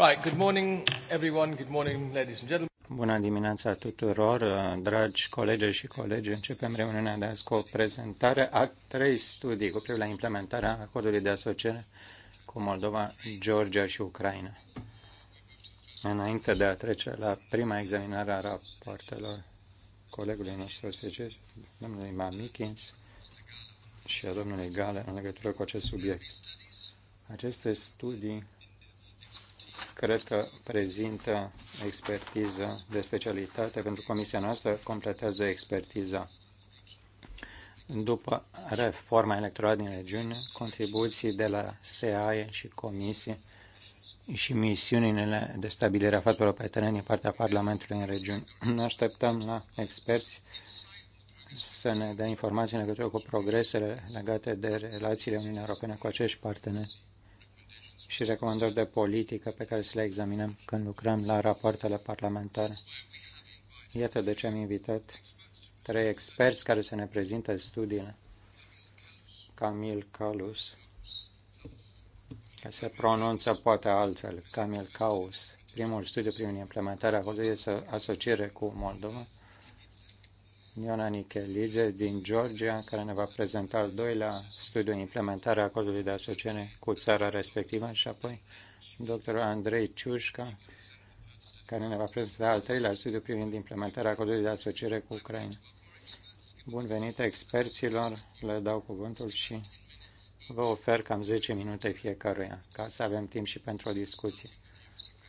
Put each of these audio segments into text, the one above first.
Right, good morning everyone, good morning ladies and gentlemen. Bună dimineața tuturor, uh, dragi colegi și colegi. Începem reuniunea de azi cu o prezentare a trei studii cu privire la implementarea acordului de asociere cu Moldova, Georgia și Ucraina. Înainte de a trece la prima examinare a rapoartelor colegului nostru SCC, domnului Mamikins și a domnului Gale în legătură cu acest subiect. Aceste studii cred că prezintă expertiză de specialitate pentru comisia noastră, completează expertiza după reforma electorală din regiune, contribuții de la SEAE și comisie și misiunile de stabilire a faptelor pe teren din partea Parlamentului în regiune. Ne așteptăm la experți să ne dea informații în legătură cu progresele legate de relațiile Uniunii Europene cu acești parteneri și recomandări de politică pe care să le examinăm când lucrăm la rapoartele parlamentare. Iată de ce am invitat trei experți care să ne prezinte studiile. Camil Calus, care se pronunță poate altfel, Camil Caus, primul studiu privind implementarea acordului de asociere cu Moldova, Iona Nichelidze din Georgia, care ne va prezenta al doilea studiu implementare a acordului de asociere cu țara respectivă și apoi doctorul Andrei Ciușca, care ne va prezenta al treilea studiu privind implementarea acordului de asociere cu Ucraina. Bun venit experților, le dau cuvântul și vă ofer cam 10 minute fiecăruia, ca să avem timp și pentru o discuție.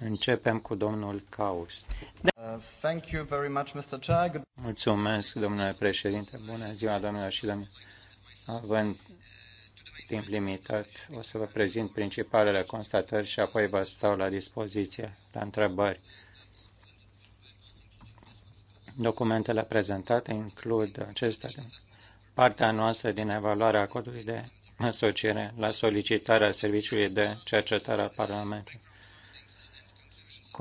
Începem cu domnul Caus. Da. Uh, thank you very much, Mr. Chair. Mulțumesc, domnule președinte. Bună ziua, domnilor și domnilor. Având timp limitat, o să vă prezint principalele constatări și apoi vă stau la dispoziție la întrebări. Documentele prezentate includ acestea partea noastră din evaluarea Codului de asociere la solicitarea Serviciului de Cercetare al Parlamentului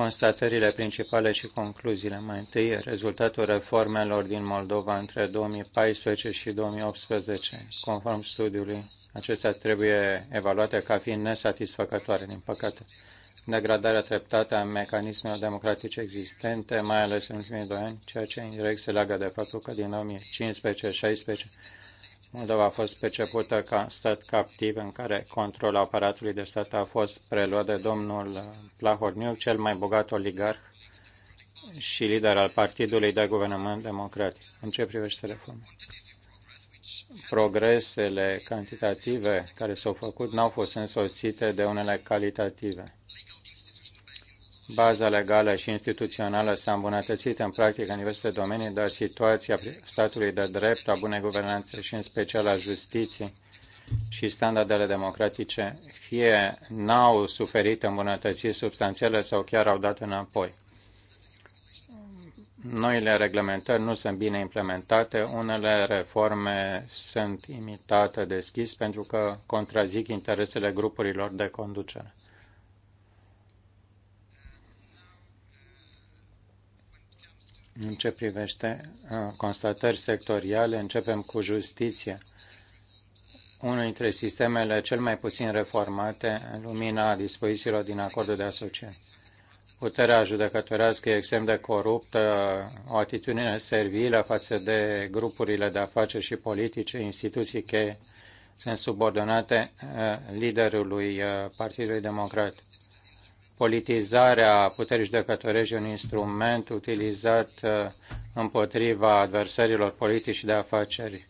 constatările principale și concluziile. Mai întâi, rezultatul reformelor din Moldova între 2014 și 2018. Conform studiului, acestea trebuie evaluate ca fiind nesatisfăcătoare, din păcate. Degradarea treptată a mecanismelor democratice existente, mai ales în ultimii doi ani, ceea ce indirect se leagă de faptul că din 2015-16 Moldova a fost percepută ca stat captiv în care controlul aparatului de stat a fost preluat de domnul Plahorniuc, cel mai bogat oligarh și lider al Partidului de Guvernământ Democratic. În ce privește reforme? Progresele cantitative care s-au făcut n-au fost însoțite de unele calitative. Baza legală și instituțională s-a îmbunătățit în practică în diverse domenii, dar situația statului de drept, a bunei guvernanțe și în special a justiției și standardele democratice fie n-au suferit îmbunătățiri substanțiale sau chiar au dat înapoi. Noile reglementări nu sunt bine implementate, unele reforme sunt imitate deschis pentru că contrazic interesele grupurilor de conducere. În ce privește uh, constatări sectoriale, începem cu justiția. Unul dintre sistemele cel mai puțin reformate în lumina dispozițiilor din acordul de asociere. Puterea judecătorească e extrem de coruptă, o atitudine servilă față de grupurile de afaceri și politice, instituții cheie sunt subordonate uh, liderului uh, Partidului Democrat politizarea puterii judecătorești un instrument utilizat uh, împotriva adversarilor politici de afaceri.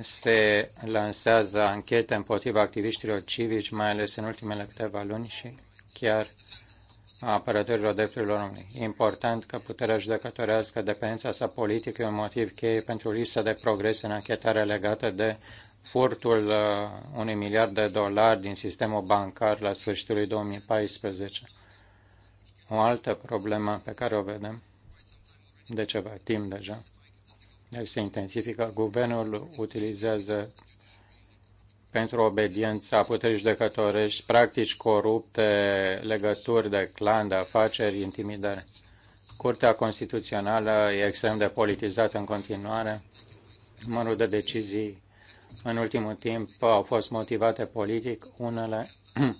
Se lansează anchete împotriva activiștilor civici, mai ales în ultimele câteva luni și chiar a apărătorilor drepturilor omului. important că puterea judecătorească, dependența sa politică, e un motiv cheie pentru lipsa de progres în anchetarea legată de furtul uh, unui miliard de dolari din sistemul bancar la sfârșitul lui 2014. O altă problemă pe care o vedem de ceva timp deja, deci se intensifică, guvernul utilizează pentru obediența puterii judecătorești, practici corupte, legături de clan, de afaceri, intimidare. Curtea Constituțională e extrem de politizată în continuare. Numărul de decizii în ultimul timp au fost motivate politic, unele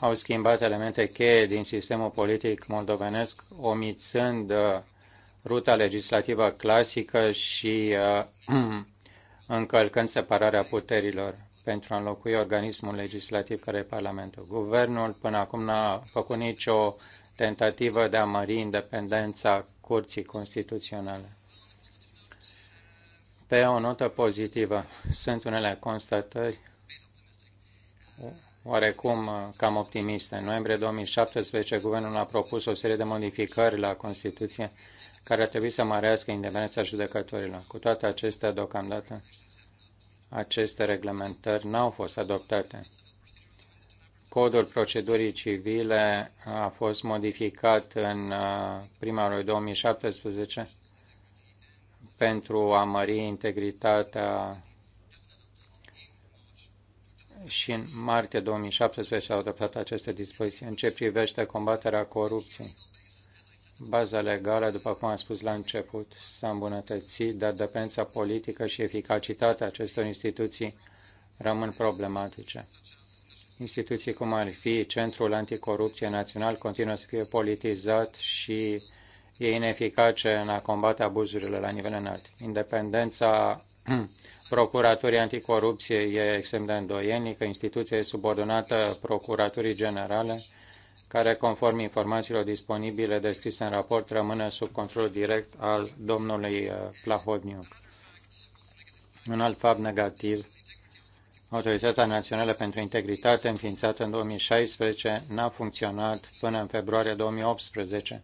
au schimbat elemente cheie din sistemul politic moldovenesc, omițând uh, ruta legislativă clasică și uh, încălcând separarea puterilor pentru a înlocui organismul legislativ care e Parlamentul. Guvernul până acum n-a făcut nicio tentativă de a mări independența Curții Constituționale. Pe o notă pozitivă, sunt unele constatări oarecum cam optimiste. În noiembrie 2017, guvernul a propus o serie de modificări la Constituție care ar trebui să mărească independența judecătorilor. Cu toate acestea, deocamdată, aceste reglementări n-au fost adoptate. Codul procedurii civile a fost modificat în uh, primarul 2017 pentru a mări integritatea și în martie 2017 s-au adoptat aceste dispoziții. În ce privește combaterea corupției, baza legală, după cum am spus la început, s-a îmbunătățit, dar dependența politică și eficacitatea acestor instituții rămân problematice. Instituții cum ar fi Centrul Anticorupție Național continuă să fie politizat și uh, e ineficace în a combate abuzurile la nivel înalt. Independența Procuraturii Anticorupție e extrem de îndoienică. instituția e subordonată Procuraturii Generale, care, conform informațiilor disponibile descrise în raport, rămâne sub control direct al domnului Plahodniuc. Uh, Un alt fapt negativ, Autoritatea Națională pentru Integritate, înființată în 2016, n-a funcționat până în februarie 2018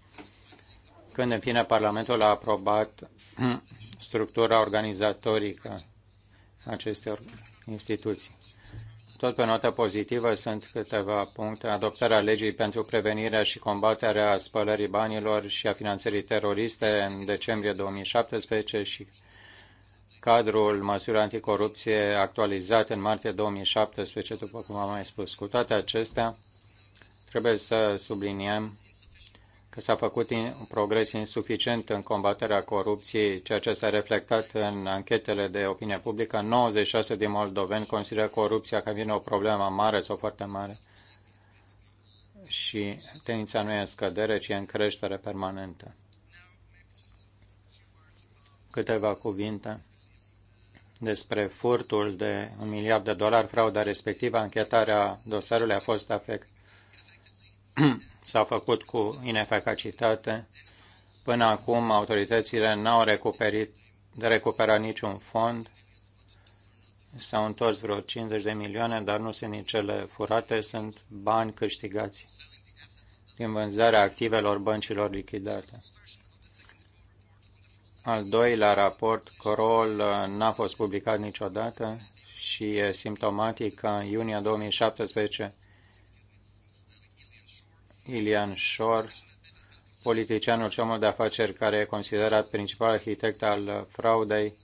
când în fine Parlamentul a aprobat structura organizatorică acestor instituții. Tot pe notă pozitivă sunt câteva puncte. Adoptarea legii pentru prevenirea și combaterea spălării banilor și a finanțării teroriste în decembrie 2017 și cadrul măsurilor anticorupție actualizat în martie 2017, după cum am mai spus. Cu toate acestea, trebuie să subliniem că s-a făcut un progres insuficient în combaterea corupției, ceea ce s-a reflectat în anchetele de opinie publică. 96 din moldoveni consideră corupția că vine o problemă mare sau foarte mare și tendința nu e în scădere, ci e în creștere permanentă. Câteva cuvinte despre furtul de un miliard de dolari, frauda respectivă, anchetarea dosarului a fost afectată s-a făcut cu ineficacitate. Până acum autoritățile n-au recuperat niciun fond, s-au întors vreo 50 de milioane, dar nu sunt nici cele furate, sunt bani câștigați din vânzarea activelor băncilor lichidate. Al doilea raport, Corol, n-a fost publicat niciodată și e simptomatic că în iunie 2017 Ilian Shor, politicianul și omul de afaceri care e considerat principal arhitect al fraudei,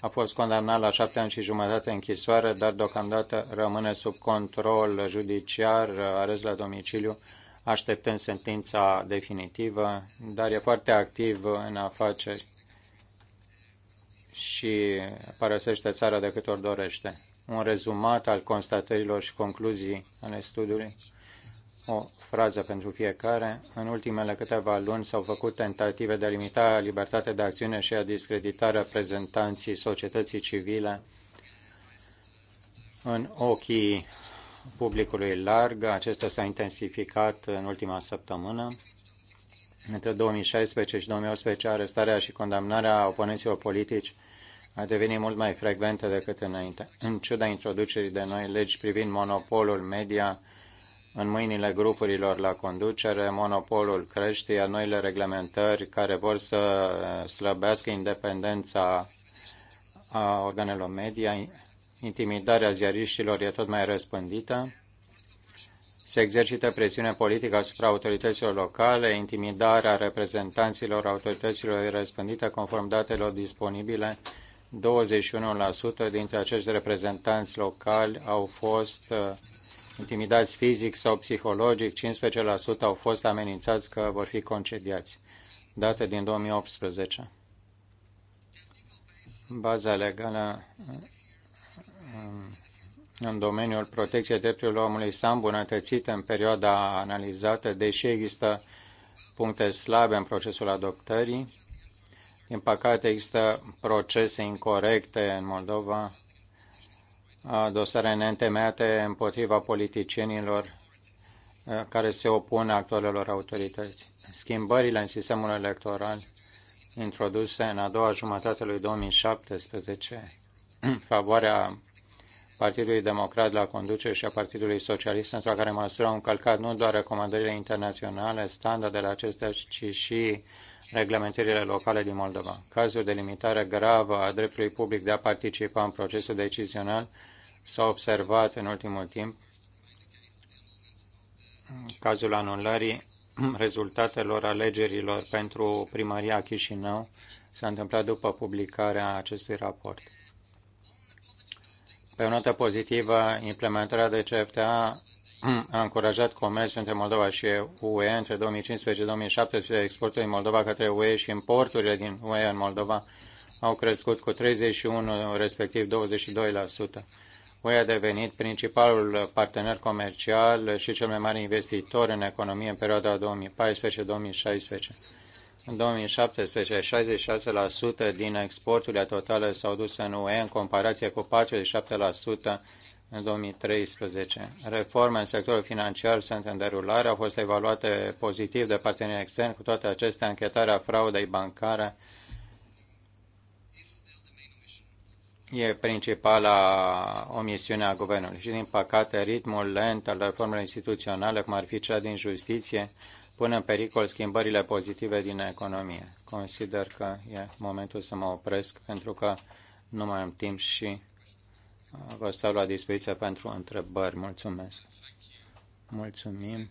a fost condamnat la șapte ani și jumătate închisoare, dar deocamdată rămâne sub control judiciar, arest la domiciliu, așteptând sentința definitivă, dar e foarte activ în afaceri și părăsește țara de cât ori dorește. Un rezumat al constatărilor și concluzii ale studiului o frază pentru fiecare. În ultimele câteva luni s-au făcut tentative de a limita libertatea de acțiune și a discredita reprezentanții societății civile în ochii publicului larg. Acesta s-a intensificat în ultima săptămână. Între 2016 și 2018, arestarea și condamnarea oponenților politici a devenit mult mai frecventă decât înainte. În ciuda introducerii de noi legi privind monopolul media, în mâinile grupurilor la conducere, monopolul crește, iar noile reglementări care vor să slăbească independența a organelor media, intimidarea ziariștilor e tot mai răspândită, se exercită presiune politică asupra autorităților locale, intimidarea reprezentanților autorităților e răspândită conform datelor disponibile. 21% dintre acești reprezentanți locali au fost uh, intimidați fizic sau psihologic, 15% au fost amenințați că vor fi concediați. Date din 2018. Baza legală în domeniul protecției drepturilor omului s-a îmbunătățit în perioada analizată, deși există puncte slabe în procesul adoptării. Din păcate, există procese incorrecte în Moldova dosare neîntemeiate împotriva politicienilor uh, care se opun actualelor autorități. Schimbările în sistemul electoral introduse în a doua jumătate lui 2017 în favoarea Partidului Democrat la conducere și a Partidului Socialist, într-o care măsură au încălcat nu doar recomandările internaționale, standardele acestea, ci și reglementările locale din Moldova. Cazuri de limitare gravă a dreptului public de a participa în procesul decizional s-a observat în ultimul timp cazul anulării rezultatelor alegerilor pentru primăria Chișinău s-a întâmplat după publicarea acestui raport. Pe o notă pozitivă, implementarea de CFTA a încurajat comerțul între Moldova și UE între 2015-2017. Exportul din Moldova către UE și importurile din UE în Moldova au crescut cu 31, respectiv 22%. UE a devenit principalul partener comercial și cel mai mare investitor în economie în perioada 2014-2016. În 2017, 66% din exporturile totale s-au dus în UE în comparație cu 47% în 2013. Reforme în sectorul financiar sunt în derulare, au fost evaluate pozitiv de parteneri externi, cu toate acestea închetarea fraudei bancare e principala omisiune a guvernului și, din păcate, ritmul lent al reformelor instituționale, cum ar fi cea din justiție, pune în pericol schimbările pozitive din economie. Consider că e momentul să mă opresc pentru că nu mai am timp și uh, vă stau la dispoziție pentru întrebări. Mulțumesc! Mulțumim!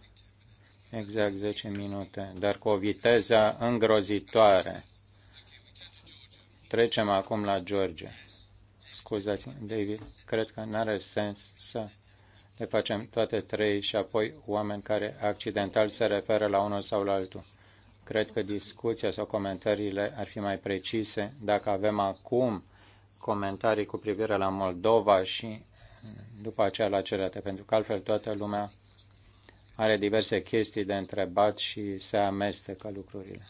Exact 10 minute, dar cu o viteză îngrozitoare. Trecem acum la George scuzați David, cred că nu are sens să le facem toate trei și apoi oameni care accidental se referă la unul sau la altul. Cred că discuția sau comentariile ar fi mai precise dacă avem acum comentarii cu privire la Moldova și după aceea la celelalte, pentru că altfel toată lumea are diverse chestii de întrebat și se amestecă lucrurile.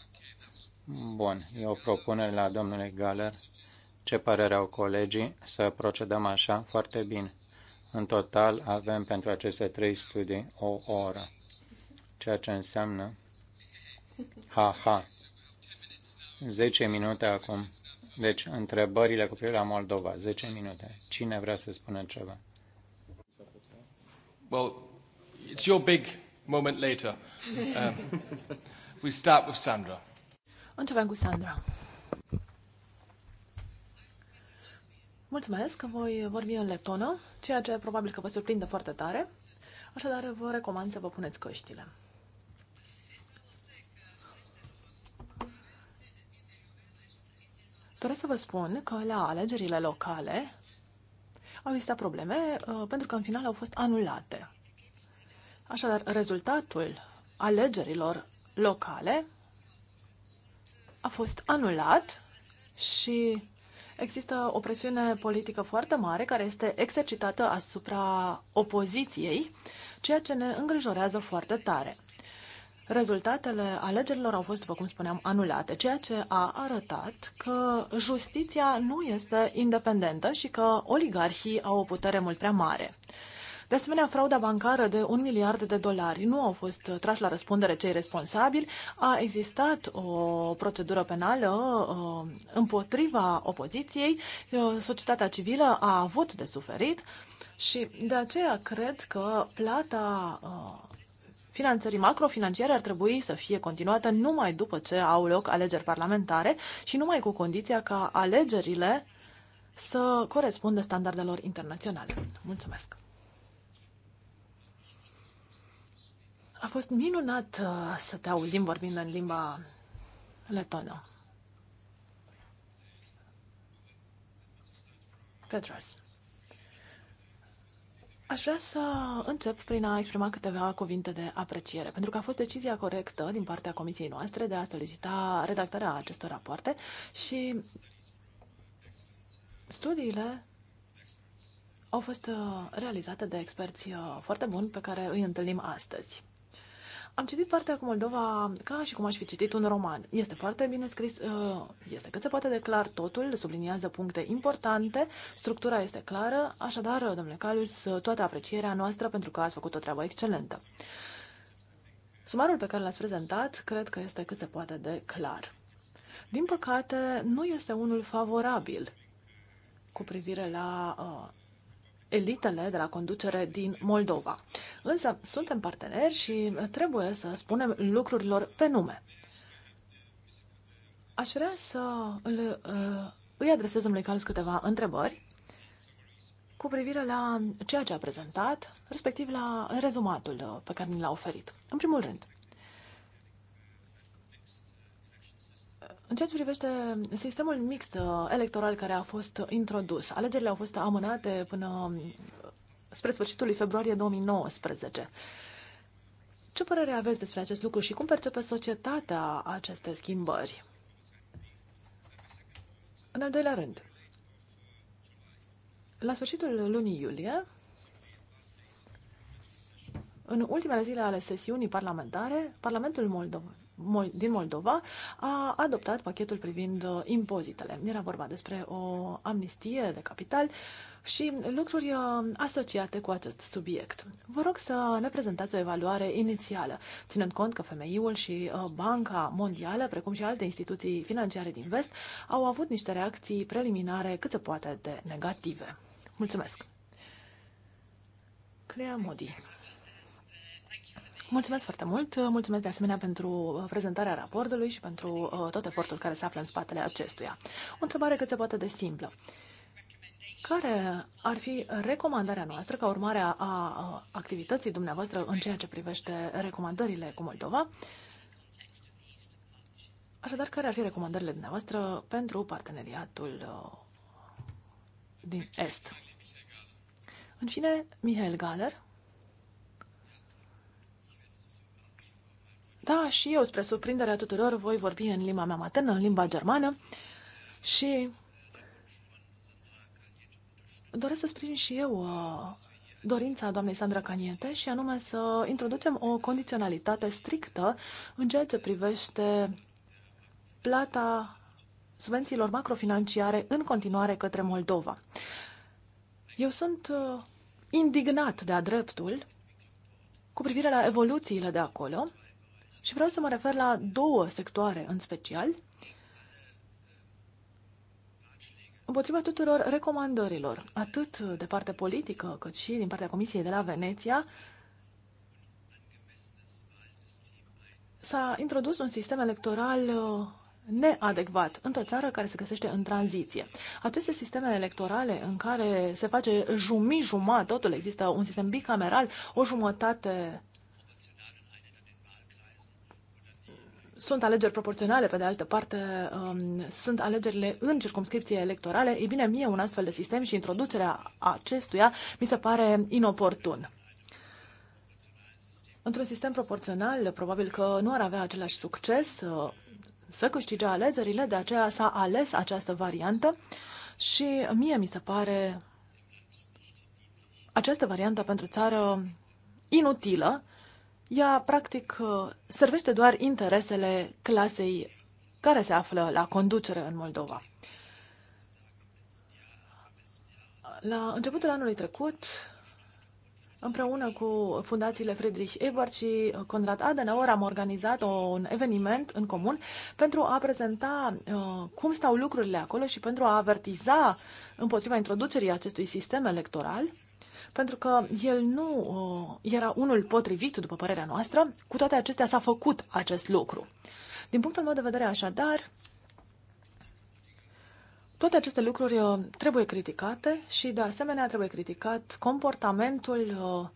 Bun, e o propunere la domnule Galer ce părere au colegii să procedăm așa? Foarte bine. În total avem pentru aceste trei studii o oră, ceea ce înseamnă ha-ha. 10 minute acum. Deci, întrebările cu privire la Moldova, 10 minute. Cine vrea să spună ceva? Well, it's your big moment later. Um, we start with Sandra. Începem cu Sandra. Mulțumesc, voi vorbi în letonă, ceea ce probabil că vă surprinde foarte tare, așadar vă recomand să vă puneți căștile. Doresc să vă spun că la alegerile locale au existat probleme uh, pentru că în final au fost anulate. Așadar, rezultatul alegerilor locale a fost anulat și Există o presiune politică foarte mare care este exercitată asupra opoziției, ceea ce ne îngrijorează foarte tare. Rezultatele alegerilor au fost, după cum spuneam, anulate, ceea ce a arătat că justiția nu este independentă și că oligarhii au o putere mult prea mare. De asemenea, frauda bancară de un miliard de dolari nu au fost trași la răspundere cei responsabili. A existat o procedură penală uh, împotriva opoziției. Uh, societatea civilă a avut de suferit și de aceea cred că plata uh, finanțării macrofinanciare ar trebui să fie continuată numai după ce au loc alegeri parlamentare și numai cu condiția ca alegerile să corespundă standardelor internaționale. Mulțumesc! A fost minunat uh, să te auzim vorbind în limba letonă. Petras. Aș vrea să încep prin a exprima câteva cuvinte de apreciere, pentru că a fost decizia corectă din partea comisiei noastre de a solicita redactarea acestor rapoarte și studiile au fost uh, realizate de experți uh, foarte buni pe care îi întâlnim astăzi. Am citit partea cu Moldova ca și cum aș fi citit un roman. Este foarte bine scris, uh, este cât se poate de clar totul, subliniază puncte importante, structura este clară, așadar, domnule Calius, toată aprecierea noastră pentru că ați făcut o treabă excelentă. Sumarul pe care l-ați prezentat cred că este cât se poate de clar. Din păcate, nu este unul favorabil cu privire la uh, elitele de la conducere din Moldova. Însă suntem parteneri și trebuie să spunem lucrurilor pe nume. Aș vrea să îl, uh, îi adresez domnului Calus câteva întrebări cu privire la ceea ce a prezentat, respectiv la rezumatul uh, pe care ni l-a oferit. În primul rând, În ceea ce privește sistemul mixt uh, electoral care a fost introdus, alegerile au fost amânate până um, spre sfârșitul lui februarie 2019. Ce părere aveți despre acest lucru și cum percepe societatea aceste schimbări? În al doilea rând, la sfârșitul lunii iulie, în ultimele zile ale sesiunii parlamentare, Parlamentul Moldova din Moldova a adoptat pachetul privind uh, impozitele. Era vorba despre o amnistie de capital și lucruri uh, asociate cu acest subiect. Vă rog să ne prezentați o evaluare inițială, ținând cont că FMI-ul și uh, Banca Mondială, precum și alte instituții financiare din vest, au avut niște reacții preliminare cât se poate de negative. Mulțumesc! Clea Modi. Mulțumesc foarte mult, mulțumesc de asemenea pentru uh, prezentarea raportului și pentru uh, tot efortul care se află în spatele acestuia. O întrebare cât se poate de simplă. Care ar fi recomandarea noastră ca urmare a activității dumneavoastră în ceea ce privește recomandările cu Moldova? Așadar, care ar fi recomandările dumneavoastră pentru parteneriatul uh, din Est? În fine, Mihail Galer. Da, și eu, spre surprinderea tuturor, voi vorbi în limba mea maternă, în limba germană și doresc să sprijin și eu uh, dorința doamnei Sandra Caniete și anume să introducem o condiționalitate strictă în ceea ce privește plata subvențiilor macrofinanciare în continuare către Moldova. Eu sunt uh, indignat de-a dreptul cu privire la evoluțiile de acolo și vreau să mă refer la două sectoare în special, împotriva tuturor recomandărilor, atât de partea politică, cât și din partea Comisiei de la Veneția, s-a introdus un sistem electoral uh, neadecvat într-o țară care se găsește în tranziție. Aceste sisteme electorale în care se face jumii-jumat, totul există un sistem bicameral, o jumătate sunt alegeri proporționale, pe de altă parte um, sunt alegerile în circumscripție electorale, e bine, mie un astfel de sistem și introducerea acestuia mi se pare inoportun. Într-un sistem proporțional, probabil că nu ar avea același succes uh, să câștige alegerile, de aceea s-a ales această variantă și mie mi se pare această variantă pentru țară inutilă ea, practic, uh, servește doar interesele clasei care se află la conducere în Moldova. La începutul anului trecut, împreună cu fundațiile Friedrich Ebert și Conrad Adenauer am organizat un eveniment în comun pentru a prezenta uh, cum stau lucrurile acolo și pentru a avertiza împotriva introducerii acestui sistem electoral pentru că el nu uh, era unul potrivit, după părerea noastră. Cu toate acestea s-a făcut acest lucru. Din punctul meu de vedere, așadar, toate aceste lucruri uh, trebuie criticate și, de asemenea, trebuie criticat comportamentul uh,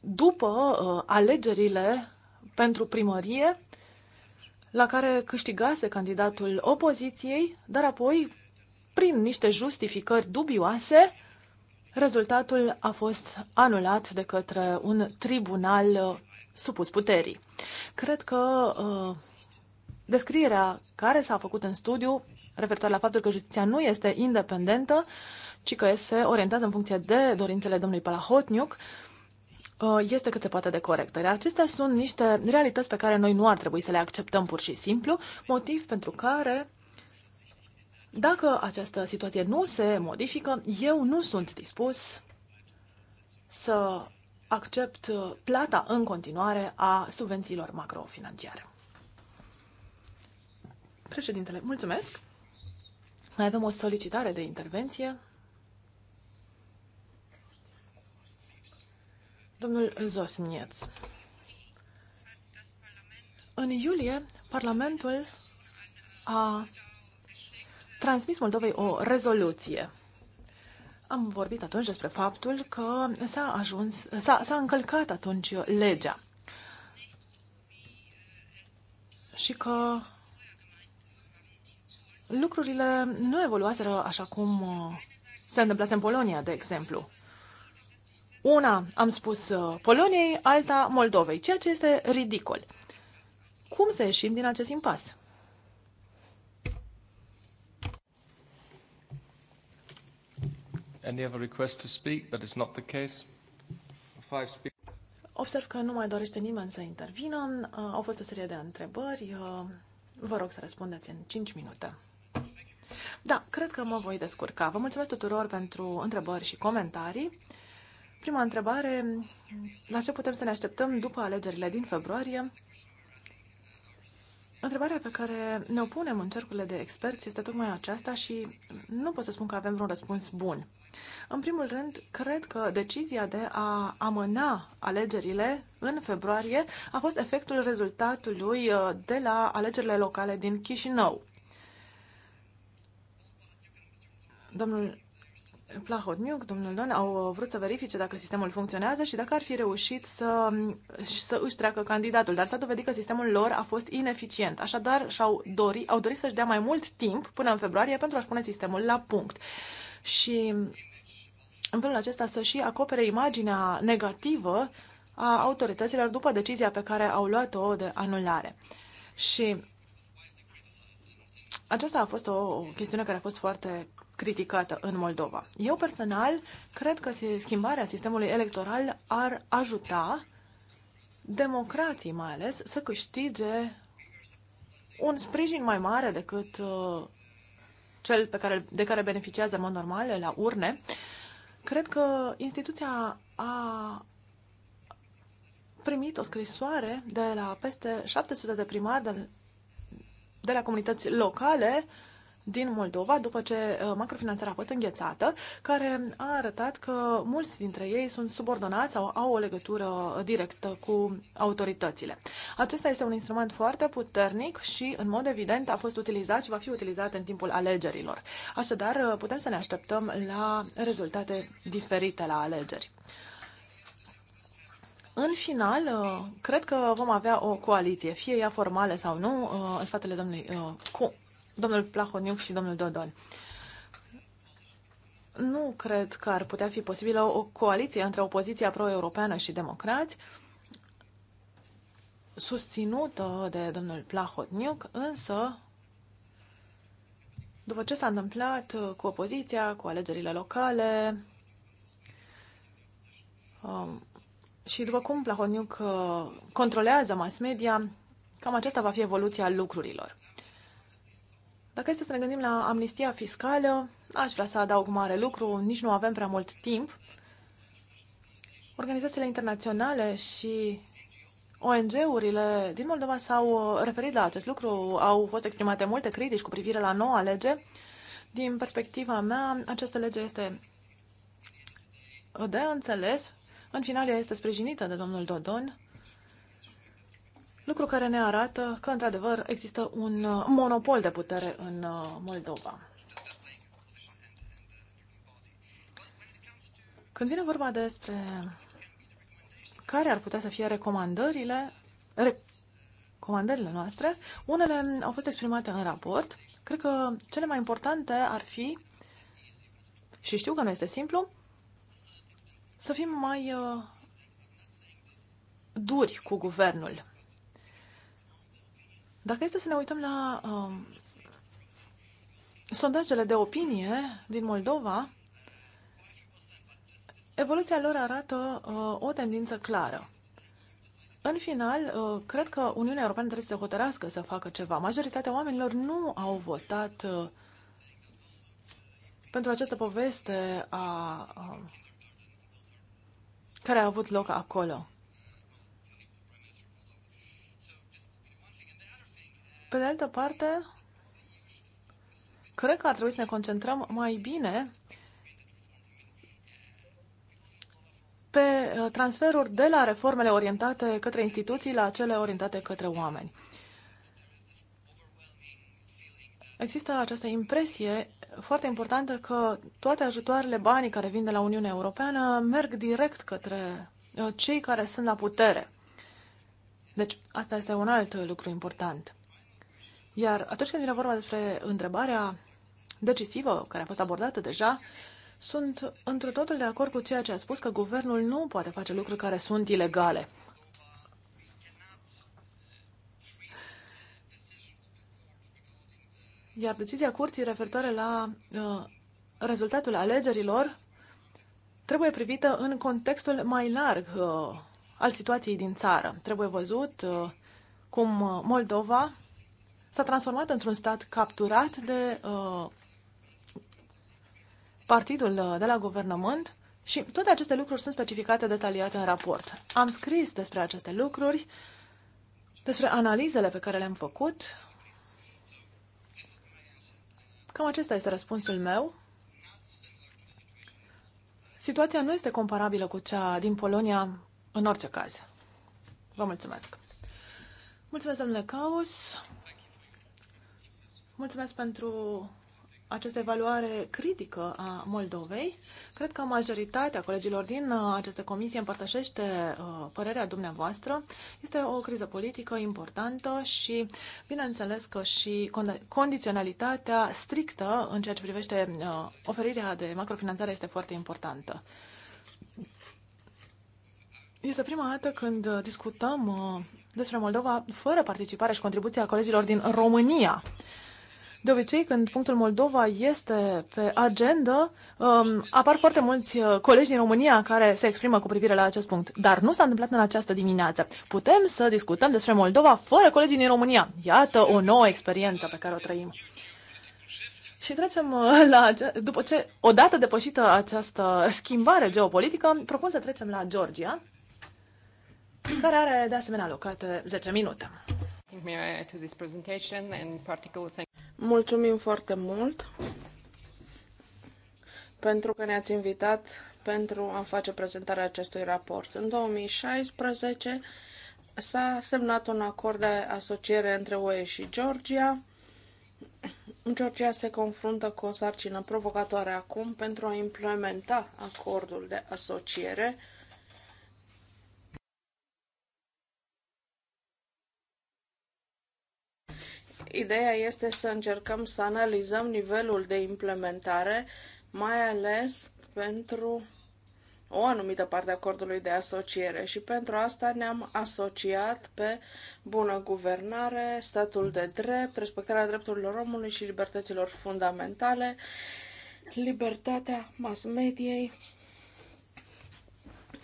după uh, alegerile pentru primărie, la care câștigase candidatul opoziției, dar apoi, prin niște justificări dubioase, Rezultatul a fost anulat de către un tribunal uh, supus puterii. Cred că uh, descrierea care s-a făcut în studiu, referitor la faptul că justiția nu este independentă, ci că se orientează în funcție de dorințele domnului Palahotniuc, uh, este cât se poate de corectă. acestea sunt niște realități pe care noi nu ar trebui să le acceptăm pur și simplu, motiv pentru care dacă această situație nu se modifică, eu nu sunt dispus să accept plata în continuare a subvențiilor macrofinanciare. Președintele, mulțumesc! Mai avem o solicitare de intervenție. Domnul Zosnieț. În iulie, Parlamentul a transmis Moldovei o rezoluție. Am vorbit atunci despre faptul că s-a ajuns, s-a, s-a încălcat atunci legea și că lucrurile nu evoluaseră așa cum uh, se întâmplase în Polonia, de exemplu. Una am spus uh, Poloniei, alta Moldovei, ceea ce este ridicol. Cum să ieșim din acest impas? Any other request to speak? That is not the case. Five speakers. Observ că nu mai dorește nimeni să intervină. Au fost o serie de întrebări. Vă rog să răspundeți în 5 minute. Da, cred că mă voi descurca. Vă mulțumesc tuturor pentru întrebări și comentarii. Prima întrebare, la ce putem să ne așteptăm după alegerile din februarie? Întrebarea pe care ne-o punem în cercurile de experți este tocmai aceasta și nu pot să spun că avem vreun răspuns bun. În primul rând, cred că decizia de a amâna alegerile în februarie a fost efectul rezultatului uh, de la alegerile locale din Chișinău. Domnul Plahotniuc, domnul Don, au vrut să verifice dacă sistemul funcționează și dacă ar fi reușit să, să își treacă candidatul, dar s-a dovedit că sistemul lor a fost ineficient. Așadar, și-au dori, au dorit să-și dea mai mult timp până în februarie pentru a-și pune sistemul la punct. Și în felul acesta să și acopere imaginea negativă a autorităților după decizia pe care au luat-o de anulare. Și aceasta a fost o chestiune care a fost foarte criticată în Moldova. Eu personal cred că schimbarea sistemului electoral ar ajuta democrații mai ales să câștige un sprijin mai mare decât uh, cel pe care, de care beneficiază în mod normal la urne. Cred că instituția a primit o scrisoare de la peste 700 de primari de, de la comunități locale uh, din Moldova, după ce uh, macrofinanțarea a fost înghețată, care a arătat că mulți dintre ei sunt subordonați sau au o legătură directă cu autoritățile. Acesta este un instrument foarte puternic și, în mod evident, a fost utilizat și va fi utilizat în timpul alegerilor. Așadar, uh, putem să ne așteptăm la rezultate diferite la alegeri. În final, uh, cred că vom avea o coaliție, fie ea formală sau nu, în spatele domnului cu domnul Plahoniuc și domnul Dodon. Nu cred că ar putea fi posibilă o coaliție între opoziția pro-europeană și democrați, susținută de domnul Plahotniuc, însă după ce s-a întâmplat cu opoziția, cu alegerile locale um, și după cum Plahotniuc uh, controlează mass media, cam aceasta va fi evoluția lucrurilor. Dacă este să ne gândim la amnistia fiscală, aș vrea să adaug mare lucru, nici nu avem prea mult timp. Organizațiile internaționale și ONG-urile din Moldova s-au uh, referit la acest lucru, au fost exprimate multe critici cu privire la noua lege. Din perspectiva mea, această lege este de înțeles. În final, ea este sprijinită de domnul Dodon lucru care ne arată că, într-adevăr, există un uh, monopol de putere în uh, Moldova. Când vine vorba despre care ar putea să fie recomandările, recomandările noastre, unele au fost exprimate în raport. Cred că cele mai importante ar fi, și știu că nu este simplu, să fim mai uh, duri cu guvernul. Dacă este să ne uităm la um, sondajele de opinie din Moldova, evoluția lor arată uh, o tendință clară. În final, uh, cred că Uniunea Europeană trebuie să se hotărească să facă ceva. Majoritatea oamenilor nu au votat uh, pentru această poveste a, uh, care a avut loc acolo. Pe de altă parte, cred că ar trebui să ne concentrăm mai bine pe uh, transferuri de la reformele orientate către instituții la cele orientate către oameni. Există această impresie foarte importantă că toate ajutoarele banii care vin de la Uniunea Europeană merg direct către uh, cei care sunt la putere. Deci, asta este un alt lucru important. Iar atunci când vine vorba despre întrebarea decisivă care a fost abordată deja, sunt într totul de acord cu ceea ce a spus că guvernul nu poate face lucruri care sunt ilegale. Iar decizia curții referitoare la uh, rezultatul alegerilor trebuie privită în contextul mai larg uh, al situației din țară. Trebuie văzut uh, cum Moldova s-a transformat într-un stat capturat de uh, partidul uh, de la guvernământ și toate aceste lucruri sunt specificate detaliat în raport. Am scris despre aceste lucruri, despre analizele pe care le-am făcut. Cam acesta este răspunsul meu. Situația nu este comparabilă cu cea din Polonia în orice caz. Vă mulțumesc! Mulțumesc, domnule Caus! Mulțumesc pentru această evaluare critică a Moldovei. Cred că majoritatea colegilor din uh, această comisie împărtășește uh, părerea dumneavoastră. Este o criză politică importantă și, bineînțeles, că și condiționalitatea strictă în ceea ce privește uh, oferirea de macrofinanțare este foarte importantă. Este prima dată când discutăm despre Moldova fără participarea și contribuția colegilor din România. De obicei, când punctul Moldova este pe agenda, um, apar foarte mulți uh, colegi din România care se exprimă cu privire la acest punct. Dar nu s-a întâmplat în această dimineață. Putem să discutăm despre Moldova fără colegii din România. Iată o nouă experiență pe care o trăim. Și trecem uh, la, după ce, odată depășită această schimbare geopolitică, propun să trecem la Georgia, care are de asemenea alocate 10 minute. Mulțumim foarte mult pentru că ne-ați invitat pentru a face prezentarea acestui raport. În 2016 s-a semnat un acord de asociere între UE și Georgia. Georgia se confruntă cu o sarcină provocatoare acum pentru a implementa acordul de asociere Ideea este să încercăm să analizăm nivelul de implementare, mai ales pentru o anumită parte a acordului de asociere și pentru asta ne-am asociat pe bună guvernare, statul de drept, respectarea drepturilor omului și libertăților fundamentale, libertatea mass mediei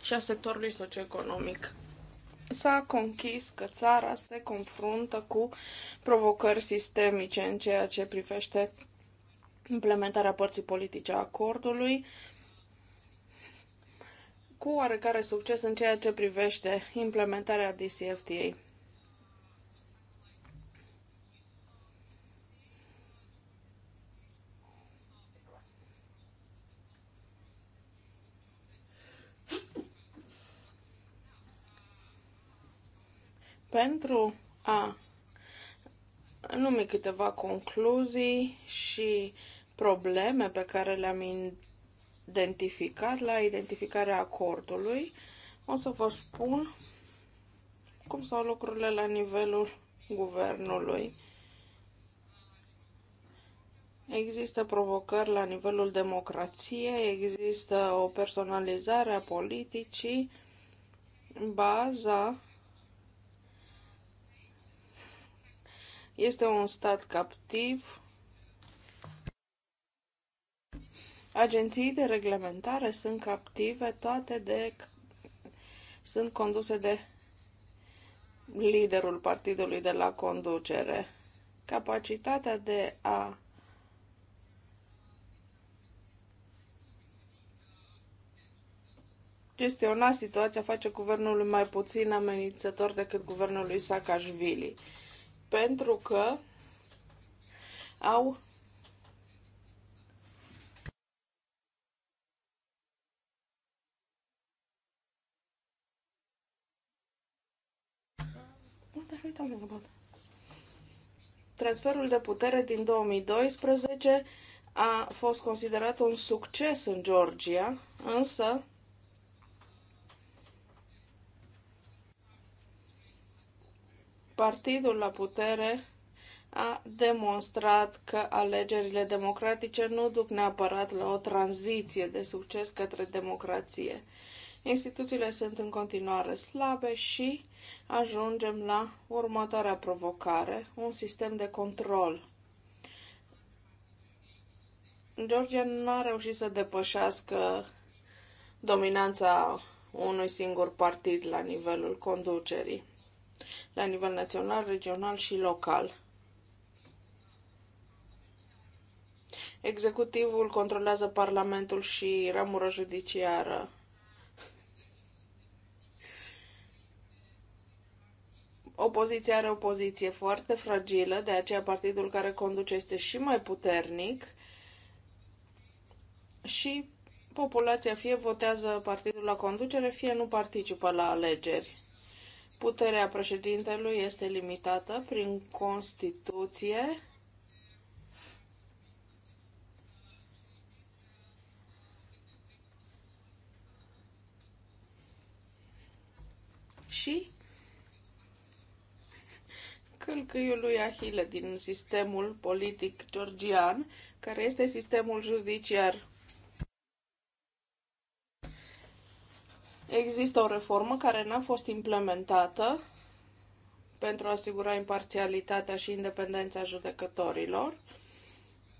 și a sectorului socioeconomic s-a conchis că țara se confruntă cu provocări sistemice în ceea ce privește implementarea părții politice a acordului, cu oarecare succes în ceea ce privește implementarea DCFTA. Pentru a numi câteva concluzii și probleme pe care le-am identificat la identificarea acordului, o să vă spun cum stau lucrurile la nivelul guvernului. Există provocări la nivelul democrației, există o personalizare a politicii. Baza Este un stat captiv. Agenții de reglementare sunt captive, toate de sunt conduse de liderul partidului de la conducere. Capacitatea de a gestiona situația face guvernul mai puțin amenințător decât guvernul lui Sakashvili pentru că au Transferul de putere din 2012 a fost considerat un succes în Georgia, însă partidul la putere a demonstrat că alegerile democratice nu duc neapărat la o tranziție de succes către democrație. Instituțiile sunt în continuare slabe și ajungem la următoarea provocare, un sistem de control. Georgia nu a reușit să depășească dominanța unui singur partid la nivelul conducerii la nivel național, regional și local. Executivul controlează Parlamentul și ramura judiciară. Opoziția are o poziție foarte fragilă, de aceea partidul care conduce este și mai puternic și populația fie votează partidul la conducere, fie nu participă la alegeri. Puterea președintelui este limitată prin Constituție. Și călcâiul lui Ahile din sistemul politic georgian, care este sistemul judiciar Există o reformă care n-a fost implementată pentru a asigura imparțialitatea și independența judecătorilor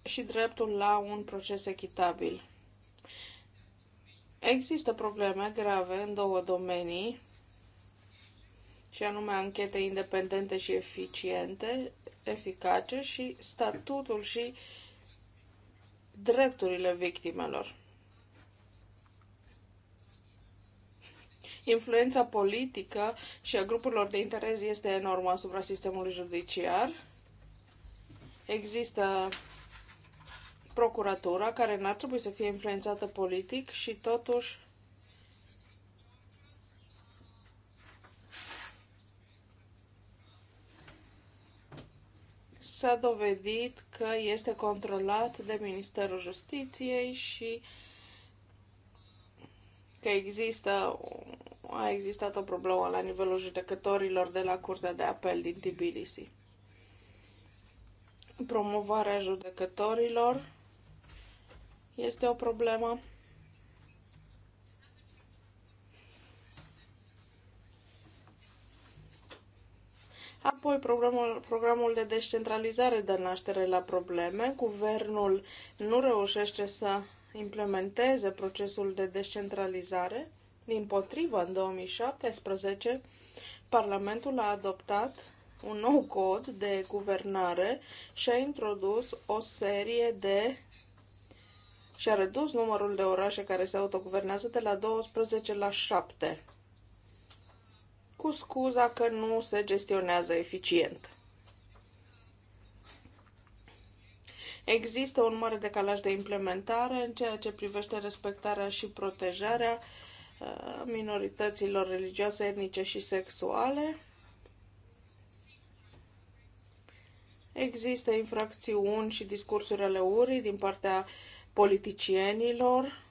și dreptul la un proces echitabil. Există probleme grave în două domenii, și anume anchete independente și eficiente, eficace și statutul și drepturile victimelor. influența politică și a grupurilor de interes este enormă asupra sistemului judiciar. Există procuratura care n-ar trebui să fie influențată politic și totuși s-a dovedit că este controlat de Ministerul Justiției și că există a existat o problemă la nivelul judecătorilor de la Curtea de Apel din Tbilisi. Promovarea judecătorilor este o problemă. Apoi programul, programul de descentralizare de naștere la probleme. Guvernul nu reușește să implementeze procesul de descentralizare din potrivă, în 2017, Parlamentul a adoptat un nou cod de guvernare și a introdus o serie de și a redus numărul de orașe care se autoguvernează de la 12 la 7, cu scuza că nu se gestionează eficient. Există un mare decalaj de implementare în ceea ce privește respectarea și protejarea minorităților religioase, etnice și sexuale. Există infracțiuni și discursuri ale urii din partea politicienilor.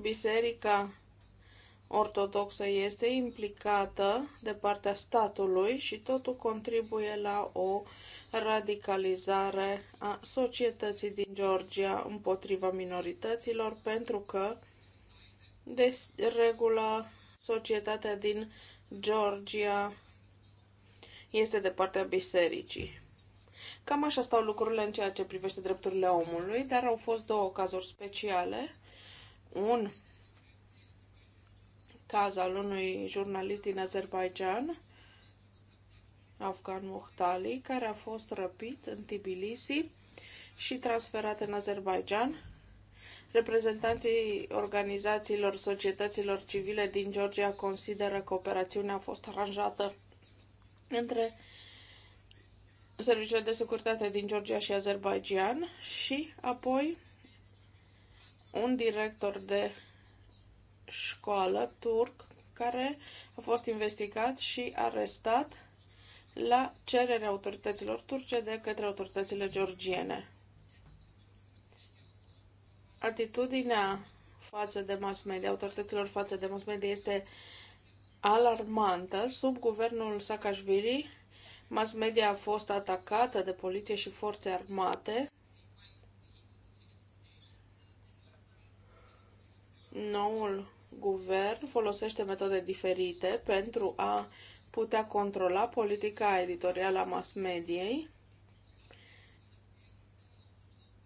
Biserica ortodoxă este implicată de partea statului și totul contribuie la o uh, radicalizare a societății din Georgia împotriva minorităților, pentru că, de regulă, societatea din Georgia este de partea bisericii. Cam așa stau lucrurile în ceea ce privește drepturile omului, dar au fost două cazuri speciale. Un caz al unui jurnalist din Azerbaijan, Afgan Muhtali, care a fost răpit în Tbilisi și transferat în Azerbaijan. Reprezentanții organizațiilor societăților civile din Georgia consideră că operațiunea a fost aranjată între serviciile de securitate din Georgia și Azerbaijan și apoi un director de școală turc care a fost investigat și arestat la cererea autorităților turce de către autoritățile georgiene. Atitudinea față de mass media, autorităților față de mass media este alarmantă. Sub guvernul Saakashvili, mass media a fost atacată de poliție și forțe armate. Noul guvern folosește metode diferite pentru a putea controla politica editorială a mass mediei.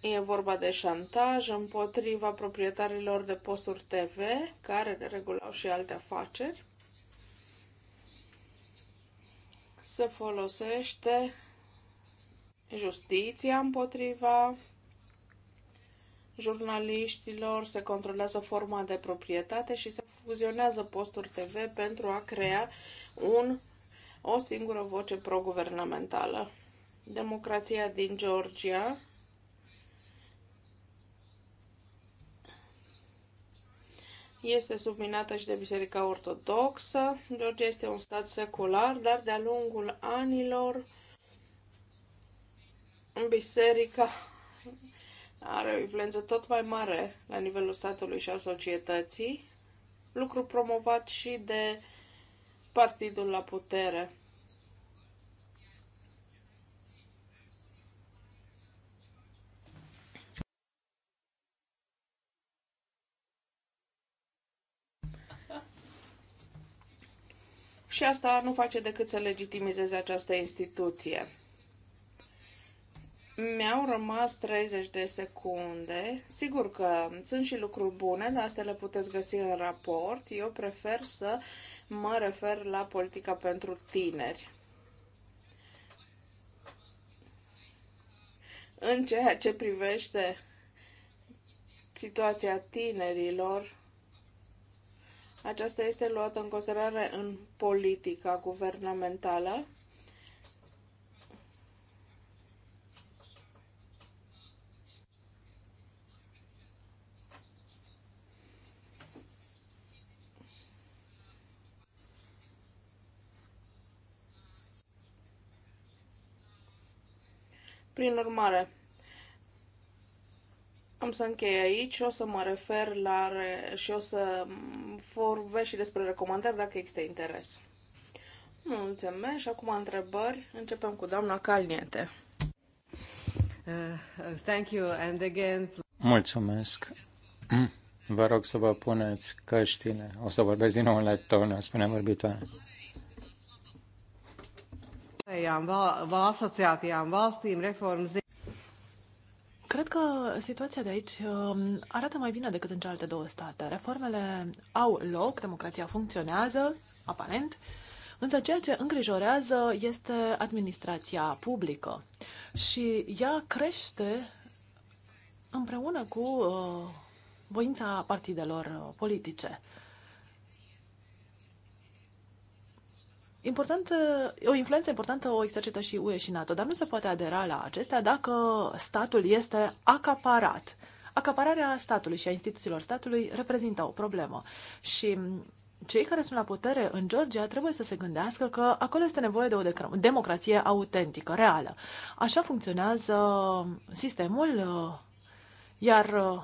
E vorba de șantaj împotriva proprietarilor de posturi TV, care de regulau și alte afaceri. Se folosește justiția împotriva jurnaliștilor, se controlează forma de proprietate și se fuzionează posturi TV pentru a crea un, o singură voce pro-guvernamentală. Democrația din Georgia este subminată și de Biserica Ortodoxă. Georgia este un stat secular, dar de-a lungul anilor biserica are o influență tot mai mare la nivelul statului și al societății, lucru promovat și de partidul la putere. Și asta nu face decât să legitimizeze această instituție. Mi-au rămas 30 de secunde. Sigur că sunt și lucruri bune, dar astea le puteți găsi în raport. Eu prefer să mă refer la politica pentru tineri. În ceea ce privește situația tinerilor, aceasta este luată în considerare în politica guvernamentală Prin urmare, am să închei aici, o să mă refer la și o să vorbesc și despre recomandări dacă există interes. Mulțumesc și acum întrebări. Începem cu doamna Calniete. Uh, thank you and again... Mulțumesc. Vă rog să vă puneți căștile. O să vorbesc din nou în leptonă, spune vorbitoarea valstīm, Cred că situația de aici um, arată mai bine decât în cealaltă două state. Reformele au loc, democrația funcționează, aparent, însă ceea ce îngrijorează este administrația publică și ea crește împreună cu uh, voința partidelor uh, politice. importantă, o influență importantă o exercită și UE și NATO, dar nu se poate adera la acestea dacă statul este acaparat. Acapararea statului și a instituțiilor statului reprezintă o problemă și cei care sunt la putere în Georgia trebuie să se gândească că acolo este nevoie de o democrație autentică, reală. Așa funcționează sistemul, iar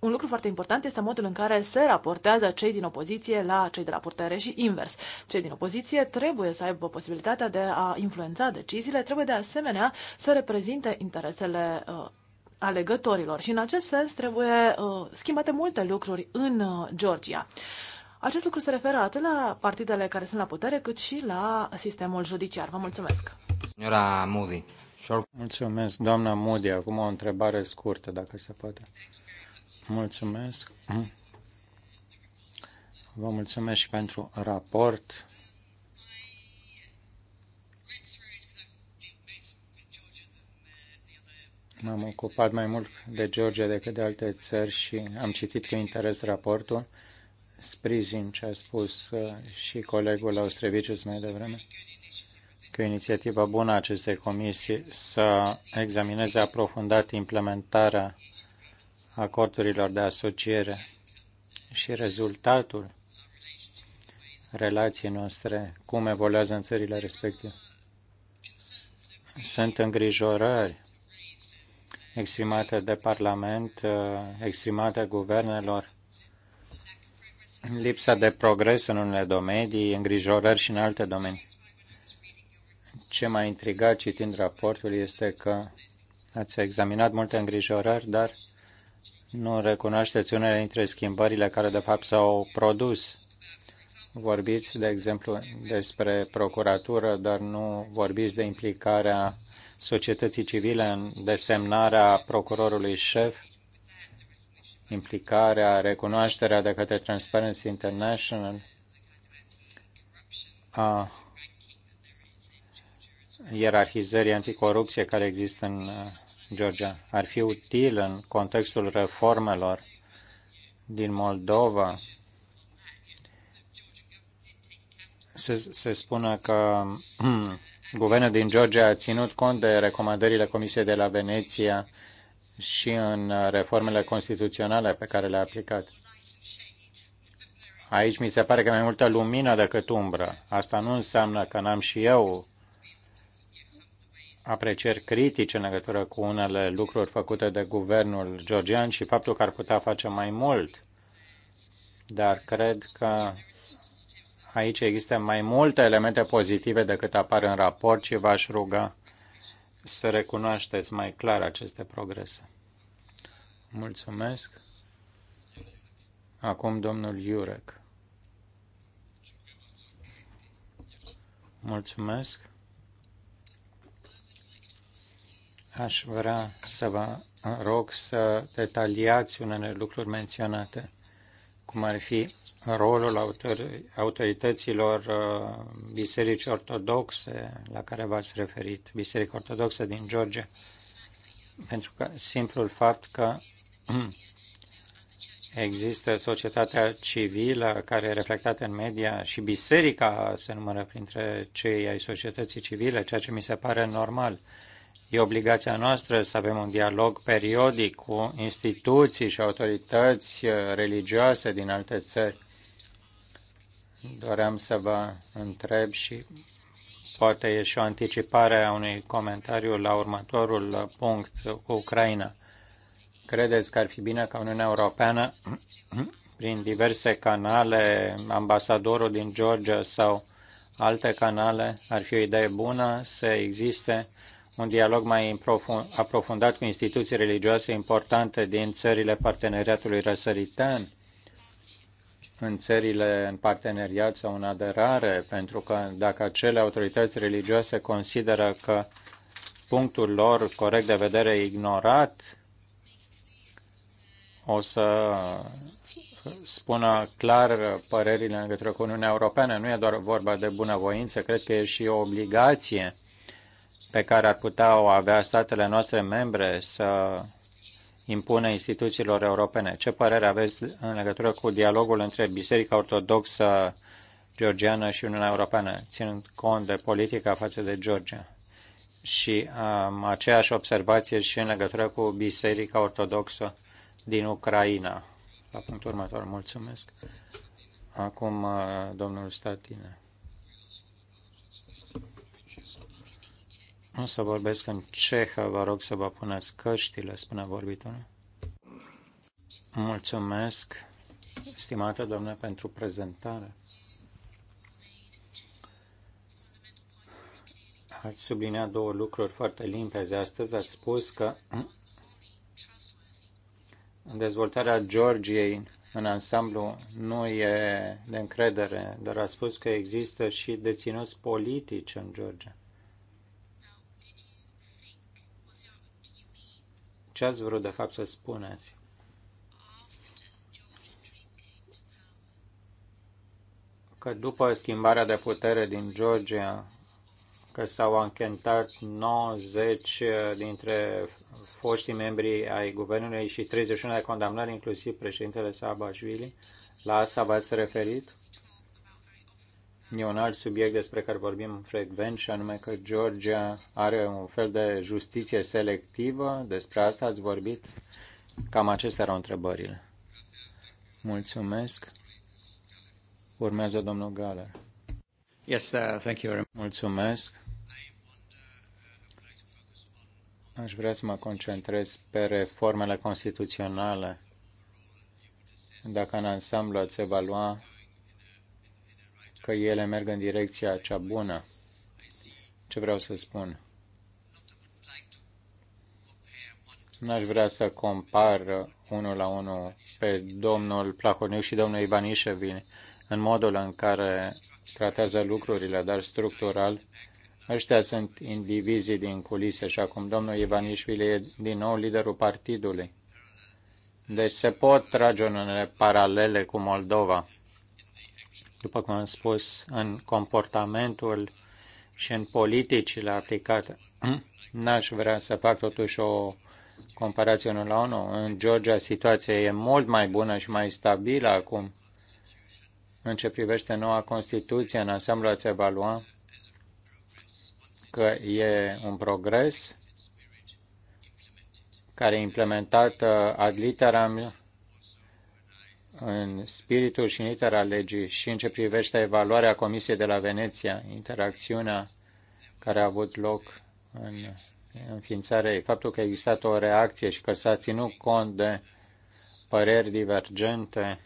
un lucru foarte important este modul în care se raportează cei din opoziție la cei de la putere și invers. Cei din opoziție trebuie să aibă posibilitatea de a influența deciziile, trebuie de asemenea să reprezinte interesele uh, alegătorilor. Și în acest sens trebuie uh, schimbate multe lucruri în uh, Georgia. Acest lucru se referă atât la partidele care sunt la putere, cât și la sistemul judiciar. Vă mulțumesc! Moody, Mulțumesc, doamna Moody. Acum o întrebare scurtă, dacă se poate. Mulțumesc. Vă mulțumesc și pentru raport. M-am ocupat mai mult de Georgia decât de alte țări și am citit cu interes raportul. Sprijin ce a spus uh, și colegul Austrevicius mai devreme că inițiativa bună a acestei comisii să examineze aprofundat implementarea acordurilor de asociere și rezultatul relației noastre, cum evoluează în țările respective. Sunt îngrijorări exprimate de Parlament, exprimate guvernelor, lipsa de progres în unele domenii, îngrijorări și în alte domenii. Ce m-a intrigat citind raportul este că ați examinat multe îngrijorări, dar nu recunoașteți unele dintre schimbările care de fapt s-au produs. Vorbiți, de exemplu, despre procuratură, dar nu vorbiți de implicarea societății civile în desemnarea procurorului șef, implicarea, recunoașterea de către Transparency International a ierarhizării anticorupție care există în Georgia, ar fi util în contextul reformelor din Moldova se, se spune că hmm, guvernul din Georgia a ținut cont de recomandările Comisiei de la Veneția și în reformele constituționale pe care le-a aplicat. Aici mi se pare că mai multă lumină decât umbră. Asta nu înseamnă că n-am și eu aprecieri critice în legătură cu unele lucruri făcute de guvernul georgian și faptul că ar putea face mai mult. Dar cred că aici există mai multe elemente pozitive decât apar în raport și v-aș ruga să recunoașteți mai clar aceste progrese. Mulțumesc. Acum domnul Iurec. Mulțumesc. Aș vrea să vă rog să detaliați unele lucruri menționate, cum ar fi rolul autorităților uh, Biserici Ortodoxe la care v-ați referit, Biserica Ortodoxă din Georgia, pentru că simplul fapt că există societatea civilă care e reflectată în media și biserica se numără printre cei ai societății civile, ceea ce mi se pare normal. E obligația noastră să avem un dialog periodic cu instituții și autorități uh, religioase din alte țări. Doream să vă întreb și poate e și o anticipare a unui comentariu la următorul punct cu Ucraina. Credeți că ar fi bine ca Uniunea Europeană, prin diverse canale, ambasadorul din Georgia sau alte canale, ar fi o idee bună să existe un dialog mai aprofundat cu instituții religioase importante din țările parteneriatului răsăritan, în țările în parteneriat sau în aderare, pentru că dacă acele autorități religioase consideră că punctul lor corect de vedere e ignorat, o să spună clar părerile în legătură cu Uniunea Europeană. Nu e doar vorba de bunăvoință, cred că e și o obligație pe care ar putea o avea statele noastre membre să impune instituțiilor europene. Ce părere aveți în legătură cu dialogul între Biserica Ortodoxă Georgiană și Uniunea Europeană, ținând cont de politica față de Georgia? Și am aceeași observație și în legătură cu Biserica Ortodoxă din Ucraina. La punctul următor, mulțumesc. Acum, domnul Statine. Nu să vorbesc în cehă, vă rog să vă puneți căștile, spune vorbitorul. Mulțumesc, stimată doamnă, pentru prezentare. Ați subliniat două lucruri foarte limpezi. Astăzi ați spus că dezvoltarea Georgiei în ansamblu nu e de încredere, dar a spus că există și deținuți politici în Georgia. Ce ați vrut de fapt să spuneți? Că după schimbarea de putere din Georgia, că s-au anchetat 90 dintre foștii membri ai guvernului și 31 de condamnări, inclusiv președintele Sabașvili, La asta v-ați referit? E un alt subiect despre care vorbim frecvent și anume că Georgia are un fel de justiție selectivă. Despre asta ați vorbit. Cam acestea erau întrebările. Mulțumesc. Urmează domnul Galer. Yes, uh, thank you very much. Mulțumesc. Aș vrea să mă concentrez pe reformele constituționale. Dacă în ansamblu ați evalua că ele merg în direcția cea bună. Ce vreau să spun? N-aș vrea să compar unul la unul pe domnul Plahoniu și domnul Ivanișevin în modul în care tratează lucrurile, dar structural, ăștia sunt indivizii din culise și acum domnul Ivanișvili e din nou liderul partidului. Deci se pot trage unele paralele cu Moldova după cum am spus, în comportamentul și în politicile aplicate. N-aș vrea să fac totuși o comparație unul la unul. În Georgia situația e mult mai bună și mai stabilă acum în ce privește noua Constituție. În ansamblu ați evalua că e un progres care e implementat uh, ad literam în spiritul și în litera legii și în ce privește evaluarea Comisiei de la Veneția, interacțiunea care a avut loc în înființarea ei, faptul că a existat o reacție și că s-a ținut cont de păreri divergente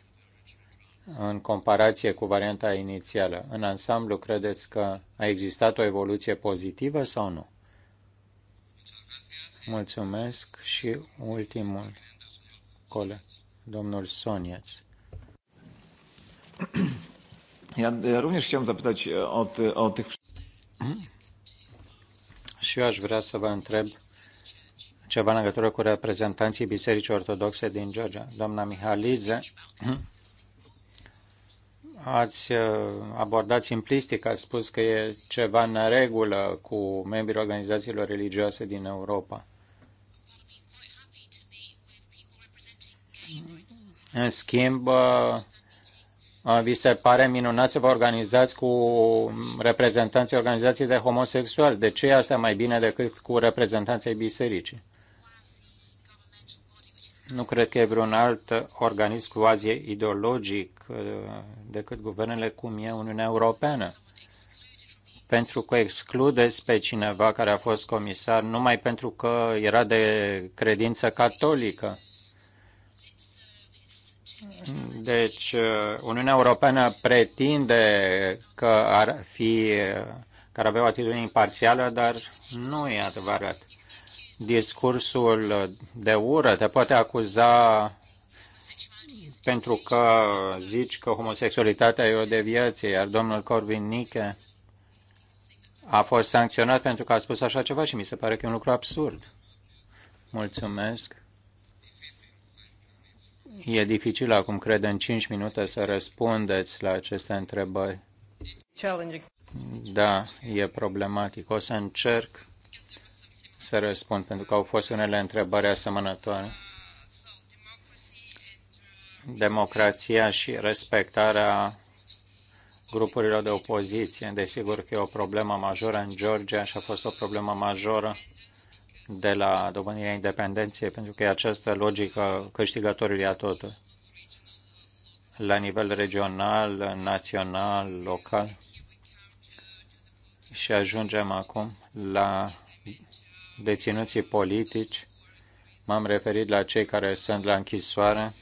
în comparație cu varianta inițială. În ansamblu, credeți că a existat o evoluție pozitivă sau nu? Mulțumesc și ultimul coleg domnul Soniec. Ja również chciałem zapytać o, ty, o tych... Mhm. Și eu aș vrea să vă întreb ceva în legătură cu reprezentanții Bisericii Ortodoxe din Georgia. Doamna Mihalize, ați abordat simplistic, ați spus că e ceva în regulă cu membrii organizațiilor religioase din Europa. În schimb, uh, vi se pare minunat să vă organizați cu reprezentanții organizației de homosexuali. De ce e asta mai bine decât cu reprezentanții bisericii? Nu cred că e vreun alt organism quasi ideologic uh, decât guvernele cum e Uniunea Europeană. Pentru că excludeți pe cineva care a fost comisar numai pentru că era de credință catolică deci, uh, Uniunea Europeană pretinde că ar fi, uh, că ar avea o atitudine imparțială, dar nu e adevărat. Discursul de ură te poate acuza pentru că zici că homosexualitatea e o deviație, iar domnul Corvin Nike a fost sancționat pentru că a spus așa ceva și mi se pare că e un lucru absurd. Mulțumesc. E dificil acum, cred, în 5 minute să răspundeți la aceste întrebări. Da, e problematic. O să încerc să răspund, pentru că au fost unele întrebări asemănătoare. Democrația și respectarea grupurilor de opoziție. Desigur că e o problemă majoră în Georgia și a fost o problemă majoră de la domânia independenței, pentru că e această logică câștigătorului a totul. La nivel regional, național, local. Și ajungem acum la deținuții politici. M-am referit la cei care sunt la închisoare,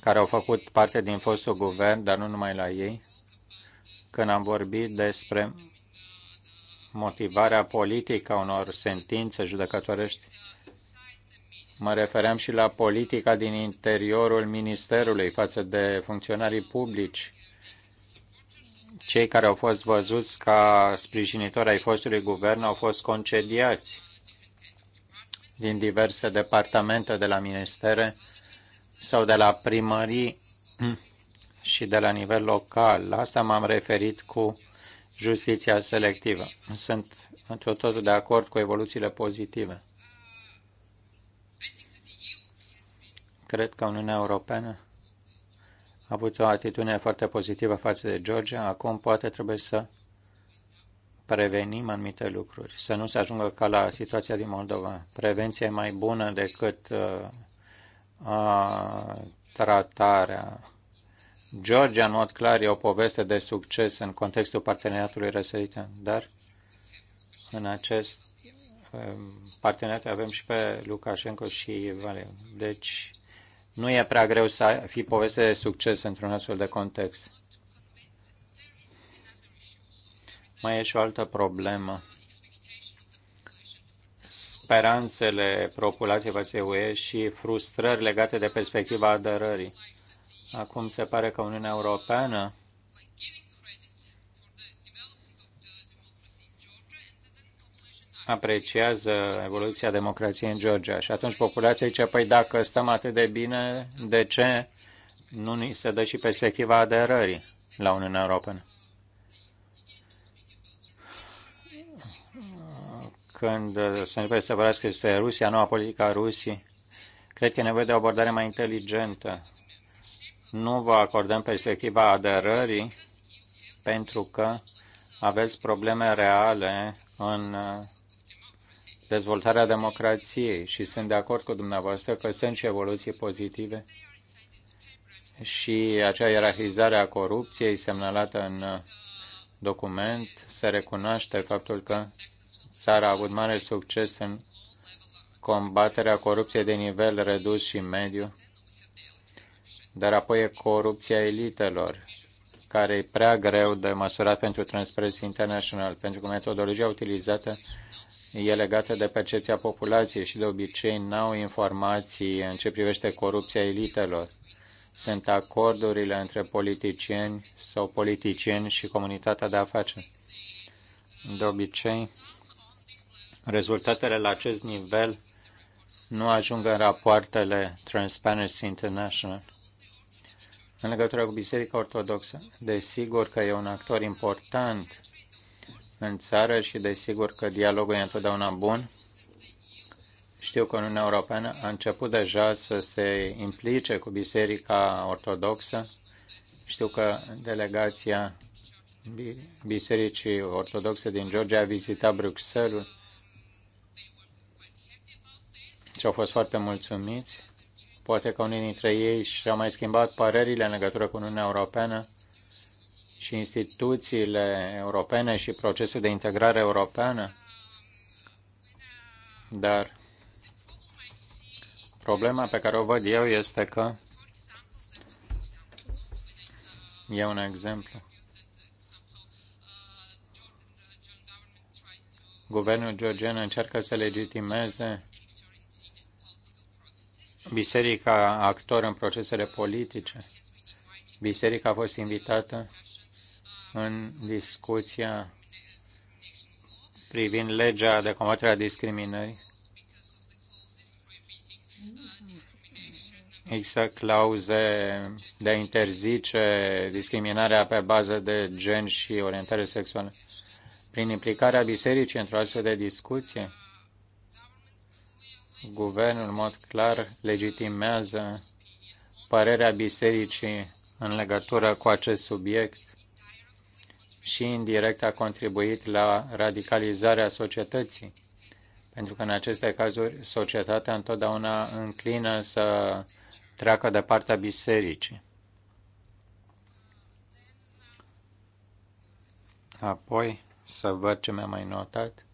care au făcut parte din fostul guvern, dar nu numai la ei. Când am vorbit despre motivarea politică a unor sentințe judecătorești. Mă refeream și la politica din interiorul Ministerului față de funcționarii publici, cei care au fost văzuți ca sprijinitori ai fostului guvern au fost concediați din diverse departamente de la ministere sau de la primării și de la nivel local. La asta m-am referit cu justiția selectivă. Sunt într totul de acord cu evoluțiile pozitive. Cred că Uniunea Europeană a avut o atitudine foarte pozitivă față de Georgia. Acum poate trebuie să prevenim anumite lucruri, să nu se ajungă ca la situația din Moldova. Prevenția e mai bună decât uh, a, tratarea Georgia, în mod clar, e o poveste de succes în contextul parteneriatului răsărit, dar în acest um, parteneriat avem și pe Lukashenko și Valeu. Deci nu e prea greu să fii poveste de succes într-un astfel de context. Mai e și o altă problemă. Speranțele populației față UE și frustrări legate de perspectiva adărării. Acum se pare că Uniunea Europeană apreciază evoluția democrației în Georgia. Și atunci populația zice, păi dacă stăm atât de bine, de ce nu ni se dă și perspectiva aderării la Uniunea Europeană? Când se începe să vorbească despre Rusia, noua politică a Rusiei, cred că e nevoie de o abordare mai inteligentă nu vă acordăm perspectiva aderării pentru că aveți probleme reale în uh, dezvoltarea democrației și sunt de acord cu dumneavoastră că sunt și evoluții pozitive și acea ierarhizare a corupției semnalată în uh, document se recunoaște faptul că țara a avut mare succes în combaterea corupției de nivel redus și mediu dar apoi e corupția elitelor, care e prea greu de măsurat pentru Transparency International, pentru că metodologia utilizată e legată de percepția populației și de obicei n-au informații în ce privește corupția elitelor. Sunt acordurile între politicieni sau politicieni și comunitatea de afaceri. De obicei, rezultatele la acest nivel nu ajung în rapoartele Transparency International în legătură cu Biserica Ortodoxă. Desigur că e un actor important în țară și desigur că dialogul e întotdeauna bun. Știu că Uniunea Europeană a început deja să se implice cu Biserica Ortodoxă. Știu că delegația Bisericii Ortodoxe din Georgia a vizitat Bruxelles și au fost foarte mulțumiți Poate că unii dintre ei și-au mai schimbat părerile în legătură cu Uniunea Europeană și instituțiile europene și procesul de integrare europeană, dar problema pe care o văd eu este că e un exemplu. Guvernul georgian încearcă să legitimeze biserica actor în procesele politice. Biserica a fost invitată în discuția privind legea de combatere a discriminării. Există clauze de a interzice discriminarea pe bază de gen și orientare sexuală. Prin implicarea bisericii într-o astfel de discuție, guvernul în mod clar legitimează părerea bisericii în legătură cu acest subiect și indirect a contribuit la radicalizarea societății, pentru că în aceste cazuri societatea întotdeauna înclină să treacă de partea bisericii. Apoi, să văd ce mi-a mai notat.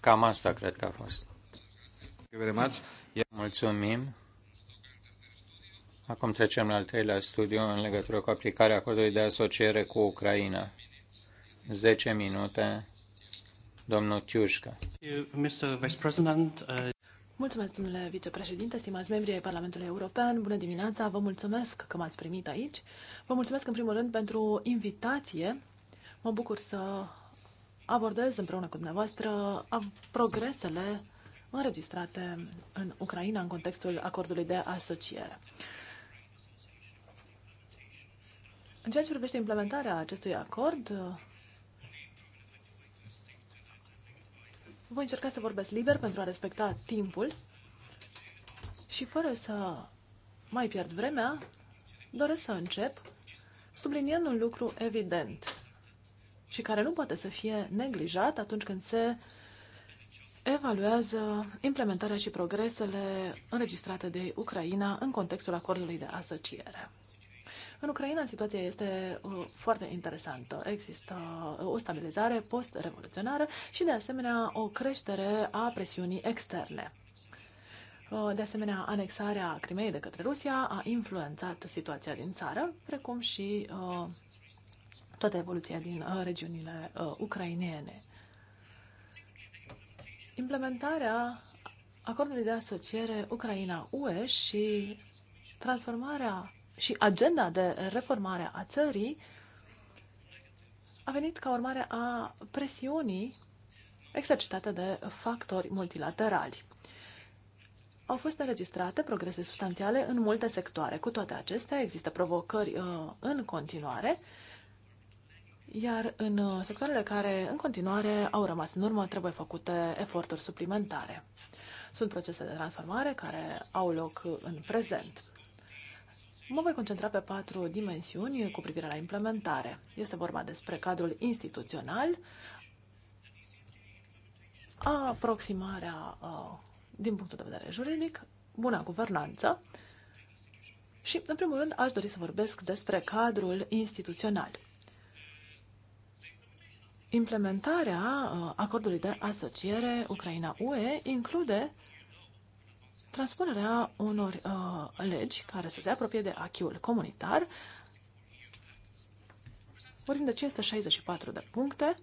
Cam asta cred că a fost. Mulțumim. Acum trecem la al treilea studiu în legătură cu aplicarea acordului de asociere cu Ucraina. 10 minute. Domnul Tiușca. Uh, mulțumesc, domnule vicepreședinte, stimați membri ai Parlamentului European, bună dimineața, vă mulțumesc că m-ați primit aici. Vă mulțumesc în primul rând pentru invitație. Mă bucur să abordez împreună cu dumneavoastră progresele înregistrate în Ucraina în contextul acordului de asociere. În ceea ce privește implementarea acestui acord, voi încerca să vorbesc liber pentru a respecta timpul și fără să mai pierd vremea, doresc să încep subliniind un lucru evident și care nu poate să fie neglijat atunci când se evaluează implementarea și progresele înregistrate de Ucraina în contextul acordului de asociere. În Ucraina situația este uh, foarte interesantă. Există uh, o stabilizare post-revoluționară și, de asemenea, o creștere a presiunii externe. Uh, de asemenea, anexarea Crimeei de către Rusia a influențat situația din țară, precum și toată evoluția din regiunile ucrainene. Implementarea acordului de asociere Ucraina-UE și transformarea și agenda de reformare a țării a venit ca urmare a presiunii exercitate de factori multilaterali. Au fost înregistrate progrese substanțiale în multe sectoare. Cu toate acestea, există provocări uh, în continuare iar în uh, sectoarele care în continuare au rămas în urmă, trebuie făcute eforturi suplimentare. Sunt procese de transformare care au loc în prezent. Mă voi concentra pe patru dimensiuni cu privire la implementare. Este vorba despre cadrul instituțional, aproximarea uh, din punctul de vedere juridic, buna guvernanță și, în primul rând, aș dori să vorbesc despre cadrul instituțional. Implementarea uh, acordului de asociere Ucraina-UE include transpunerea unor uh, legi care să se apropie de achiul comunitar. Vorbim de 564 de puncte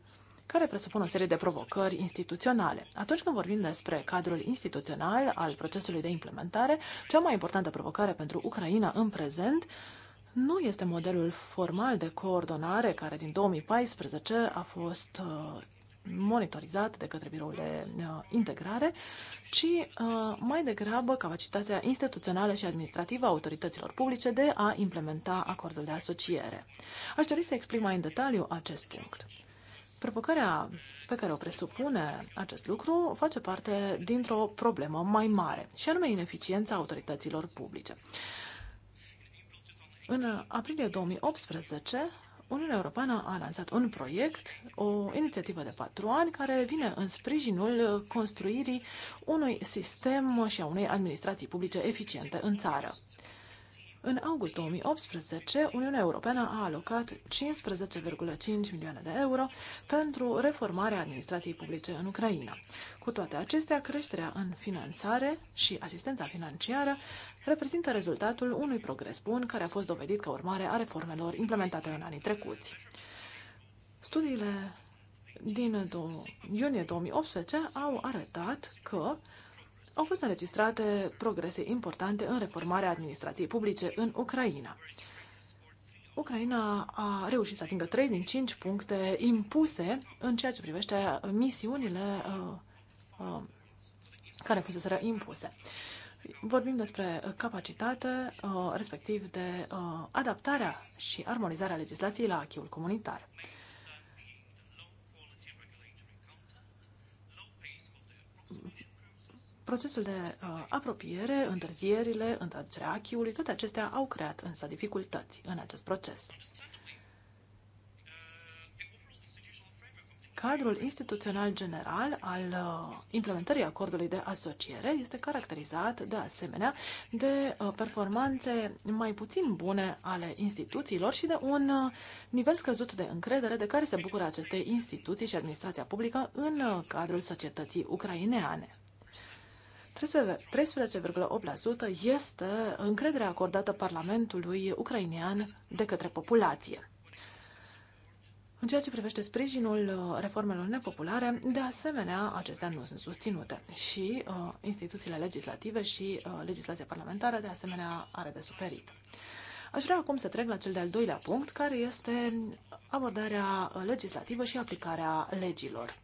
care presupun o serie de provocări instituționale. Atunci când vorbim despre cadrul instituțional al procesului de implementare, cea mai importantă provocare pentru Ucraina în prezent uh, nu este modelul formal de coordonare care din 2014 a fost uh, monitorizat de către biroul de uh, integrare, ci uh, mai degrabă capacitatea instituțională și administrativă a autorităților publice de a implementa acordul de asociere. Aș dori să explic mai în detaliu acest punct. Provocarea pe care o presupune acest lucru face parte dintr-o problemă mai mare, și anume ineficiența autorităților publice. În aprilie 2018, Uniunea Europeană a lansat un proiect, o inițiativă de patru ani, care vine în sprijinul construirii unui sistem și a unei administrații publice eficiente în țară. În august 2018, Uniunea Europeană a alocat 15,5 milioane de euro pentru reformarea administrației publice în Ucraina. Cu toate acestea, creșterea în finanțare și asistența financiară reprezintă rezultatul unui progres bun care a fost dovedit ca urmare a reformelor implementate în anii trecuți. Studiile din iunie 2018 au arătat că au fost înregistrate progrese importante în reformarea administrației publice în Ucraina. Ucraina a reușit să atingă 3 din 5 puncte impuse în ceea ce privește uh, misiunile uh, uh, care fuseseră impuse. Vorbim despre uh, capacitate, uh, respectiv de uh, adaptarea și armonizarea legislației la achiul comunitar. procesul de uh, apropiere, întârzierile, întragerea achiului, toate acestea au creat însă dificultăți în acest proces. Cadrul instituțional general al uh, implementării acordului de asociere este caracterizat de asemenea de uh, performanțe mai puțin bune ale instituțiilor și de un uh, nivel scăzut de încredere de care se bucură aceste instituții și administrația publică în cadrul societății ucraineane. 13,8% este încrederea acordată Parlamentului ucrainean de către populație. În ceea ce privește sprijinul uh, reformelor nepopulare, de asemenea, acestea nu sunt susținute și uh, instituțiile legislative și uh, legislația parlamentară, de asemenea, are de suferit. Aș vrea acum să trec la cel de-al doilea punct, care este abordarea uh, legislativă și aplicarea legilor.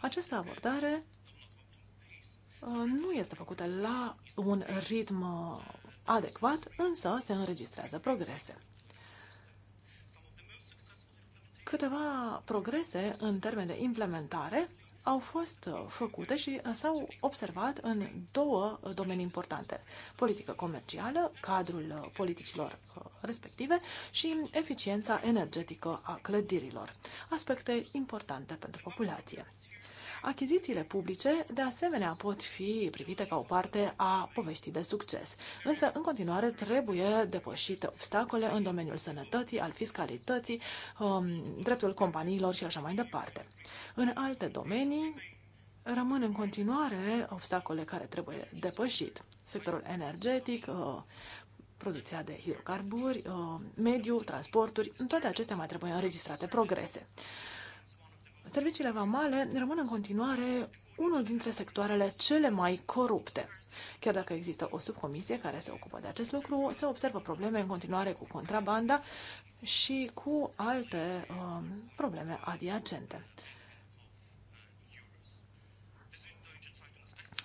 Această abordare Uh, nu este făcută la un ritm uh, adecvat, însă se înregistrează progrese. Câteva progrese în termen de implementare au fost uh, făcute și s-au observat în două domenii importante. Politică comercială, cadrul politicilor respective și eficiența energetică a clădirilor, aspecte importante pentru populație. Achizițiile publice, de asemenea, pot fi privite ca o parte a poveștii de succes. Însă, în continuare, trebuie depășite obstacole în domeniul sănătății, al fiscalității, um, dreptul companiilor și așa mai departe. În alte domenii, rămân în continuare obstacole care trebuie depășit. Sectorul energetic, uh, producția de hidrocarburi, uh, mediu, transporturi, în toate acestea mai trebuie înregistrate progrese serviciile vamale rămân în continuare unul dintre sectoarele cele mai corupte. Chiar dacă există o subcomisie care se ocupă de acest lucru, se observă probleme în continuare cu contrabanda și cu alte um, probleme adiacente.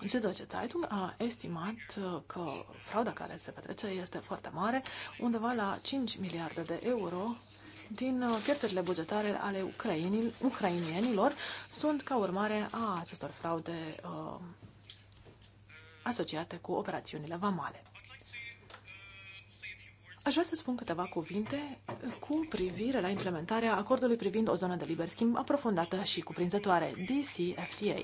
Süddeutsche Zeitung a estimat uh, că frauda care se petrece este foarte mare, undeva la 5 miliarde de euro din uh, pierderile bugetare ale ucrainienilor sunt ca urmare a acestor fraude uh, asociate cu operațiunile vamale. Aș vrea să spun câteva cuvinte cu privire la implementarea acordului privind o zonă de liber schimb aprofundată și cuprinzătoare, DCFTA.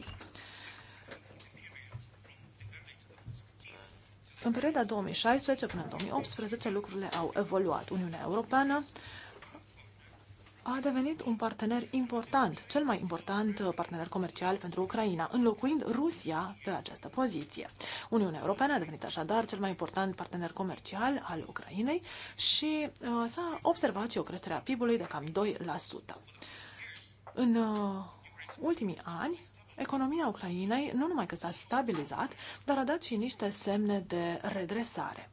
În perioada 2016 până în 2018 lucrurile au evoluat. Uniunea Europeană a devenit un partener important, cel mai important uh, partener comercial pentru Ucraina, înlocuind Rusia pe această poziție. Uniunea Europeană a devenit așadar cel mai important partener comercial al Ucrainei și uh, s-a observat și o creștere a PIB-ului de cam 2%. În uh, ultimii ani, economia Ucrainei nu numai că s-a stabilizat, dar a dat și niște semne de redresare.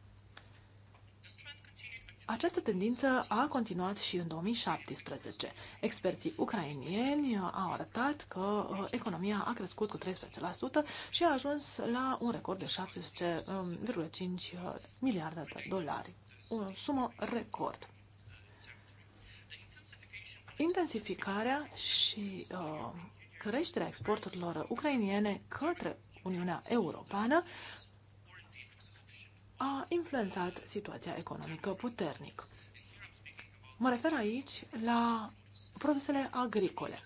Această tendință a continuat și în 2017. Experții ucrainieni au arătat că uh, economia a crescut cu 13% și a ajuns la un record de 17,5 um, uh, miliarde de dolari. O sumă record. Intensificarea și uh, creșterea exporturilor ucrainiene către Uniunea Europeană a influențat situația economică puternic. Mă refer aici la produsele agricole.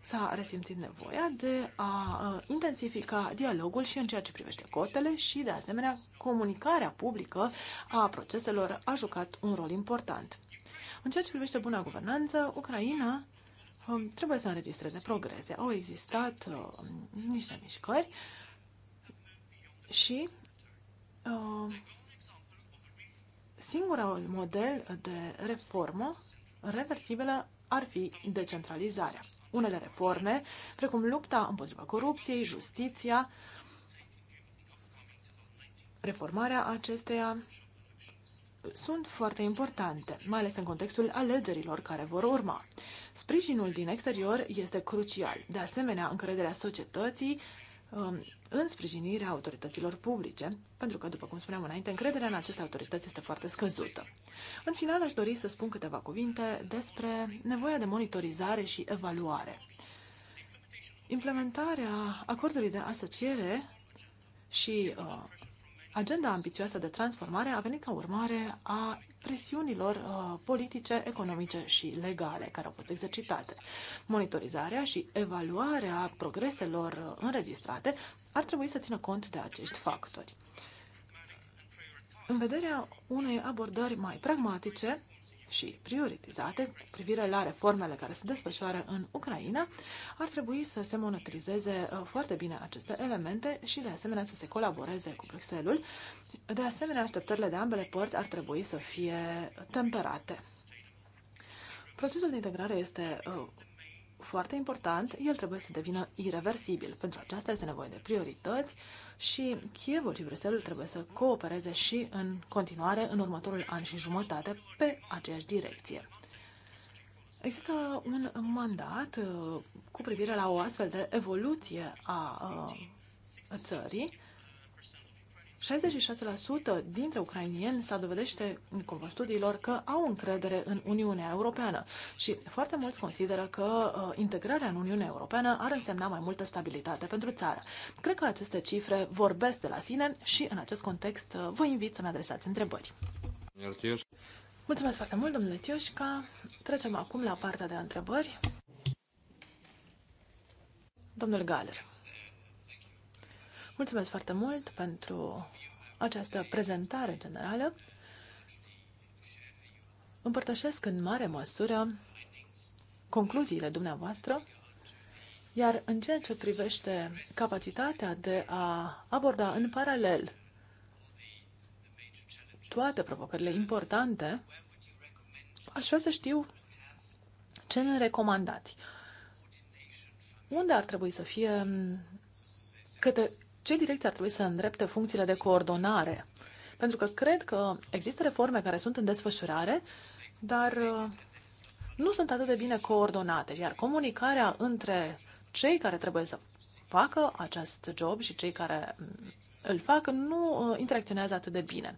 S-a resimțit nevoia de a intensifica dialogul și în ceea ce privește cotele și, de asemenea, comunicarea publică a proceselor a jucat un rol important. În ceea ce privește buna guvernanță, Ucraina um, trebuie să înregistreze progrese. Au existat um, niște mișcări și uh, singurul model de reformă reversibilă ar fi decentralizarea. Unele reforme, precum lupta împotriva corupției, justiția, reformarea acesteia, sunt foarte importante, mai ales în contextul alegerilor care vor urma. Sprijinul din exterior este crucial. De asemenea, încrederea societății um, în sprijinirea autorităților publice, pentru că, după cum spuneam înainte, încrederea în aceste autorități este foarte scăzută. În final, aș dori să spun câteva cuvinte despre nevoia de monitorizare și evaluare. Implementarea acordului de asociere și uh, agenda ambițioasă de transformare a venit ca urmare a presiunilor uh, politice, economice și legale care au fost exercitate. Monitorizarea și evaluarea progreselor uh, înregistrate ar trebui să țină cont de acești factori. În vederea unei abordări mai pragmatice, și prioritizate cu privire la reformele care se desfășoară în Ucraina, ar trebui să se monitorizeze uh, foarte bine aceste elemente și de asemenea să se colaboreze cu Bruxelles. De asemenea, așteptările de ambele părți ar trebui să fie temperate. Procesul de integrare este uh, foarte important, el trebuie să devină irreversibil. Pentru aceasta este nevoie de priorități și Chievul și Bruxelles trebuie să coopereze și în continuare în următorul an și jumătate pe aceeași direcție. Există un mandat uh, cu privire la o astfel de evoluție a uh, țării 66% dintre ucrainieni se dovedește, conform studiilor, că au încredere în Uniunea Europeană și foarte mulți consideră că uh, integrarea în Uniunea Europeană ar însemna mai multă stabilitate pentru țară. Cred că aceste cifre vorbesc de la sine și în acest context uh, vă invit să-mi adresați întrebări. Mulțumesc foarte mult, domnule Tioșca. Trecem acum la partea de întrebări. Domnul Galer. Mulțumesc foarte mult pentru această prezentare generală. Împărtășesc în mare măsură concluziile dumneavoastră, iar în ceea ce privește capacitatea de a aborda în paralel toate provocările importante, aș vrea să știu ce ne recomandați. Unde ar trebui să fie către ce direcție ar trebui să îndrepte funcțiile de coordonare? Pentru că cred că există reforme care sunt în desfășurare, dar uh, nu sunt atât de bine coordonate, iar comunicarea între cei care trebuie să facă acest job și cei care mm, îl fac nu uh, interacționează atât de bine.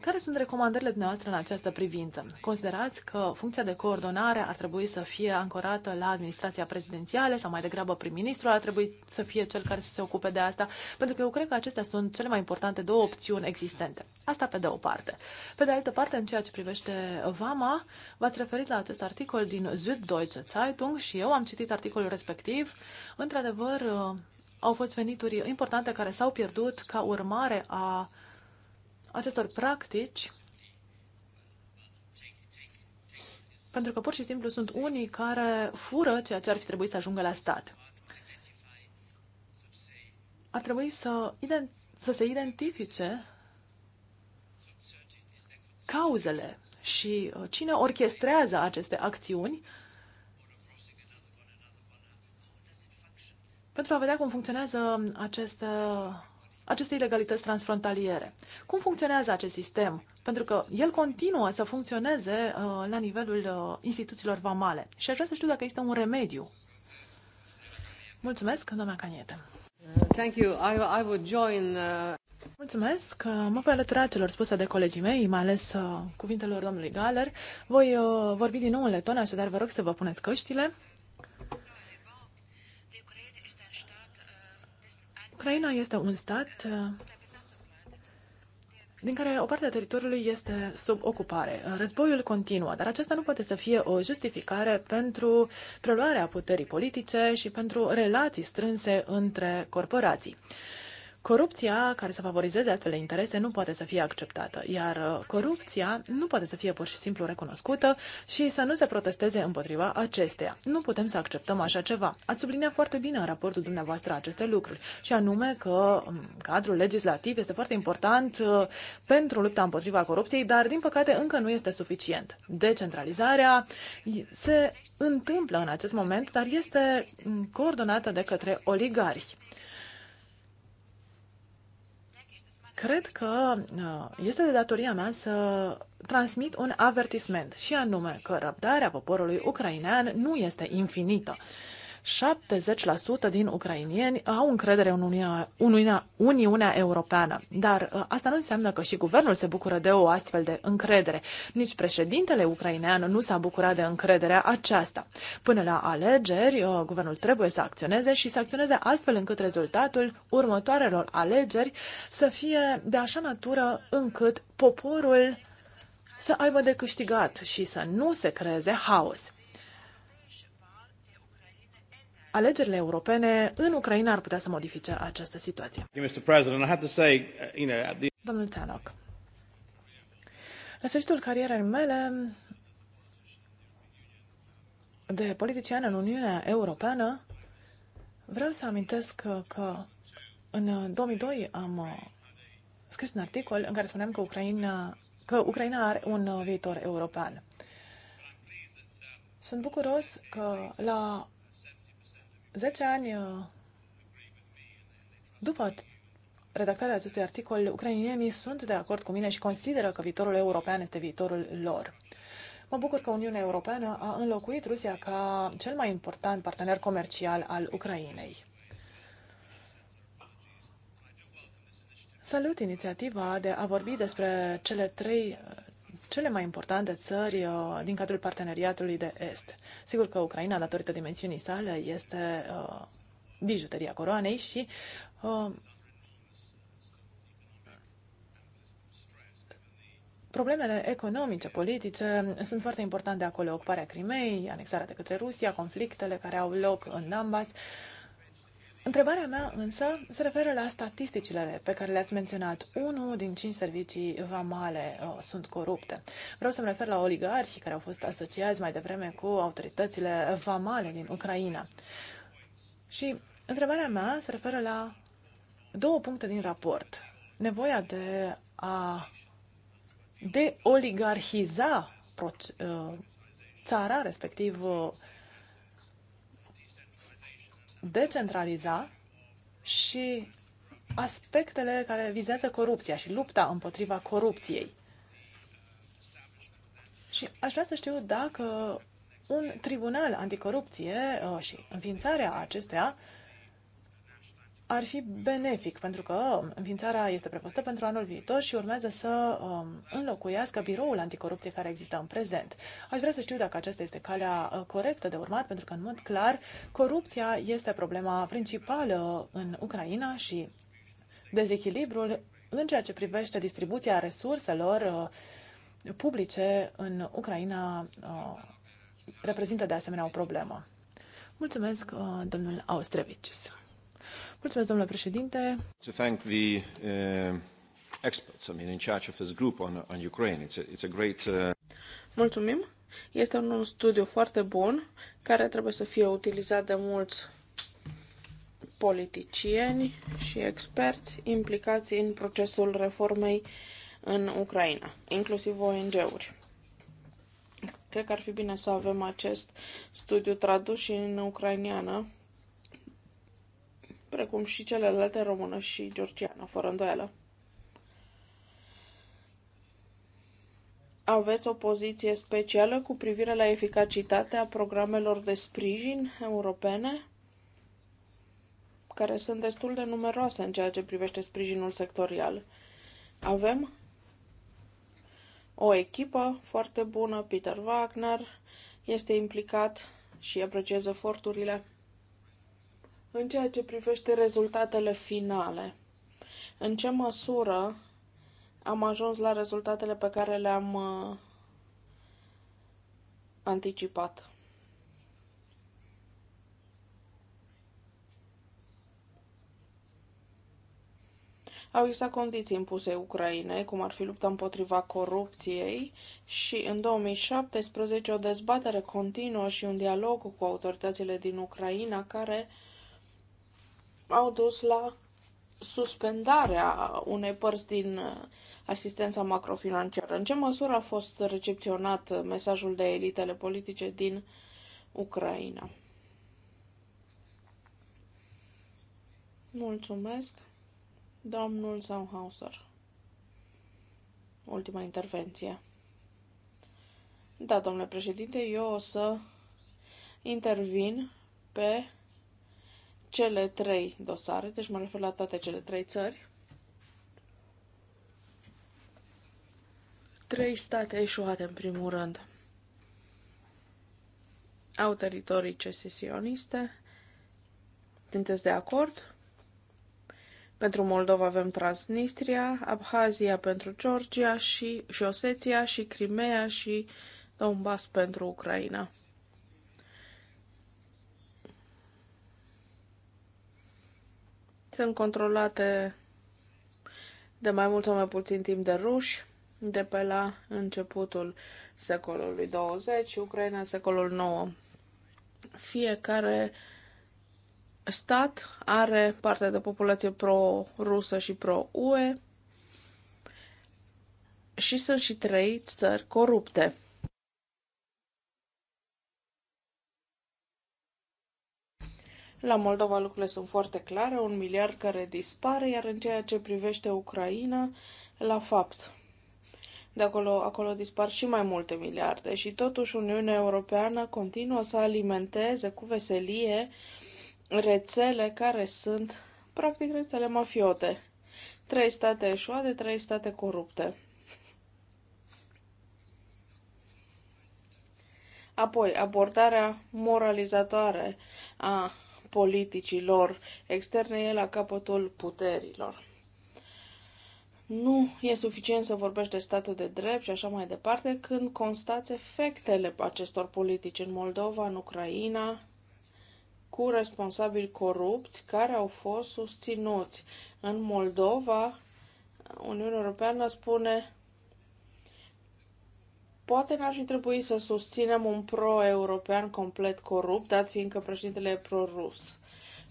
Care sunt recomandările dumneavoastră în această privință? Considerați că funcția de coordonare ar trebui să fie ancorată la administrația prezidențială sau mai degrabă prim-ministrul ar trebui să fie cel care să se ocupe de asta? Pentru că eu cred că acestea sunt cele mai importante două opțiuni existente. Asta pe de o parte. Pe de altă parte, în ceea ce privește VAMA, v-ați referit la acest articol din Süddeutsche Zeitung și eu am citit articolul respectiv. Într-adevăr, uh, au fost venituri importante care s-au pierdut ca urmare a acestor practici, pentru că pur și simplu sunt unii care fură ceea ce ar fi trebuit să ajungă la stat. Ar trebui să, să se identifice cauzele și uh, cine orchestrează aceste acțiuni pentru a vedea cum funcționează aceste aceste ilegalități transfrontaliere. Cum funcționează acest sistem? Pentru că el continuă să funcționeze uh, la nivelul uh, instituțiilor vamale. Și aș vrea să știu dacă există un remediu. Mulțumesc, doamna Caniete. Uh, thank you. I, I would join, uh... Mulțumesc. Uh, mă voi alătura celor spuse de colegii mei, mai ales uh, cuvintelor domnului Galer. Voi vorbi din nou în leton, așadar vă rog să vă puneți căștile. Ucraina este un stat uh, din care o parte a teritoriului este sub ocupare. Uh, războiul continuă, dar aceasta nu poate să fie o justificare pentru preluarea puterii politice și pentru relații strânse între corporații. Corupția care să favorizeze astfel de interese nu poate să fie acceptată, iar uh, corupția nu poate să fie pur și simplu recunoscută și să nu se protesteze împotriva acesteia. Nu putem să acceptăm așa ceva. Ați subliniat foarte bine în raportul dumneavoastră aceste lucruri, și anume că um, cadrul legislativ este foarte important uh, pentru lupta împotriva corupției, dar din păcate încă nu este suficient. Decentralizarea se întâmplă în acest moment, dar este mm, coordonată de către oligari cred că uh, este de datoria mea să transmit un avertisment și anume că răbdarea poporului ucrainean nu este infinită 70% din ucrainieni au încredere în Uniunea, Uniunea, Uniunea Europeană, dar uh, asta nu înseamnă că și guvernul se bucură de o astfel de încredere. Nici președintele ucrainean nu s-a bucurat de încrederea aceasta. Până la alegeri, uh, guvernul trebuie să acționeze și să acționeze astfel încât rezultatul următoarelor alegeri să fie de așa natură încât poporul să aibă de câștigat și să nu se creeze haos alegerile europene în Ucraina ar putea să modifice această situație. Uh, Domnul Tanok, la sfârșitul carierei mele de politician în Uniunea Europeană, vreau să amintesc că, că în 2002 am uh, scris un articol în care spuneam că Ucraina, că Ucraina are un uh, viitor european. Sunt bucuros că la 10 ani uh, după redactarea acestui articol, ucrainienii sunt de acord cu mine și consideră că viitorul european este viitorul lor. Mă bucur că Uniunea Europeană a înlocuit Rusia ca cel mai important partener comercial al Ucrainei. Salut inițiativa de a vorbi despre cele trei cele mai importante țări uh, din cadrul parteneriatului de est. Sigur că Ucraina, datorită dimensiunii sale, este uh, bijuteria coroanei și uh, problemele economice, politice sunt foarte importante acolo. Ocuparea Crimei, anexarea de către Rusia, conflictele care au loc în ambas. Întrebarea mea însă se referă la statisticile pe care le-ați menționat. Unul din cinci servicii vamale uh, sunt corupte. Vreau să-mi refer la oligarhii care au fost asociați mai devreme cu autoritățile vamale din Ucraina. Și întrebarea mea se referă la două puncte din raport. Nevoia de a deoligarhiza uh, țara, respectiv uh, decentraliza și aspectele care vizează corupția și lupta împotriva corupției. Și aș vrea să știu dacă un tribunal anticorupție uh, și înființarea acestuia ar fi benefic, pentru că um, înființarea este prevăzută pentru anul viitor și urmează să um, înlocuiască biroul anticorupție care există în prezent. Aș vrea să știu dacă aceasta este calea uh, corectă de urmat, pentru că, în mod clar, corupția este problema principală în Ucraina și dezechilibrul în ceea ce privește distribuția resurselor uh, publice în Ucraina uh, reprezintă de asemenea o problemă. Mulțumesc, domnul Austrevicius. Mulțumesc, domnule președinte. To thank the, uh, experts, I mean, in charge of this group on, on Ukraine. It's a, it's a great... Uh... Mulțumim. Este un studiu foarte bun care trebuie să fie utilizat de mulți politicieni și experți implicați în procesul reformei în Ucraina, inclusiv ONG-uri. Cred că ar fi bine să avem acest studiu tradus și în ucrainiană precum și celelalte română și georgiană, fără îndoială. Aveți o poziție specială cu privire la eficacitatea programelor de sprijin europene, care sunt destul de numeroase în ceea ce privește sprijinul sectorial. Avem o echipă foarte bună, Peter Wagner este implicat și apreciez eforturile. În ceea ce privește rezultatele finale, în ce măsură am ajuns la rezultatele pe care le-am uh, anticipat? au existat condiții impuse Ucrainei, cum ar fi lupta împotriva corupției și în 2017 o dezbatere continuă și un dialog cu autoritățile din Ucraina care au dus la suspendarea unei părți din uh, asistența macrofinanciară. În ce măsură a fost recepționat uh, mesajul de elitele politice din Ucraina? Mulțumesc, domnul Samhauser. Ultima intervenție. Da, domnule președinte, eu o să intervin pe cele trei dosare, deci mă refer la toate cele trei țări. Trei state eșuate, în primul rând. Au teritorii cesesioniste. Sunteți de acord? Pentru Moldova avem Transnistria, Abhazia pentru Georgia și, și Osetia și Crimea și Donbass pentru Ucraina. Sunt controlate de mai mult sau mai puțin timp de ruși, de pe la începutul secolului 20 și Ucraina secolul 9. Fiecare stat are parte de populație pro-rusă și pro-UE și sunt și trei țări corupte. La Moldova lucrurile sunt foarte clare, un miliard care dispare, iar în ceea ce privește Ucraina, la fapt, de acolo, acolo dispar și mai multe miliarde și totuși Uniunea Europeană continuă să alimenteze cu veselie rețele care sunt practic rețele mafiote. Trei state eșuate, trei state corupte. Apoi, abordarea moralizatoare a politicilor externe e la capătul puterilor. Nu e suficient să vorbești de statul de drept și așa mai departe când constați efectele acestor politici în Moldova, în Ucraina, cu responsabili corupți care au fost susținuți. În Moldova, Uniunea Europeană spune Poate n-ar fi trebuit să susținem un pro-european complet corupt, dat fiindcă președintele e pro-rus.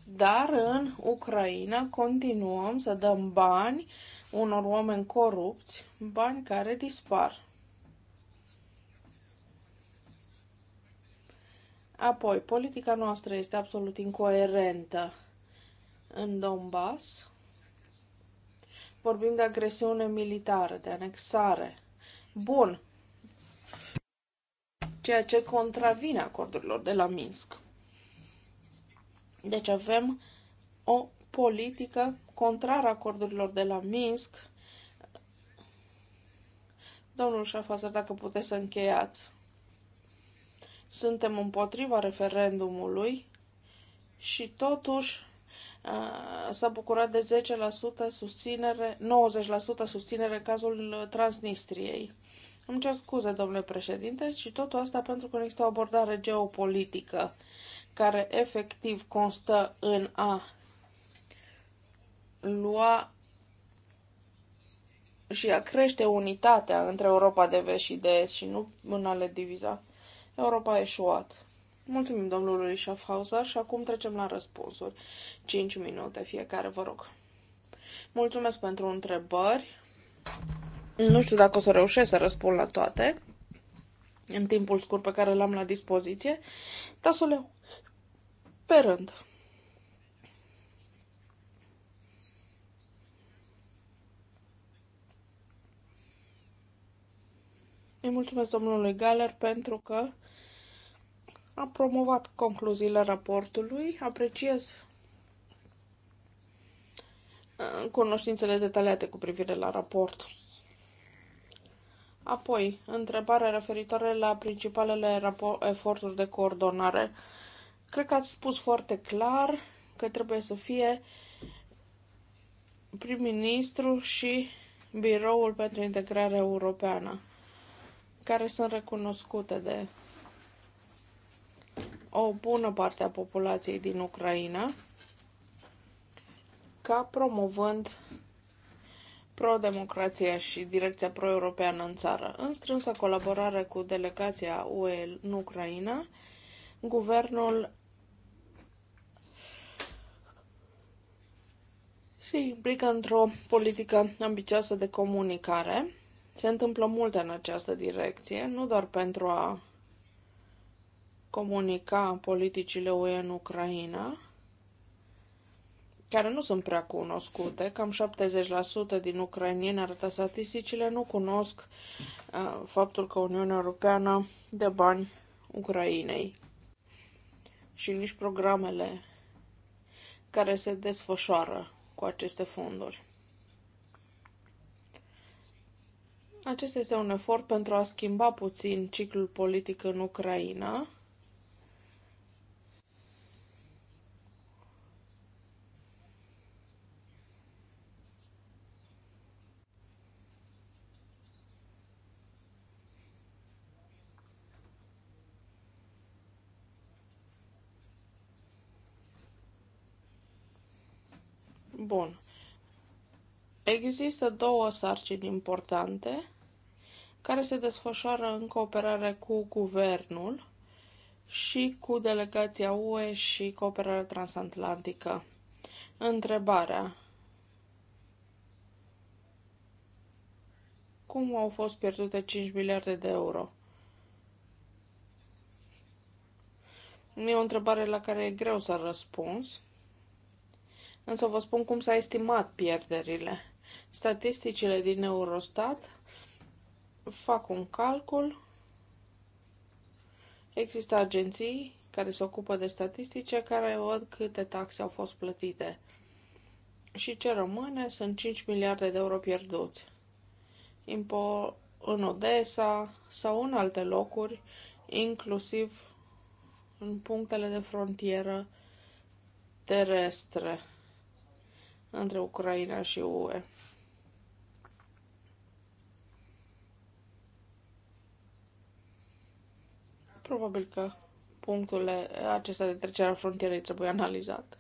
Dar în Ucraina continuăm să dăm bani unor oameni corupți, bani care dispar. Apoi, politica noastră este absolut incoerentă în Donbass. Vorbim de agresiune militară, de anexare. Bun, ceea ce contravine acordurilor de la Minsk. Deci avem o politică contrară acordurilor de la Minsk. Domnul Șafazar, dacă puteți să încheiați. Suntem împotriva referendumului și totuși s-a bucurat de 10% susținere, 90% susținere în cazul Transnistriei. Îmi cer scuze, domnule președinte, și totul asta pentru că nu există o abordare geopolitică care efectiv constă în a lua și a crește unitatea între Europa de vest și de est și nu în a le diviza. Europa a eșuat. Mulțumim domnului Schaffhauser și acum trecem la răspunsuri. 5 minute fiecare, vă rog. Mulțumesc pentru întrebări. Nu știu dacă o să reușesc să răspund la toate în timpul scurt pe care l-am la dispoziție, dar să le pe rând. Îi mulțumesc domnului Galer pentru că a promovat concluziile raportului. Apreciez uh, cunoștințele detaliate cu privire la raport. Apoi, întrebare referitoare la principalele eforturi de coordonare. Cred că ați spus foarte clar că trebuie să fie prim-ministru și Biroul pentru Integrare Europeană, care sunt recunoscute de o bună parte a populației din Ucraina, ca promovând pro-democrație și direcția pro-europeană în țară. În strânsă colaborare cu delegația UE în Ucraina, guvernul se implică într-o politică ambicioasă de comunicare. Se întâmplă multe în această direcție, nu doar pentru a comunica politicile UE în Ucraina, care nu sunt prea cunoscute. Cam 70% din ucrainieni, arată statisticile, nu cunosc uh, faptul că Uniunea Europeană dă bani Ucrainei și nici programele care se desfășoară cu aceste fonduri. Acesta este un efort pentru a schimba puțin ciclul politic în Ucraina Bun. Există două sarcini importante care se desfășoară în cooperare cu guvernul și cu delegația UE și cooperarea transatlantică. Întrebarea. Cum au fost pierdute 5 miliarde de euro? E o întrebare la care e greu să răspuns însă vă spun cum s-a estimat pierderile. Statisticile din Eurostat fac un calcul. Există agenții care se ocupă de statistice care văd câte taxe au fost plătite. Și ce rămâne sunt 5 miliarde de euro pierduți. Impo în Odessa sau în alte locuri, inclusiv în punctele de frontieră terestre între Ucraina și UE. Probabil că punctul acesta de trecere a frontierei trebuie analizat.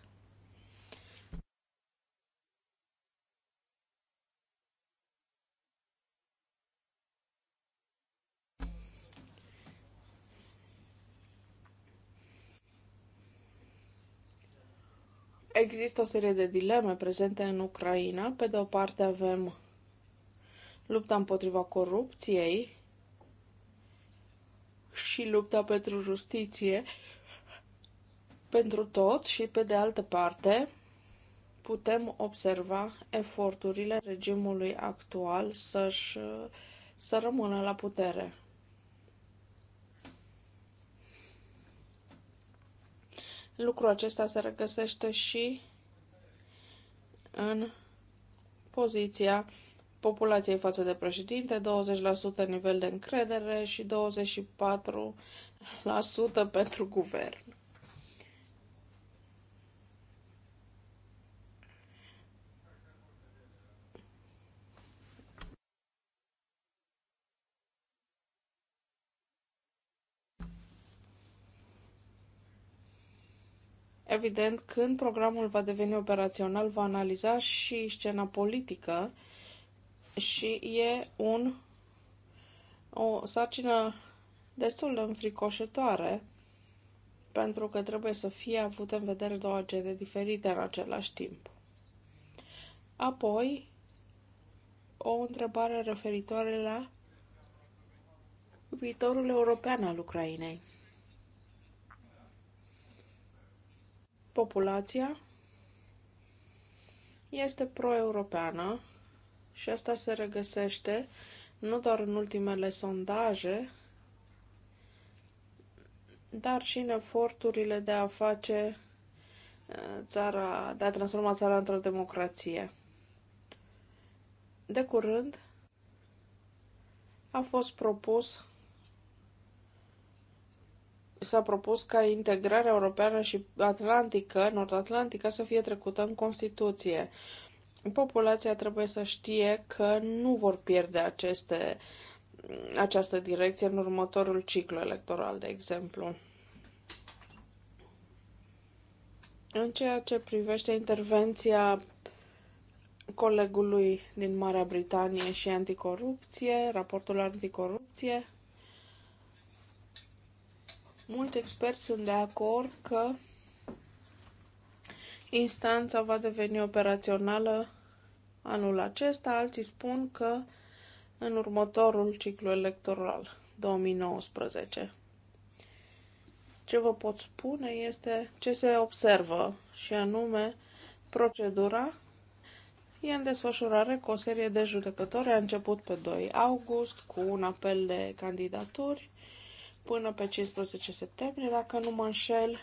Există o serie de dileme prezente în Ucraina. Pe de o parte avem lupta împotriva corupției și lupta pentru justiție pentru toți și pe de altă parte putem observa eforturile regimului actual să-și, să rămână la putere. Lucrul acesta se regăsește și în poziția populației față de președinte, 20% nivel de încredere și 24% pentru guvern. Evident, când programul va deveni operațional, va analiza și scena politică și e un, o sarcină destul de înfricoșătoare pentru că trebuie să fie avut în vedere două agende diferite în același timp. Apoi, o întrebare referitoare la viitorul european al Ucrainei. populația este pro-europeană și asta se regăsește nu doar în ultimele sondaje, dar și în eforturile de a face uh, țara, de a transforma țara într-o democrație. De curând a fost propus s-a propus ca integrarea europeană și atlantică, nord-atlantică, să fie trecută în Constituție. Populația trebuie să știe că nu vor pierde aceste, această direcție în următorul ciclu electoral, de exemplu. În ceea ce privește intervenția colegului din Marea Britanie și anticorupție, raportul anticorupție, Mulți experți sunt de acord că instanța va deveni operațională anul acesta, alții spun că în următorul ciclu electoral, 2019. Ce vă pot spune este ce se observă și anume procedura e în desfășurare cu o serie de judecători. A început pe 2 august cu un apel de candidaturi până pe 15 septembrie, dacă nu mă înșel.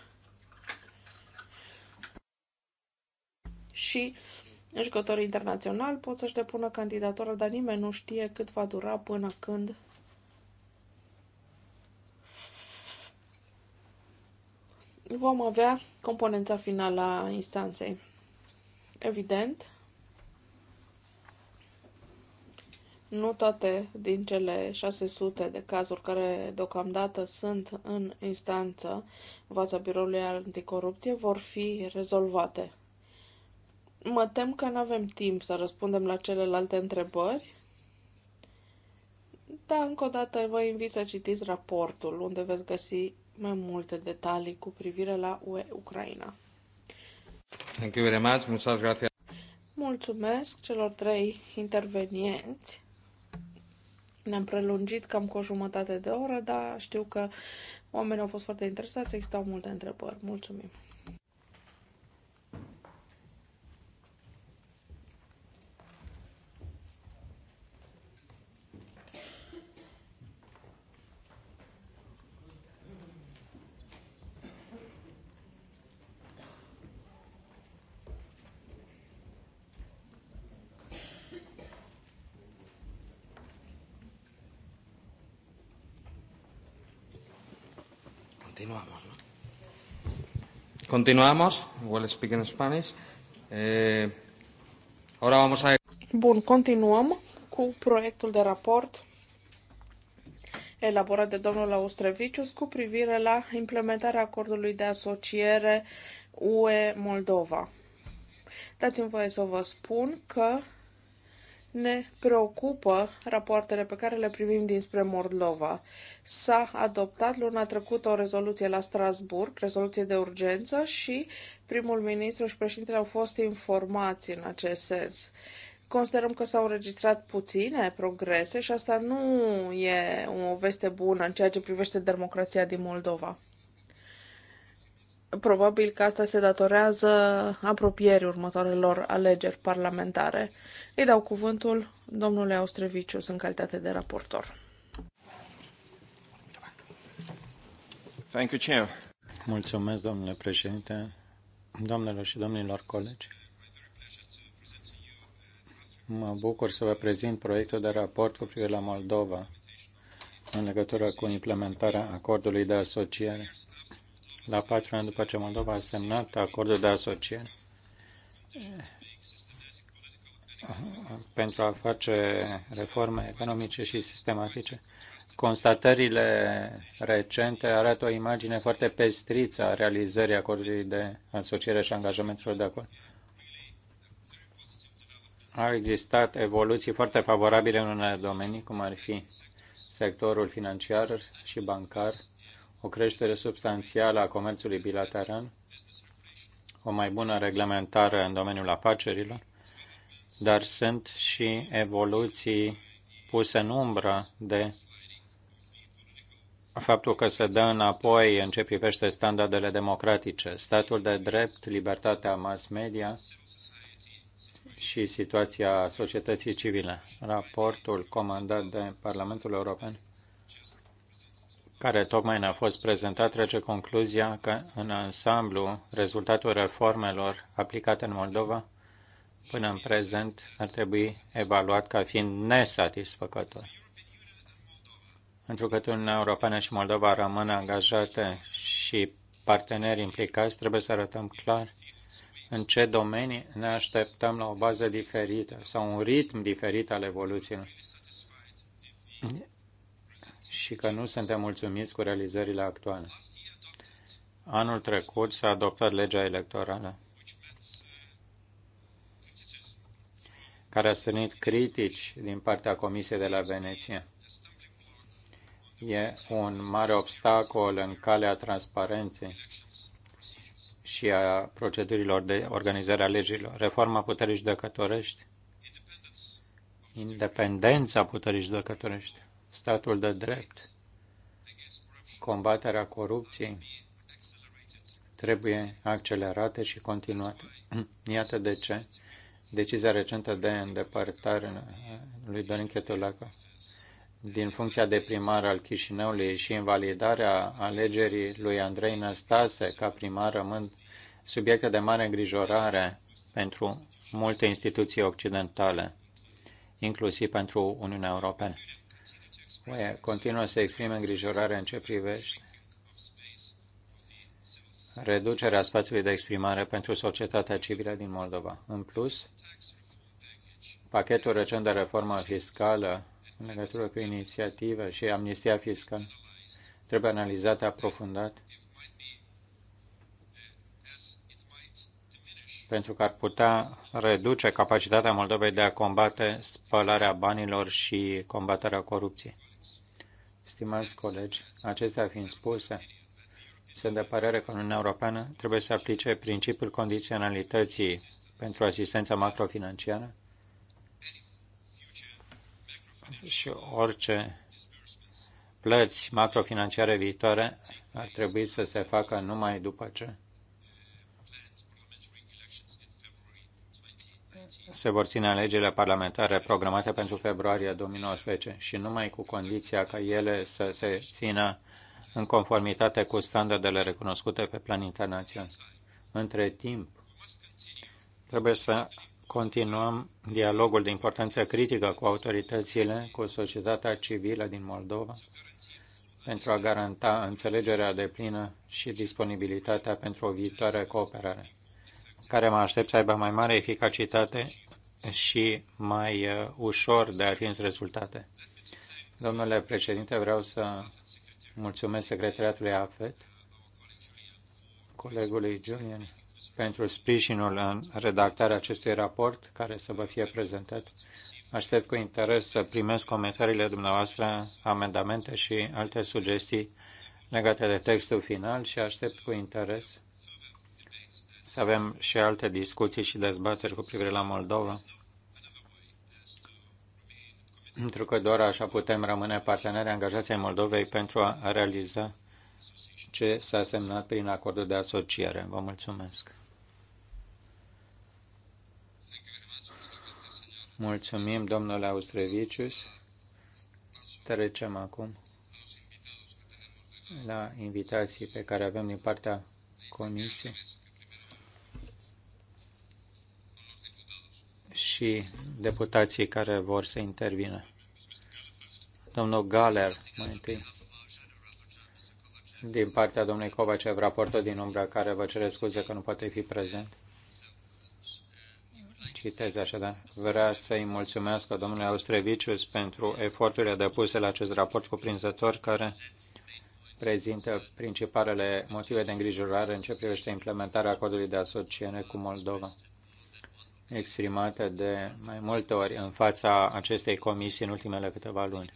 Și jucătorii internaționali pot să-și depună candidatura, dar nimeni nu știe cât va dura până când vom avea componența finală a instanței. Evident, Nu toate din cele 600 de cazuri care deocamdată sunt în instanță în fața Biroului Anticorupție vor fi rezolvate. Mă tem că nu avem timp să răspundem la celelalte întrebări, dar încă o dată vă invit să citiți raportul unde veți găsi mai multe detalii cu privire la UE Ucraina. Thank you very much. Mulțumesc celor trei intervenienți. Ne-am prelungit cam cu o jumătate de oră, dar știu că oamenii au fost foarte interesați, existau multe întrebări. Mulțumim! Continuamos, ¿no? Continuamos. Well, speak in Spanish. Eh, ahora vamos a... Bun, continuăm cu proiectul de raport elaborat de domnul Austrevicius cu privire la implementarea acordului de asociere UE-Moldova. Dați-mi voie să vă spun că ne preocupă rapoartele pe care le primim dinspre Mordlova. S-a adoptat luna trecută o rezoluție la Strasburg, rezoluție de urgență și primul ministru și președintele au fost informați în acest sens. Considerăm că s-au înregistrat puține progrese și asta nu e o veste bună în ceea ce privește democrația din Moldova. Probabil că asta se datorează apropierii următoarelor alegeri parlamentare. Îi dau cuvântul domnului Austrevicius în calitate de raportor. Thank you, Chair. Mulțumesc, domnule președinte, doamnelor și domnilor colegi. Mă bucur să vă prezint proiectul de raport cu privire la Moldova în legătură cu implementarea acordului de asociere la da, patru ani după ce Moldova a semnat acordul de asociere, pentru a face reforme economice și sistematice. Constatările recente arată o imagine foarte pestriță a realizării acordului de asociere și angajamentelor de acord. Au existat evoluții foarte favorabile în unele domenii, cum ar fi sectorul financiar și bancar, o creștere substanțială a comerțului bilateral, o mai bună reglementare în domeniul afacerilor, dar sunt și evoluții puse în umbră de faptul că se dă înapoi în ce privește standardele democratice, statul de drept, libertatea mass media și situația societății civile. Raportul comandat de Parlamentul European care tocmai ne-a fost prezentat trece concluzia că, în ansamblu, rezultatul reformelor aplicate în Moldova până în prezent ar trebui evaluat ca fiind nesatisfăcător. Pentru că Uniunea Europeană și Moldova rămân angajate și parteneri implicați, trebuie să arătăm clar în ce domenii ne așteptăm la o bază diferită sau un ritm diferit al evoluției și că nu suntem mulțumiți cu realizările actuale. Anul trecut s-a adoptat legea electorală care a strânit critici din partea Comisiei de la Veneția. E un mare obstacol în calea transparenței și a procedurilor de organizare a legilor. Reforma puterii judecătorești, independența puterii judecătorești, statul de drept, combaterea corupției trebuie accelerate și continuate. Iată de ce decizia recentă de îndepărtare lui Dorin Chetulacă din funcția de primar al Chișinăului și invalidarea alegerii lui Andrei Năstase ca primar rămân subiecte de mare îngrijorare pentru multe instituții occidentale, inclusiv pentru Uniunea Europeană continuă să exprime îngrijorarea în ce privește reducerea spațiului de exprimare pentru societatea civilă din Moldova. În plus, pachetul recent de reformă fiscală în legătură cu inițiativă și amnistia fiscală trebuie analizată aprofundat pentru că ar putea reduce capacitatea Moldovei de a combate spălarea banilor și combaterea corupției. Stimați colegi, acestea fiind spuse, sunt de părere că Uniunea Europeană trebuie să aplice principiul condiționalității pentru asistența macrofinanciară și orice plăți macrofinanciare viitoare ar trebui să se facă numai după ce se vor ține alegerile parlamentare programate pentru februarie 2019 și numai cu condiția ca ele să se țină în conformitate cu standardele recunoscute pe plan internațional. Între timp, trebuie să continuăm dialogul de importanță critică cu autoritățile, cu societatea civilă din Moldova, pentru a garanta înțelegerea deplină și disponibilitatea pentru o viitoare cooperare care mă aștept să aibă mai mare eficacitate și mai uh, ușor de atins rezultate. Domnule președinte, vreau să mulțumesc secretariatului AFET, colegului Julian, pentru sprijinul în redactarea acestui raport care să vă fie prezentat. Aștept cu interes să primesc comentariile dumneavoastră, amendamente și alte sugestii legate de textul final și aștept cu interes să avem și alte discuții și dezbateri cu privire la Moldova, pentru că doar așa putem rămâne parteneri angajați ai Moldovei pentru a realiza ce s-a semnat prin acordul de asociere. Vă mulțumesc! Mulțumim, domnule Austrevicius. Trecem acum la invitații pe care avem din partea Comisiei. și deputații care vor să intervină. Domnul Galer, mai întâi. Din partea domnului Covacev, raportul din umbră, care vă cere scuze că nu poate fi prezent. Citez așadar. Vrea să-i mulțumesc domnului Austrevicius pentru eforturile depuse la acest raport cuprinzător care prezintă principalele motive de îngrijorare în ce privește implementarea codului de asociere cu Moldova exprimată de mai multe ori în fața acestei comisii în ultimele câteva luni.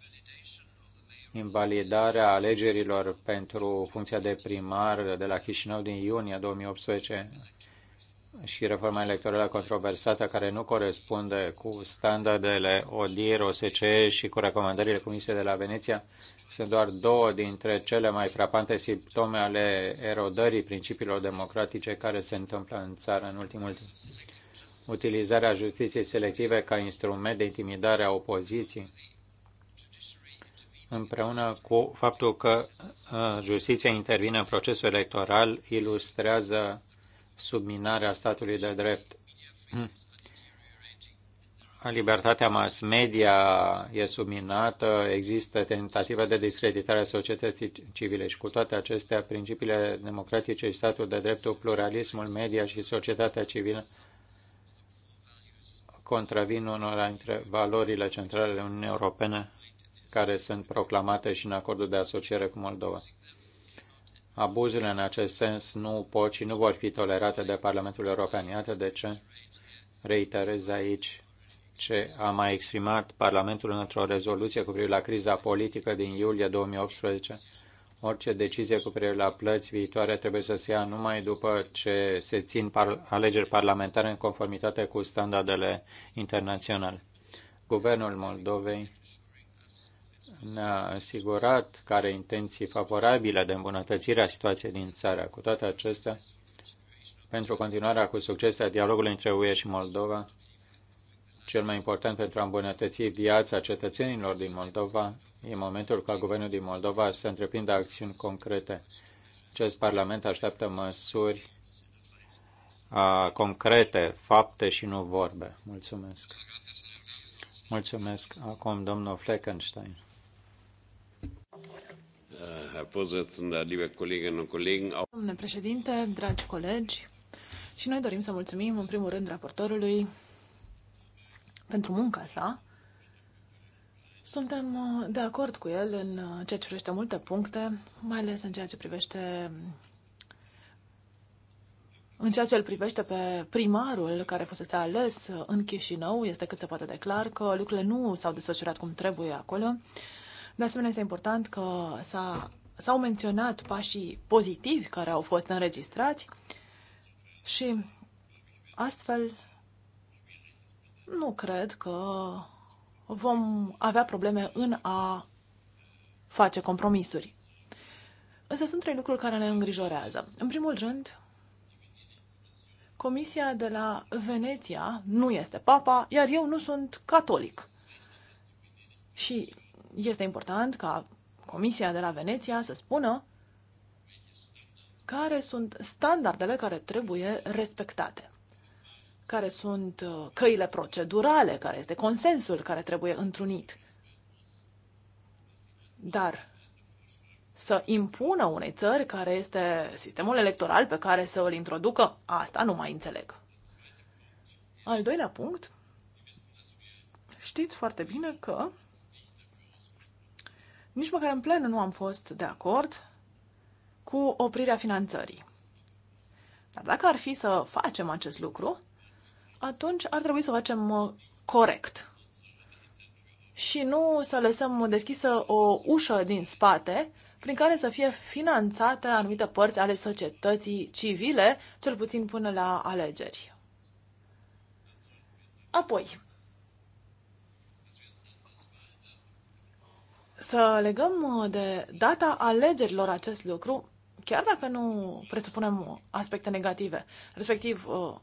Invalidarea alegerilor pentru funcția de primar de la Chișinău din iunie 2018 și reforma electorală controversată care nu corespunde cu standardele ODIR, OSCE și cu recomandările Comisiei de la Veneția sunt doar două dintre cele mai frapante simptome ale erodării principiilor democratice care se întâmplă în țară în ultimul timp utilizarea justiției selective ca instrument de intimidare a opoziției, împreună cu faptul că uh, justiția intervine în procesul electoral, ilustrează subminarea statului de drept. Libertatea mass media e subminată, există tentative de discreditare a societății civile și cu toate acestea, principiile democratice și statul de dreptul, pluralismul media și societatea civilă contravin unora dintre valorile centrale ale Uniunii Europene care sunt proclamate și în acordul de asociere cu Moldova. Abuzurile în acest sens nu pot și nu vor fi tolerate de Parlamentul European. Iată de ce reiterez aici ce a mai exprimat Parlamentul într-o rezoluție cu privire la criza politică din iulie 2018 Orice decizie cu privire la plăți viitoare trebuie să se ia numai după ce se țin par- alegeri parlamentare în conformitate cu standardele internaționale. Guvernul Moldovei ne-a asigurat că are intenții favorabile de îmbunătățire a situației din țară. Cu toate acestea, pentru continuarea cu succes a dialogului între UE și Moldova, cel mai important pentru a îmbunătăți viața cetățenilor din Moldova e momentul ca guvernul din Moldova să întreprindă acțiuni concrete. Acest Parlament așteaptă măsuri a, concrete, fapte și nu vorbe. Mulțumesc. Mulțumesc. Acum domnul Fleckenstein. Domnule președinte, dragi colegi, și noi dorim să mulțumim în primul rând raportorului pentru munca sa. Suntem uh, de acord cu el în uh, ceea ce privește multe puncte, mai ales în ceea ce privește în ceea ce îl privește pe primarul care fusese ales în Chișinău, este cât se poate de clar că lucrurile nu s-au desfășurat cum trebuie acolo. De asemenea, este important că s-a, s-au menționat pașii pozitivi care au fost înregistrați și astfel nu cred că vom avea probleme în a face compromisuri. Însă sunt trei lucruri care ne îngrijorează. În primul rând, Comisia de la Veneția nu este papa, iar eu nu sunt catolic. Și este important ca Comisia de la Veneția să spună care sunt standardele care trebuie respectate care sunt uh, căile procedurale, care este consensul care trebuie întrunit. Dar să impună unei țări care este sistemul electoral pe care să îl introducă, asta nu mai înțeleg. Al doilea punct, știți foarte bine că nici măcar în plen nu am fost de acord cu oprirea finanțării. Dar dacă ar fi să facem acest lucru, atunci ar trebui să o facem uh, corect și nu să lăsăm deschisă o ușă din spate prin care să fie finanțate anumite părți ale societății civile, cel puțin până la alegeri. Apoi, să legăm uh, de data alegerilor acest lucru, chiar dacă nu presupunem aspecte negative, respectiv uh,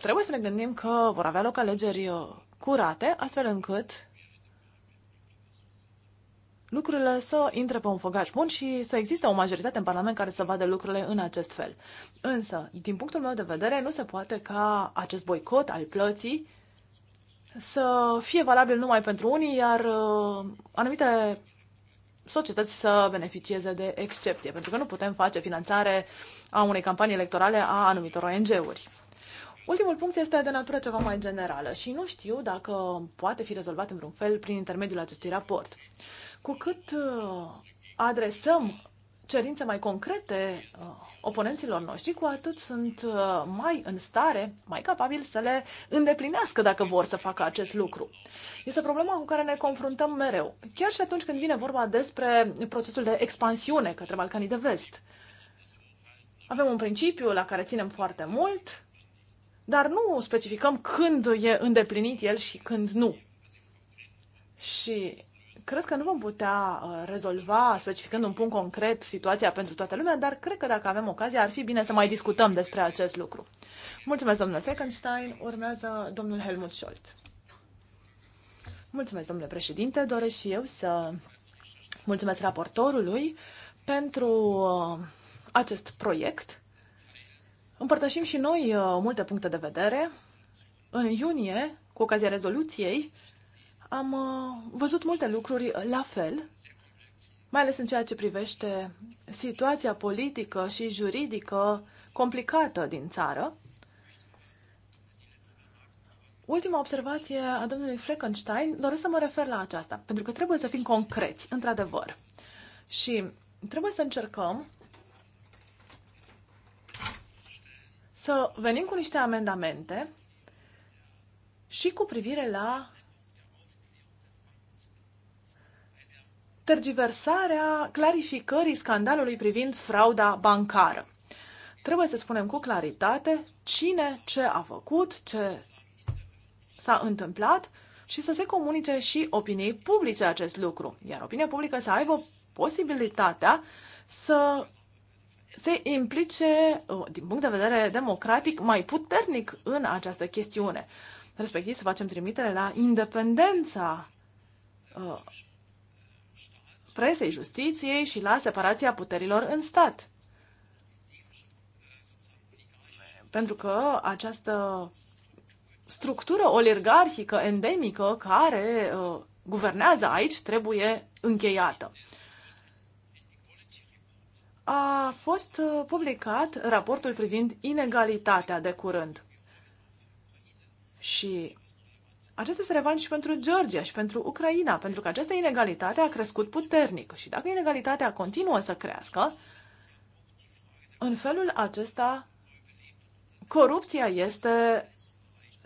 trebuie să ne gândim că vor avea loc alegeri uh, curate, astfel încât lucrurile să intre pe un făgaș bun și să existe o majoritate în Parlament care să vadă lucrurile în acest fel. Însă, din punctul meu de vedere, nu se poate ca acest boicot al plății să fie valabil numai pentru unii, iar uh, anumite societăți să beneficieze de excepție, pentru că nu putem face finanțare a unei campanii electorale a anumitor ONG-uri. Ultimul punct este de natură ceva mai generală și nu știu dacă poate fi rezolvat în vreun fel prin intermediul acestui raport. Cu cât uh, adresăm cerințe mai concrete uh, oponenților noștri, cu atât sunt uh, mai în stare, mai capabili să le îndeplinească dacă vor să facă acest lucru. Este problema cu care ne confruntăm mereu, chiar și atunci când vine vorba despre procesul de expansiune către Balcanii de Vest. Avem un principiu la care ținem foarte mult, dar nu specificăm când e îndeplinit el și când nu. Și cred că nu vom putea uh, rezolva, specificând un punct concret, situația pentru toată lumea, dar cred că dacă avem ocazia, ar fi bine să mai discutăm despre acest lucru. Mulțumesc, domnule Feckenstein. Urmează domnul Helmut Scholz. Mulțumesc, domnule președinte. Doresc și eu să mulțumesc raportorului pentru uh, acest proiect Împărtășim și noi uh, multe puncte de vedere. În iunie, cu ocazia rezoluției, am uh, văzut multe lucruri la fel, mai ales în ceea ce privește situația politică și juridică complicată din țară. Ultima observație a domnului Fleckenstein, doresc să mă refer la aceasta, pentru că trebuie să fim concreți, într-adevăr. Și trebuie să încercăm să venim cu niște amendamente și cu privire la tergiversarea clarificării scandalului privind frauda bancară. Trebuie să spunem cu claritate cine ce a făcut, ce s-a întâmplat și să se comunice și opiniei publice acest lucru, iar opinia publică să aibă posibilitatea să se implice, uh, din punct de vedere democratic, mai puternic în această chestiune. Respectiv, să facem trimitere la independența uh, presei, justiției și la separația puterilor în stat. Pentru că această structură oligarhică endemică care uh, guvernează aici trebuie încheiată a fost uh, publicat raportul privind inegalitatea de curând. Și acesta se revand și pentru Georgia și pentru Ucraina, pentru că această inegalitate a crescut puternic. Și dacă inegalitatea continuă să crească, în felul acesta, corupția este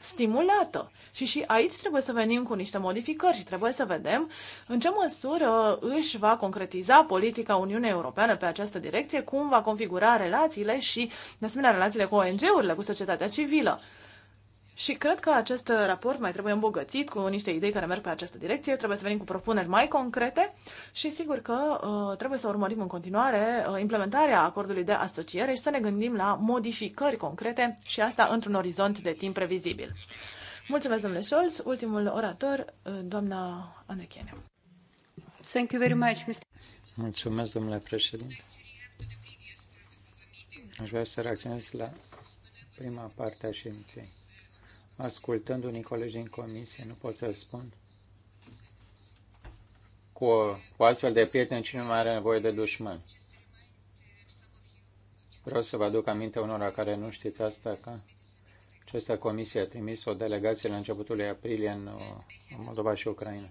stimulată. Și și aici trebuie să venim cu niște modificări și trebuie să vedem în ce măsură își va concretiza politica Uniunii Europeană pe această direcție, cum va configura relațiile și, de asemenea, relațiile cu ONG-urile, cu societatea civilă. Și cred că acest raport mai trebuie îmbogățit cu niște idei care merg pe această direcție, trebuie să venim cu propuneri mai concrete și sigur că uh, trebuie să urmărim în continuare uh, implementarea acordului de asociere și să ne gândim la modificări concrete și asta într-un orizont de timp previzibil. Mulțumesc, domnule Scholz. Ultimul orator, uh, doamna Andrechene. Thank you very much, Mr. Mulțumesc, domnule președinte. Aș vrea să reacționez la prima parte a ședinței ascultând unii colegi din comisie, nu pot să spun. Cu, o, cu astfel de prieteni, cine mai are nevoie de dușman. Vreau să vă aduc aminte unora care nu știți asta că această comisie a trimis o delegație la începutul lui aprilie în, în Moldova și Ucraina.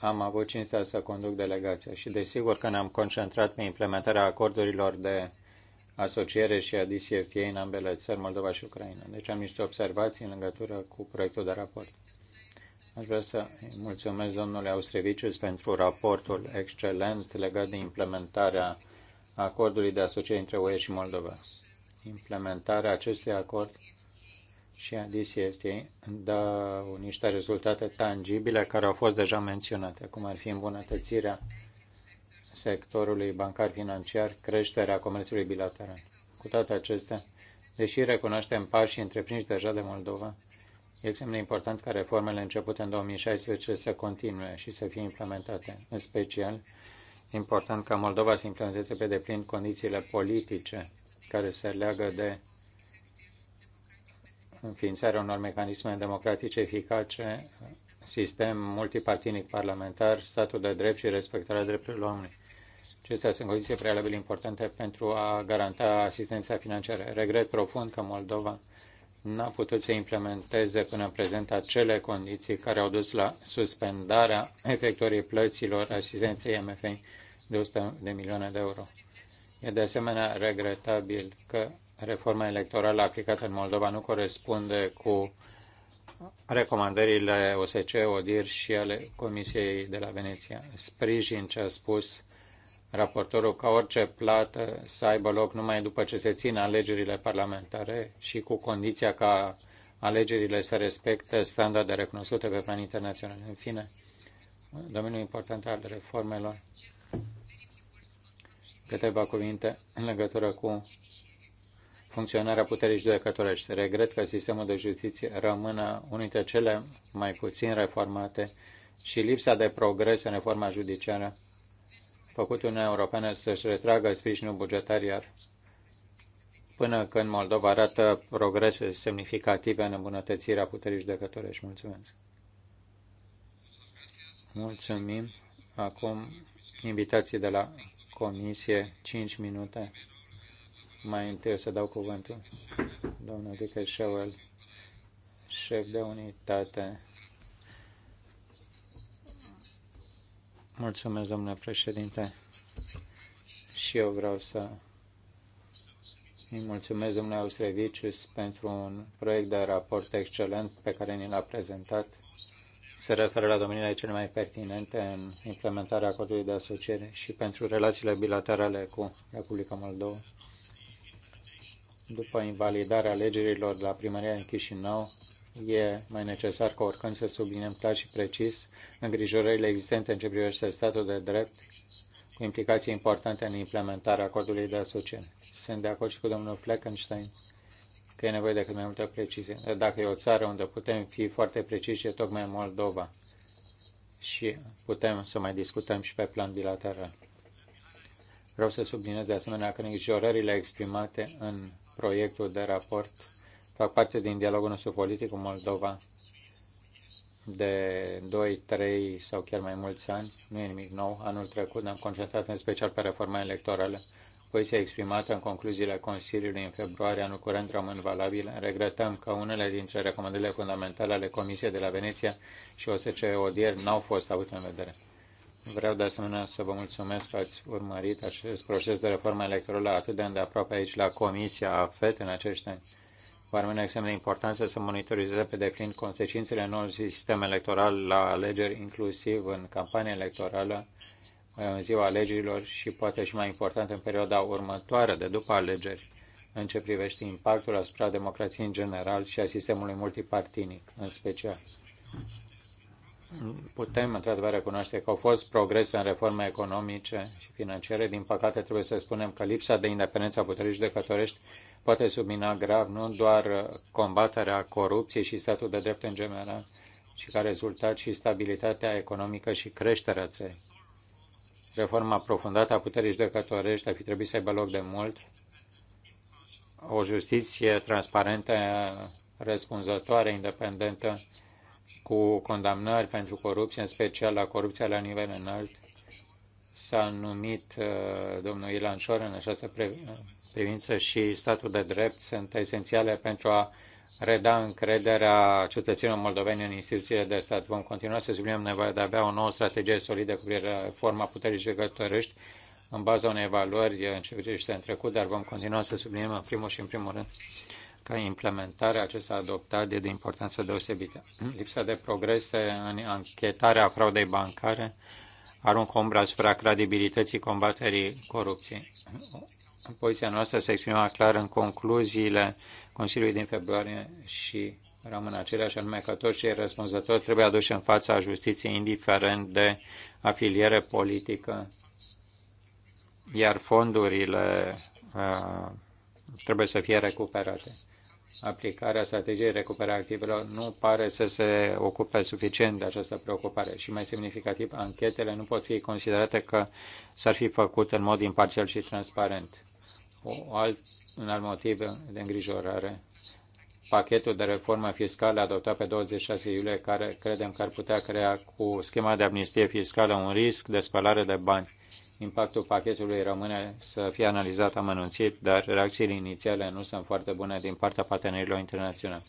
Am avut cinstea să conduc delegația și desigur că ne-am concentrat pe implementarea acordurilor de asociere și adisie fie în ambele țări, Moldova și Ucraina. Deci am niște observații în legătură cu proiectul de raport. Aș vrea să mulțumesc domnului Austrevicius pentru raportul excelent legat de implementarea acordului de asociere între UE și Moldova. Implementarea acestui acord și a DCFTA dă niște rezultate tangibile care au fost deja menționate. Acum ar fi îmbunătățirea sectorului bancar financiar, creșterea comerțului bilateral. Cu toate acestea, deși recunoaștem pașii întreprinși deja de Moldova, e extrem de important ca reformele începute în 2016 să continue și să fie implementate. În special, important ca Moldova să implementeze pe deplin condițiile politice care se leagă de înființarea unor mecanisme democratice eficace, sistem multipartinic parlamentar, statul de drept și respectarea drepturilor omului. Acestea sunt condiții prealabile importante pentru a garanta asistența financiară. Regret profund că Moldova n-a putut să implementeze până în prezent acele condiții care au dus la suspendarea efectuării plăților asistenței MFI de 100 de milioane de euro. E de asemenea regretabil că reforma electorală aplicată în Moldova nu corespunde cu recomandările OSCE, ODIR și ale Comisiei de la Veneția. Sprijin ce a spus raportorul ca orice plată să aibă loc numai după ce se țin alegerile parlamentare și cu condiția ca alegerile să respecte standarde recunoscute pe plan internațional. În fine, domeniul important al reformelor, câteva cuvinte în legătură cu funcționarea puterii judecătorești. Regret că sistemul de justiție rămână unul dintre cele mai puțin reformate și lipsa de progres în reforma judiciară făcut Uniunea Europeană să-și retragă sprijinul bugetar, iar până când Moldova arată progrese semnificative în îmbunătățirea puterii judecătorești. Mulțumesc! Mulțumim! Acum invitații de la Comisie, 5 minute. Mai întâi o să dau cuvântul. Domnul Dicker Schauel, șef de unitate Mulțumesc, domnule președinte. Și eu vreau să îi mulțumesc, domnule Austrevicius, pentru un proiect de raport excelent pe care ni l-a prezentat. Se referă la domeniile cele mai pertinente în implementarea acordului de asociere și pentru relațiile bilaterale cu Republica Moldova. După invalidarea alegerilor la primăria în Chișinău, e mai necesar ca oricând să subliniem clar și precis îngrijorările existente în ce privește statul de drept cu implicații importante în implementarea acordului de asociere. Sunt de acord și cu domnul Fleckenstein că e nevoie de cât mai multă precizie. Dacă e o țară unde putem fi foarte precisi, e tocmai Moldova. Și putem să mai discutăm și pe plan bilateral. Vreau să subliniez de asemenea că îngrijorările exprimate în proiectul de raport fac parte din dialogul nostru politic cu Moldova de 2, 3 sau chiar mai mulți ani. Nu e nimic nou. Anul trecut ne-am concentrat în special pe reforma electorală. Poziția exprimată în concluziile Consiliului în februarie anul curent rămân valabile. Regretăm că unele dintre recomandările fundamentale ale Comisiei de la Veneția și OSCE Odier n-au fost avute în vedere. Vreau de asemenea să vă mulțumesc că ați urmărit acest proces de reformă electorală atât de îndeaproape aici la Comisia AFET în acești ani va rămâne extrem de importanță să monitorizeze pe deplin consecințele noului sistem electoral la alegeri, inclusiv în campania electorală, în ziua alegerilor și poate și mai important în perioada următoare de după alegeri în ce privește impactul asupra democrației în general și a sistemului multipartinic în special. Putem, într-adevăr, recunoaște că au fost progrese în reforme economice și financiare. Din păcate, trebuie să spunem că lipsa de independență a puterii judecătorești poate submina grav nu doar combaterea corupției și statul de drept în general, ci ca rezultat și stabilitatea economică și creșterea țării. Reforma profundată a puterii judecătorești ar fi trebuit să aibă loc de mult. O justiție transparentă, răspunzătoare, independentă, cu condamnări pentru corupție, în special la corupția la nivel înalt, s-a numit uh, domnul Ilan Șor în această privință și statul de drept sunt esențiale pentru a reda încrederea cetățenilor moldoveni în instituțiile de stat. Vom continua să subliniem nevoia de a avea o nouă strategie solidă cu privire la forma puterii judecătorești în baza unei evaluări în ce privește în trecut, dar vom continua să subliniem în primul și în primul rând că implementarea acesta adoptat e de importanță deosebită. Lipsa de progrese în anchetarea fraudei bancare arunc umbra asupra credibilității combaterii corupției. Poziția noastră se exprimă clar în concluziile Consiliului din februarie și rămân aceleași, anume că toți cei răspunzători trebuie aduși în fața justiției, indiferent de afiliere politică, iar fondurile uh, trebuie să fie recuperate aplicarea strategiei recuperării activelor nu pare să se ocupe suficient de această preocupare și mai semnificativ, anchetele nu pot fi considerate că s-ar fi făcut în mod imparțial și transparent. O alt, un alt motiv de îngrijorare, pachetul de reformă fiscală adoptat pe 26 iulie, care credem că ar putea crea cu schema de amnistie fiscală un risc de spălare de bani impactul pachetului rămâne să fie analizat amănunțit, dar reacțiile inițiale nu sunt foarte bune din partea partenerilor internaționale.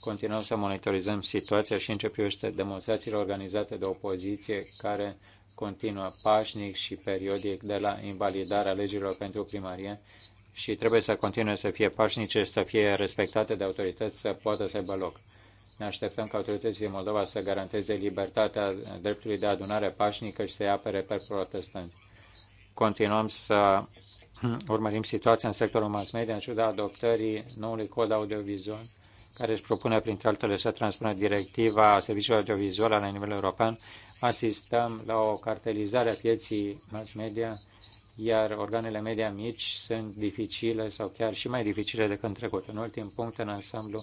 Continuăm să monitorizăm situația și în ce privește demonstrațiile organizate de opoziție care continuă pașnic și periodic de la invalidarea legilor pentru primărie și trebuie să continue să fie pașnice, să fie respectate de autorități, să poată să aibă loc. Ne așteptăm ca autoritățile Moldova să garanteze libertatea dreptului de adunare pașnică și să-i apere pe protestanți continuăm să hmm, urmărim situația în sectorul mass media în ciuda adoptării noului cod audiovizual care își propune, printre altele, să transpună directiva serviciului audiovizual la nivel european. Asistăm la o cartelizare a pieții mass media, iar organele media mici sunt dificile sau chiar și mai dificile decât în trecut. În ultim punct, în ansamblu,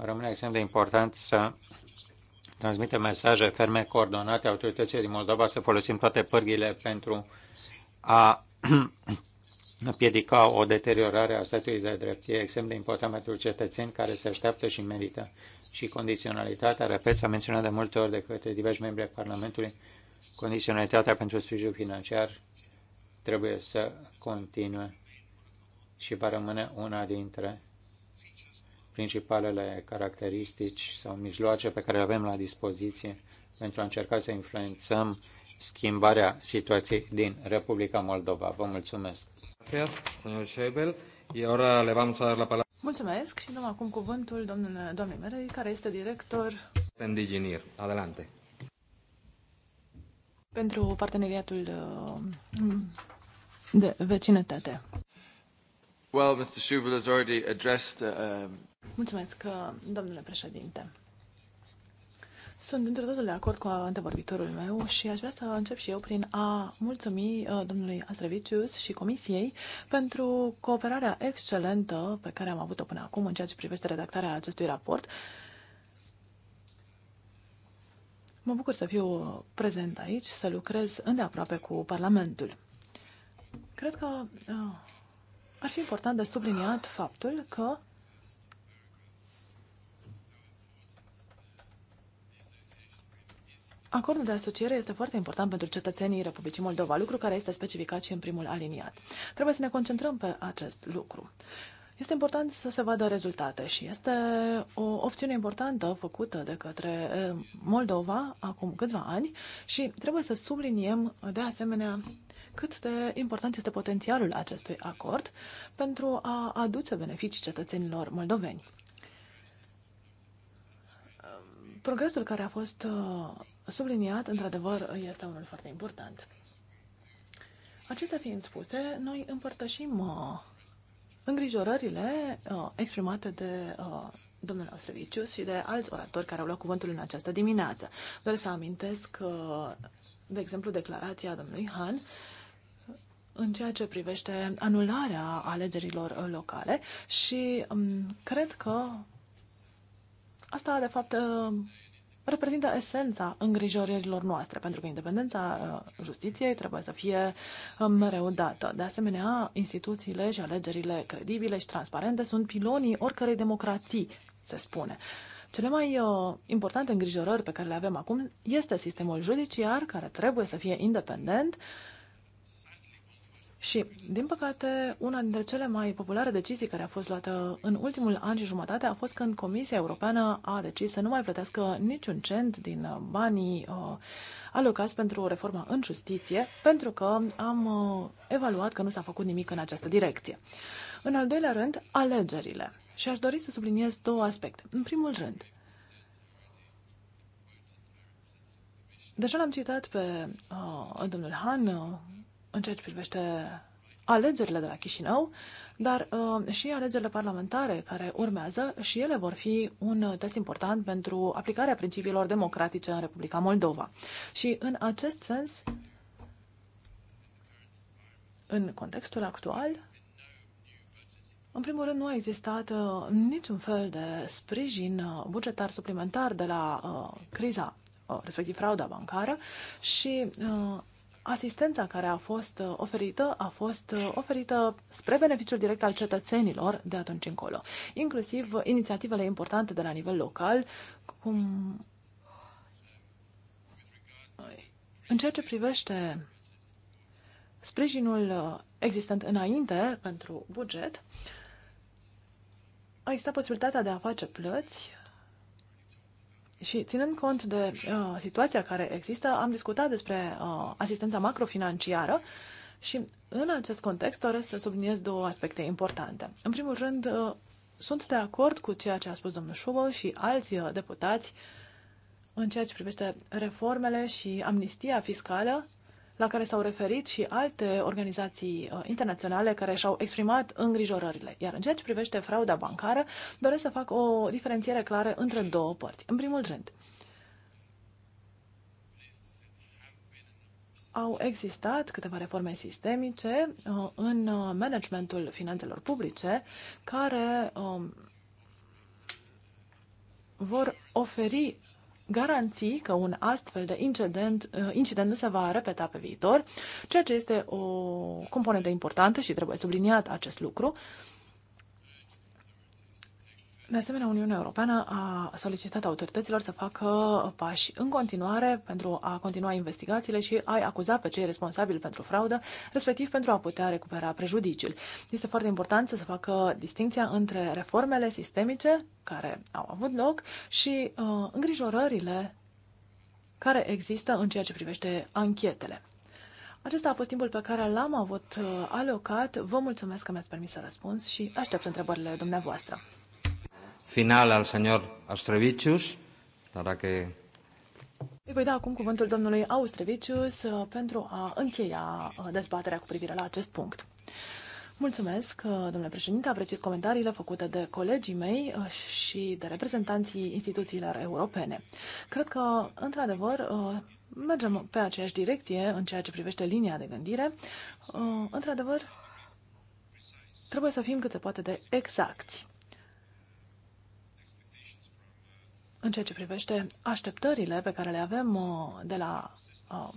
rămâne extrem de important să transmite mesaje ferme, coordonate autorității din Moldova să folosim toate pârghile pentru a împiedica o deteriorare a statului de drept. E extrem de important pentru cetățeni care se așteaptă și merită. Și condiționalitatea, repet, s-a menționat de multe ori de către diversi membri ai Parlamentului, condiționalitatea pentru sprijinul financiar trebuie să continue și va rămâne una dintre principalele caracteristici sau mijloace pe care le avem la dispoziție pentru a încerca să influențăm schimbarea situației din Republica Moldova. Vă mulțumesc! Mulțumesc și dăm acum cuvântul domnule, doamnei Merei, care este director... Indigenir. Adelante! Pentru parteneriatul uh, de vecinătate. Well, Mr. Schubel has already addressed uh, um, Mulțumesc, domnule președinte. Sunt într totul de acord cu antevorbitorul meu și aș vrea să încep și eu prin a mulțumi uh, domnului Astrevicius și comisiei pentru cooperarea excelentă pe care am avut-o până acum în ceea ce privește redactarea acestui raport. Mă bucur să fiu prezent aici, să lucrez îndeaproape cu Parlamentul. Cred că uh, ar fi important de subliniat faptul că Acordul de asociere este foarte important pentru cetățenii Republicii Moldova, lucru care este specificat și în primul aliniat. Trebuie să ne concentrăm pe acest lucru. Este important să se vadă rezultate și este o opțiune importantă făcută de către eh, Moldova acum câțiva ani și trebuie să subliniem de asemenea cât de important este potențialul acestui acord pentru a aduce beneficii cetățenilor moldoveni. Progresul care a fost eh, subliniat, într-adevăr, este unul foarte important. Acestea fiind spuse, noi împărtășim uh, îngrijorările uh, exprimate de uh, domnul Austrevicius și de alți oratori care au luat cuvântul în această dimineață. Doar să amintesc, uh, de exemplu, declarația domnului Han în ceea ce privește anularea alegerilor uh, locale și um, cred că asta, de fapt, uh, reprezintă esența îngrijorărilor noastre, pentru că independența uh, justiției trebuie să fie uh, mereu dată. De asemenea, instituțiile și alegerile credibile și transparente sunt pilonii oricărei democrații, se spune. Cele mai uh, importante îngrijorări pe care le avem acum este sistemul judiciar, care trebuie să fie independent, uh, și, din păcate, una dintre cele mai populare decizii care a fost luată în ultimul an și jumătate a fost când Comisia Europeană a decis să nu mai plătească niciun cent din uh, banii uh, alocați pentru reforma în justiție, pentru că am uh, evaluat că nu s-a făcut nimic în această direcție. În al doilea rând, alegerile. Și aș dori să subliniez două aspecte. În primul rând, deja l-am citat pe uh, domnul Han, uh, în ceea ce privește alegerile de la Chișinău, dar uh, și alegerile parlamentare care urmează și ele vor fi un test important pentru aplicarea principiilor democratice în Republica Moldova. Și în acest sens, în contextul actual, în primul rând, nu a existat uh, niciun fel de sprijin uh, bugetar suplimentar de la uh, criza, uh, respectiv frauda bancară și uh, asistența care a fost uh, oferită a fost uh, oferită spre beneficiul direct al cetățenilor de atunci încolo, inclusiv inițiativele importante de la nivel local, cum în ceea ce privește sprijinul uh, existent înainte pentru buget, a existat posibilitatea de a face plăți și ținând cont de uh, situația care există, am discutat despre uh, asistența macrofinanciară și în acest context doresc să subliniez două aspecte importante. În primul rând, uh, sunt de acord cu ceea ce a spus domnul Șubăl și alți uh, deputați în ceea ce privește reformele și amnistia fiscală la care s-au referit și alte organizații uh, internaționale care și-au exprimat îngrijorările. Iar în ceea ce privește frauda bancară, doresc să fac o diferențiere clară între două părți. În primul rând, au existat câteva reforme sistemice uh, în uh, managementul finanțelor publice care um, vor oferi garanții că un astfel de incident, uh, incident nu se va repeta pe viitor, ceea ce este o componentă importantă și trebuie subliniat acest lucru, de asemenea, Uniunea Europeană a solicitat autorităților să facă pași în continuare pentru a continua investigațiile și a acuza pe cei responsabili pentru fraudă, respectiv pentru a putea recupera prejudiciul. Este foarte important să se facă distinția între reformele sistemice care au avut loc și uh, îngrijorările care există în ceea ce privește anchetele. Acesta a fost timpul pe care l-am avut uh, alocat. Vă mulțumesc că mi-ați permis să răspuns și aștept întrebările dumneavoastră final al señor Astrevicius, para que... Îi voi da acum cuvântul domnului Austrevicius uh, pentru a încheia uh, dezbaterea cu privire la acest punct. Mulțumesc, uh, domnule președinte. Apreciez comentariile făcute de colegii mei și de reprezentanții instituțiilor europene. Cred că, într-adevăr, mergem pe aceeași direcție în ceea ce privește linia de gândire. Într-adevăr, trebuie să fim cât se poate de exacti. în ceea ce privește așteptările pe care le avem uh, de la uh,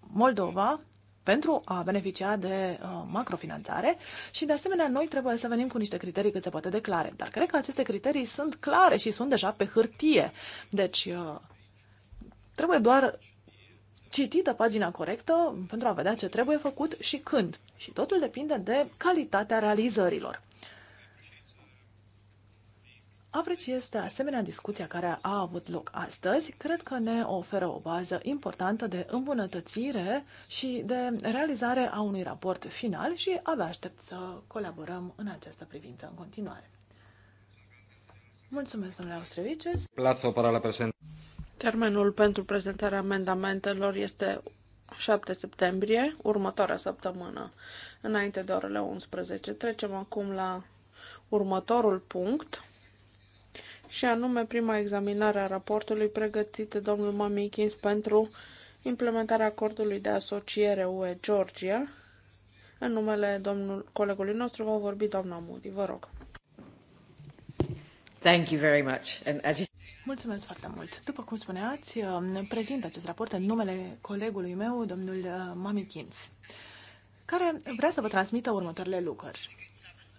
Moldova pentru a beneficia de uh, macrofinanțare și, de asemenea, noi trebuie să venim cu niște criterii cât se poate de clare. Dar cred că aceste criterii sunt clare și sunt deja pe hârtie. Deci, trebuie doar citită pagina corectă pentru a vedea ce trebuie făcut și când. Și totul depinde de calitatea realizărilor. Apreciez de asemenea discuția care a avut loc astăzi. Cred că ne oferă o bază importantă de îmbunătățire și de realizare a unui raport final și abia aștept să colaborăm în această privință în continuare. Mulțumesc, domnule Austrevicius. Plazo para la prezent. Termenul pentru prezentarea amendamentelor este 7 septembrie, următoarea săptămână, înainte de orele 11. Trecem acum la următorul punct și anume prima examinare a raportului pregătit de domnul Mamikins pentru implementarea acordului de asociere UE-Georgia. În numele domnul colegului nostru va vorbi doamna Moody. Vă rog. Thank you very much. And as you... Mulțumesc foarte mult. După cum spuneați, prezint acest raport în numele colegului meu, domnul uh, Mamikins, care vrea să vă transmită următoarele lucruri.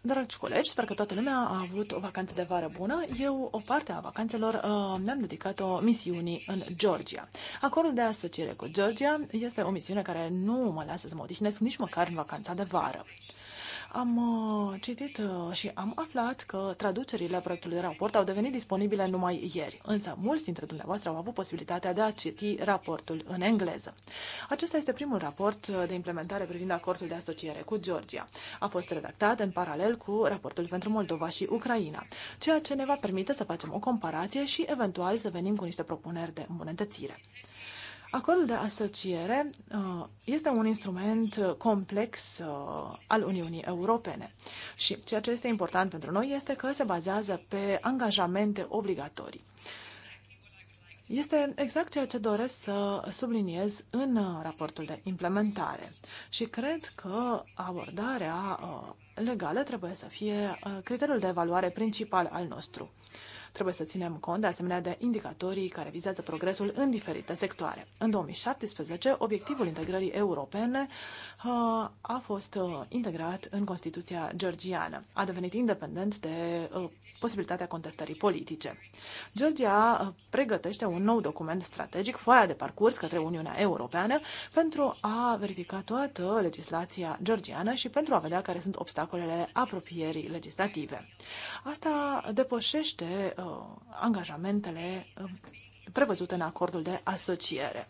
Dragi colegi, sper că toată lumea a avut o vacanță de vară bună. Eu o parte a vacanțelor uh, mi-am dedicat-o misiunii în Georgia. Acordul de asociere cu Georgia este o misiune care nu mă lasă să mă odihnesc nici măcar în vacanța de vară. Am uh, citit uh, și am aflat că traducerile proiectului raport au devenit disponibile numai ieri, însă mulți dintre dumneavoastră au avut posibilitatea de a citi raportul în engleză. Acesta este primul raport uh, de implementare privind acordul de asociere cu Georgia. A fost redactat în paralel cu raportul pentru Moldova și Ucraina, ceea ce ne va permite să facem o comparație și eventual să venim cu niște propuneri de îmbunătățire. Acordul de asociere uh, este un instrument complex uh, al Uniunii Europene și ceea ce este important pentru noi este că se bazează pe angajamente obligatorii. Este exact ceea ce doresc să subliniez în uh, raportul de implementare și cred că abordarea legală trebuie să fie criteriul de evaluare principal al nostru. Trebuie să ținem cont de asemenea de indicatorii care vizează progresul în diferite sectoare. În 2017, obiectivul integrării europene uh, a fost uh, integrat în Constituția georgiană. A devenit independent de uh, posibilitatea contestării politice. Georgia pregătește un nou document strategic, foaia de parcurs către Uniunea Europeană, pentru a verifica toată legislația georgiană și pentru a vedea care sunt obstacolele apropierii legislative. Asta depășește uh, angajamentele uh, prevăzute în acordul de asociere.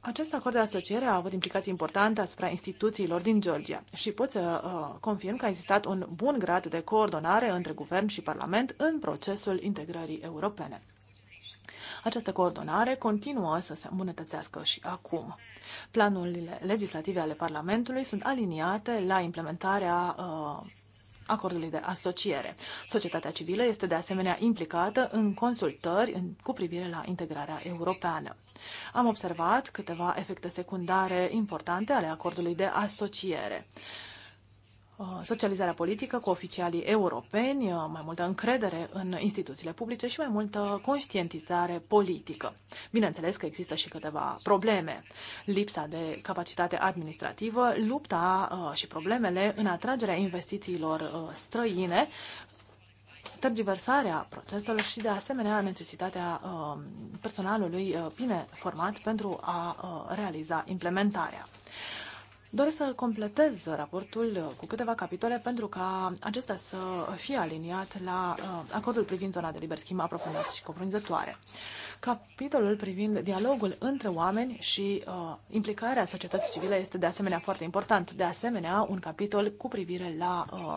Acest acord de asociere a avut implicații importante asupra instituțiilor din Georgia și pot să uh, confirm că a existat un bun grad de coordonare între guvern și parlament în procesul integrării europene. Această coordonare continuă să se îmbunătățească și acum. Planurile legislative ale Parlamentului sunt aliniate la implementarea uh, acordului de asociere. Societatea civilă este de asemenea implicată în consultări cu privire la integrarea europeană. Am observat câteva efecte secundare importante ale acordului de asociere. Uh, socializarea politică cu oficialii europeni, uh, mai multă încredere în instituțiile publice și mai multă conștientizare politică. Bineînțeles că există și câteva probleme. Lipsa de capacitate administrativă, lupta uh, și problemele în atragerea investițiilor străine, tergiversarea proceselor și, de asemenea, necesitatea personalului bine format pentru a realiza implementarea. Doresc să completez raportul uh, cu câteva capitole pentru ca acesta să fie aliniat la uh, acordul privind zona de liber schimb aprofundat și cuprinzătoare. Capitolul privind dialogul între oameni și uh, implicarea societății civile este de asemenea foarte important. De asemenea, un capitol cu privire la uh,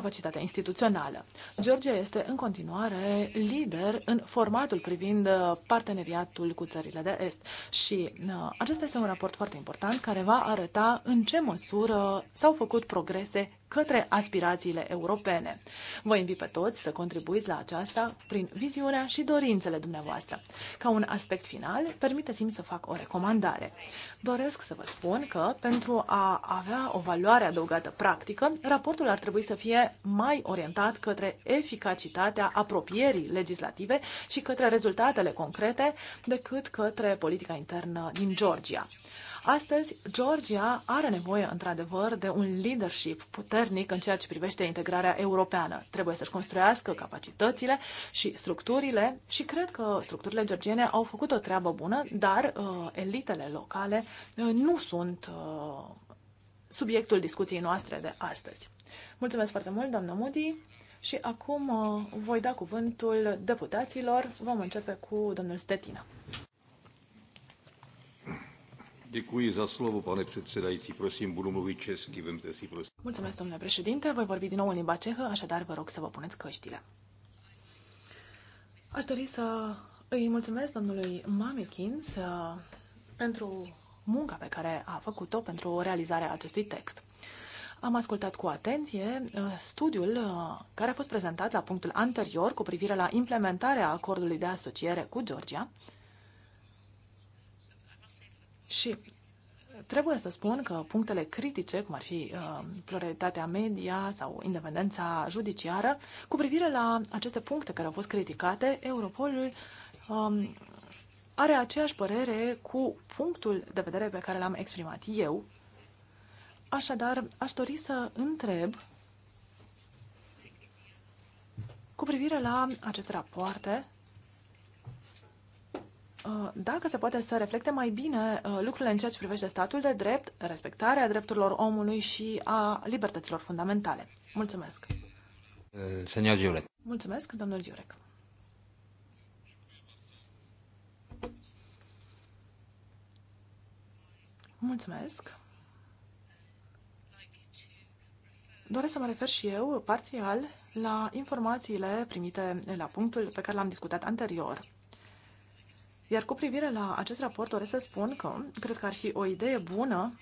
capacitatea instituțională. Georgia este în continuare lider în formatul privind uh, parteneriatul cu țările de Est și uh, acesta este un raport foarte important care va arăta în ce măsură s-au făcut progrese către aspirațiile europene. Vă invit pe toți să contribuiți la aceasta prin viziunea și dorințele dumneavoastră. Ca un aspect final, permiteți-mi să fac o recomandare. Doresc să vă spun că, pentru a avea o valoare adăugată practică, raportul ar trebui să fie mai orientat către eficacitatea apropierii legislative și către rezultatele concrete decât către politica internă din Georgia. Astăzi, Georgia are nevoie, într-adevăr, de un leadership puternic în ceea ce privește integrarea europeană. Trebuie să-și construiască capacitățile și structurile și cred că structurile georgiene au făcut o treabă bună, dar uh, elitele locale uh, nu sunt uh, subiectul discuției noastre de astăzi. Mulțumesc foarte mult, doamnă Moody. Și acum uh, voi da cuvântul deputaților. Vom începe cu domnul Stetina. Děkuji za slovo, pane předsedající. Prosím, budu mluvit česky, vemte si prosím. Mulțumesc, domnule președinte. Voi vorbi din nou în limba cehă, așadar vă rog să vă puneți căștile. Aș dori să îi mulțumesc domnului Mamikins pentru munca pe care a făcut-o pentru realizarea acestui text. Am ascultat cu atenție uh, studiul uh, care a fost prezentat la punctul anterior cu privire la implementarea acordului de asociere cu Georgia și trebuie să spun că punctele critice, cum ar fi uh, pluralitatea media sau independența judiciară, cu privire la aceste puncte care au fost criticate, Europolul um, are aceeași părere cu punctul de vedere pe care l-am exprimat eu. Așadar, aș dori să întreb cu privire la aceste rapoarte Uh, dacă se poate să reflecte mai bine uh, lucrurile în ceea ce privește statul de drept, respectarea drepturilor omului și a libertăților fundamentale. Mulțumesc! Senior Giurec. Mulțumesc, domnul Giurec. Mulțumesc! Doresc să mă refer și eu, parțial, la informațiile primite la punctul pe care l-am discutat anterior. Iar cu privire la acest raport doresc să spun că cred că ar fi o idee bună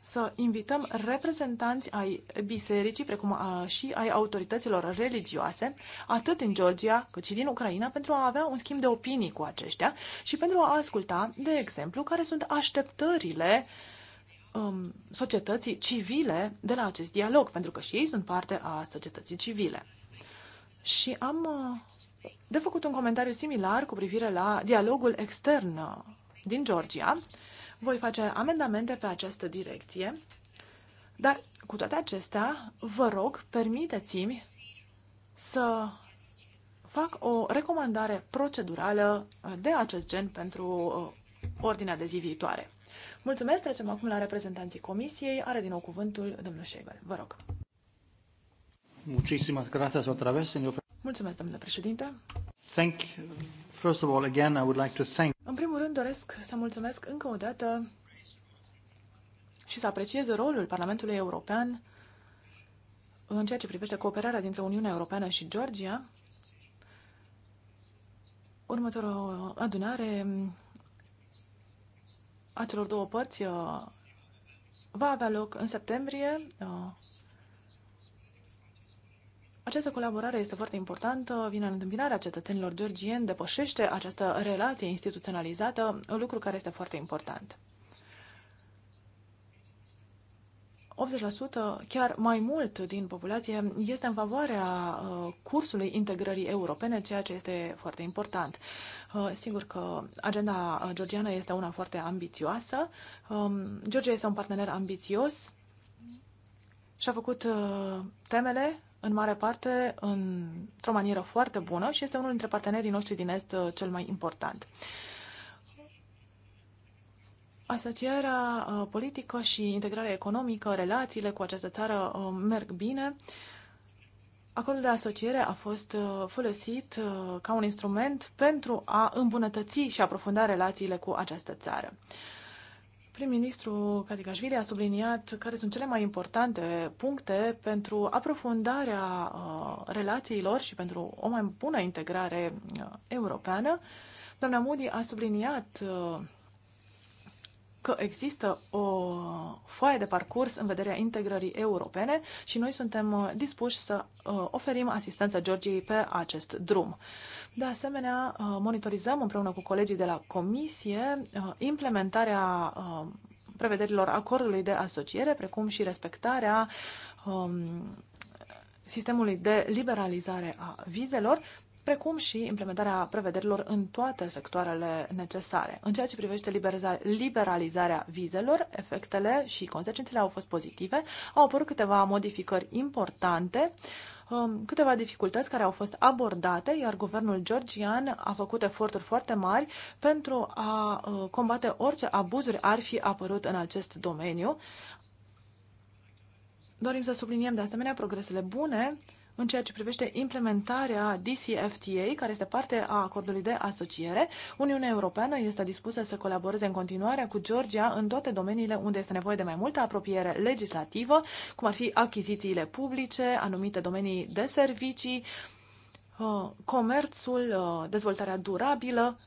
să invităm reprezentanți ai bisericii, precum și ai autorităților religioase, atât în Georgia cât și din Ucraina, pentru a avea un schimb de opinii cu aceștia și pentru a asculta, de exemplu, care sunt așteptările um, societății civile de la acest dialog, pentru că și ei sunt parte a societății civile. Și am uh, de făcut un comentariu similar cu privire la dialogul extern uh, din Georgia. Voi face amendamente pe această direcție, dar cu toate acestea, vă rog, permiteți-mi să fac o recomandare procedurală uh, de acest gen pentru uh, ordinea de zi viitoare. Mulțumesc, trecem acum la reprezentanții comisiei. Are din nou cuvântul domnul Șeibel. Vă rog. Muchísimas gracias otra vez, señor Mulțumesc, domnule președinte. Thank First of all, again, I would like to thank... În primul rând, doresc să mulțumesc încă o dată și să apreciez rolul Parlamentului European în ceea ce privește cooperarea dintre Uniunea Europeană și Georgia. Următoarea adunare a celor două părți uh, va avea loc în septembrie uh, această colaborare este foarte importantă, vine în întâmpinarea cetățenilor georgieni, depășește această relație instituționalizată, un lucru care este foarte important. 80%, chiar mai mult din populație, este în favoarea uh, cursului integrării europene, ceea ce este foarte important. Uh, sigur că agenda uh, georgiană este una foarte ambițioasă. Um, Georgia este un partener ambițios și a făcut temele în mare parte într-o manieră foarte bună și este unul dintre partenerii noștri din Est uh, cel mai important. Asocierea uh, politică și integrarea economică, relațiile cu această țară uh, merg bine. Acordul de asociere a fost folosit ca un instrument pentru a îmbunătăți și aprofunda relațiile cu această țară. Prim-ministru Kadigașvili a subliniat care sunt cele mai importante puncte pentru aprofundarea uh, relațiilor și pentru o mai bună integrare uh, europeană. Doamna Moody a subliniat uh, că există o foaie de parcurs în vederea integrării europene și noi suntem uh, dispuși să uh, oferim asistență Georgiei pe acest drum. De asemenea, uh, monitorizăm împreună cu colegii de la Comisie implementarea prevederilor acordului de asociere, precum și respectarea um, sistemului de liberalizare a vizelor, precum și implementarea prevederilor în toate sectoarele necesare. În ceea ce privește liberalizarea vizelor, efectele și consecințele au fost pozitive. Au apărut câteva modificări importante, um, câteva dificultăți care au fost abordate, iar guvernul georgian a făcut eforturi foarte mari pentru a uh, combate orice abuzuri ar fi apărut în acest domeniu. Dorim să subliniem de asemenea progresele bune în ceea ce privește implementarea DCFTA, care este parte a acordului de asociere. Uniunea Europeană este dispusă să colaboreze în continuare cu Georgia în toate domeniile unde este nevoie de mai multă apropiere legislativă, cum ar fi achizițiile publice, anumite domenii de servicii, uh, comerțul, uh, dezvoltarea durabilă,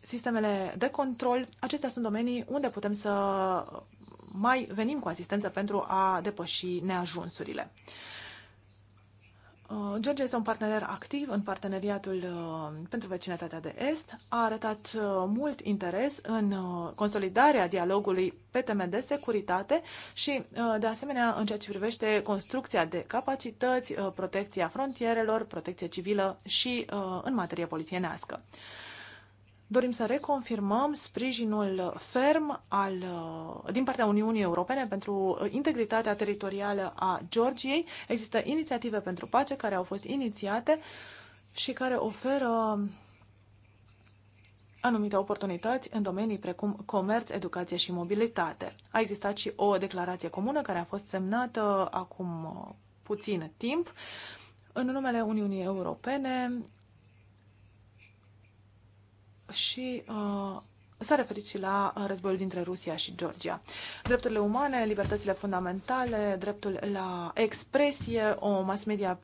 sistemele de control. Acestea sunt domenii unde putem să mai venim cu asistență pentru a depăși neajunsurile. Uh, George este un partener activ în parteneriatul uh, pentru vecinătatea de est. A arătat uh, mult interes în consolidarea dialogului pe teme de securitate și, de asemenea, în ceea ce privește construcția de capacități, protecția frontierelor, protecție civilă și în materie polițienească dorim să reconfirmăm sprijinul ferm al, uh, din partea Uniunii Europene pentru uh, integritatea teritorială a Georgiei. Există inițiative pentru pace care au fost inițiate și care oferă anumite oportunități în domenii precum comerț, educație și mobilitate. A existat și o declarație comună care a fost semnată acum uh, puțin timp în numele Uniunii Europene și uh, s-a referit și la uh, războiul dintre Rusia și Georgia. Drepturile umane, libertățile fundamentale, dreptul la expresie, o mass media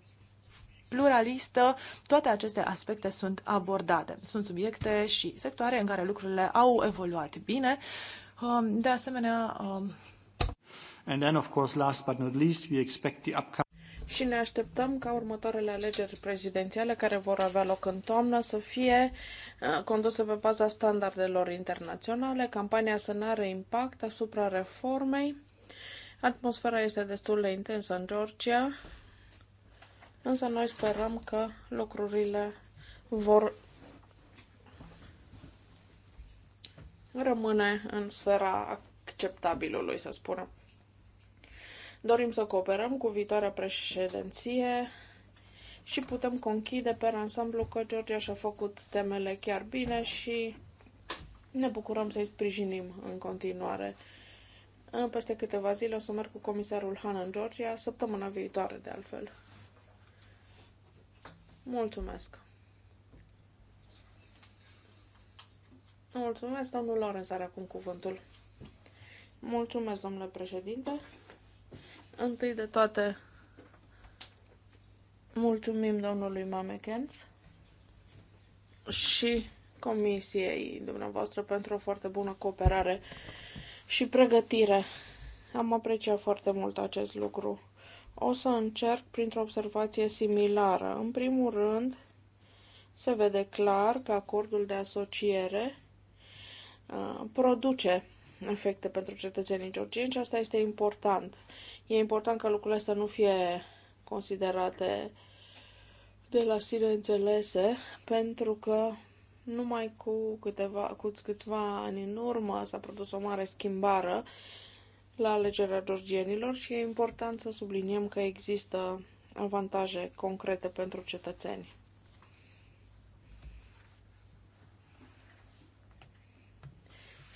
pluralistă, toate aceste aspecte sunt abordate. Sunt subiecte și sectoare în care lucrurile au evoluat bine. Um, de asemenea, um, And then, of course, last but not least, we expect the upcoming și ne așteptăm ca următoarele alegeri prezidențiale care vor avea loc în toamnă să fie uh, conduse pe baza standardelor internaționale, campania să nu are impact asupra reformei. Atmosfera este destul de intensă în Georgia, însă noi sperăm că lucrurile vor rămâne în sfera acceptabilului, să spunem. Dorim să cooperăm cu viitoarea președinție și putem conchide pe ansamblu că Georgia și-a făcut temele chiar bine și ne bucurăm să-i sprijinim în continuare. Peste câteva zile o să merg cu comisarul Han în Georgia, săptămâna viitoare de altfel. Mulțumesc! Mulțumesc, domnul Lorenz are acum cuvântul. Mulțumesc, domnule președinte. Întâi de toate, mulțumim domnului Mamekens și comisiei dumneavoastră pentru o foarte bună cooperare și pregătire. Am apreciat foarte mult acest lucru. O să încerc printr-o observație similară. În primul rând, se vede clar că acordul de asociere uh, produce efecte pentru cetățenii georgieni și asta este important. E important ca lucrurile să nu fie considerate de la sine înțelese, pentru că numai cu câteva, cu câțiva ani în urmă s-a produs o mare schimbare la alegerea georgienilor și e important să subliniem că există avantaje concrete pentru cetățeni.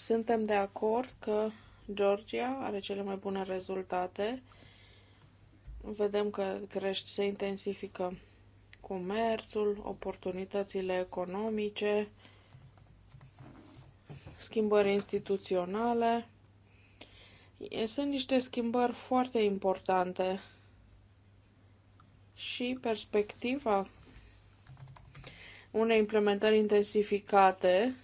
Suntem de acord că Georgia are cele mai bune rezultate. Vedem că crește, se intensifică comerțul, oportunitățile economice, schimbări instituționale. Sunt niște schimbări foarte importante și perspectiva unei implementări intensificate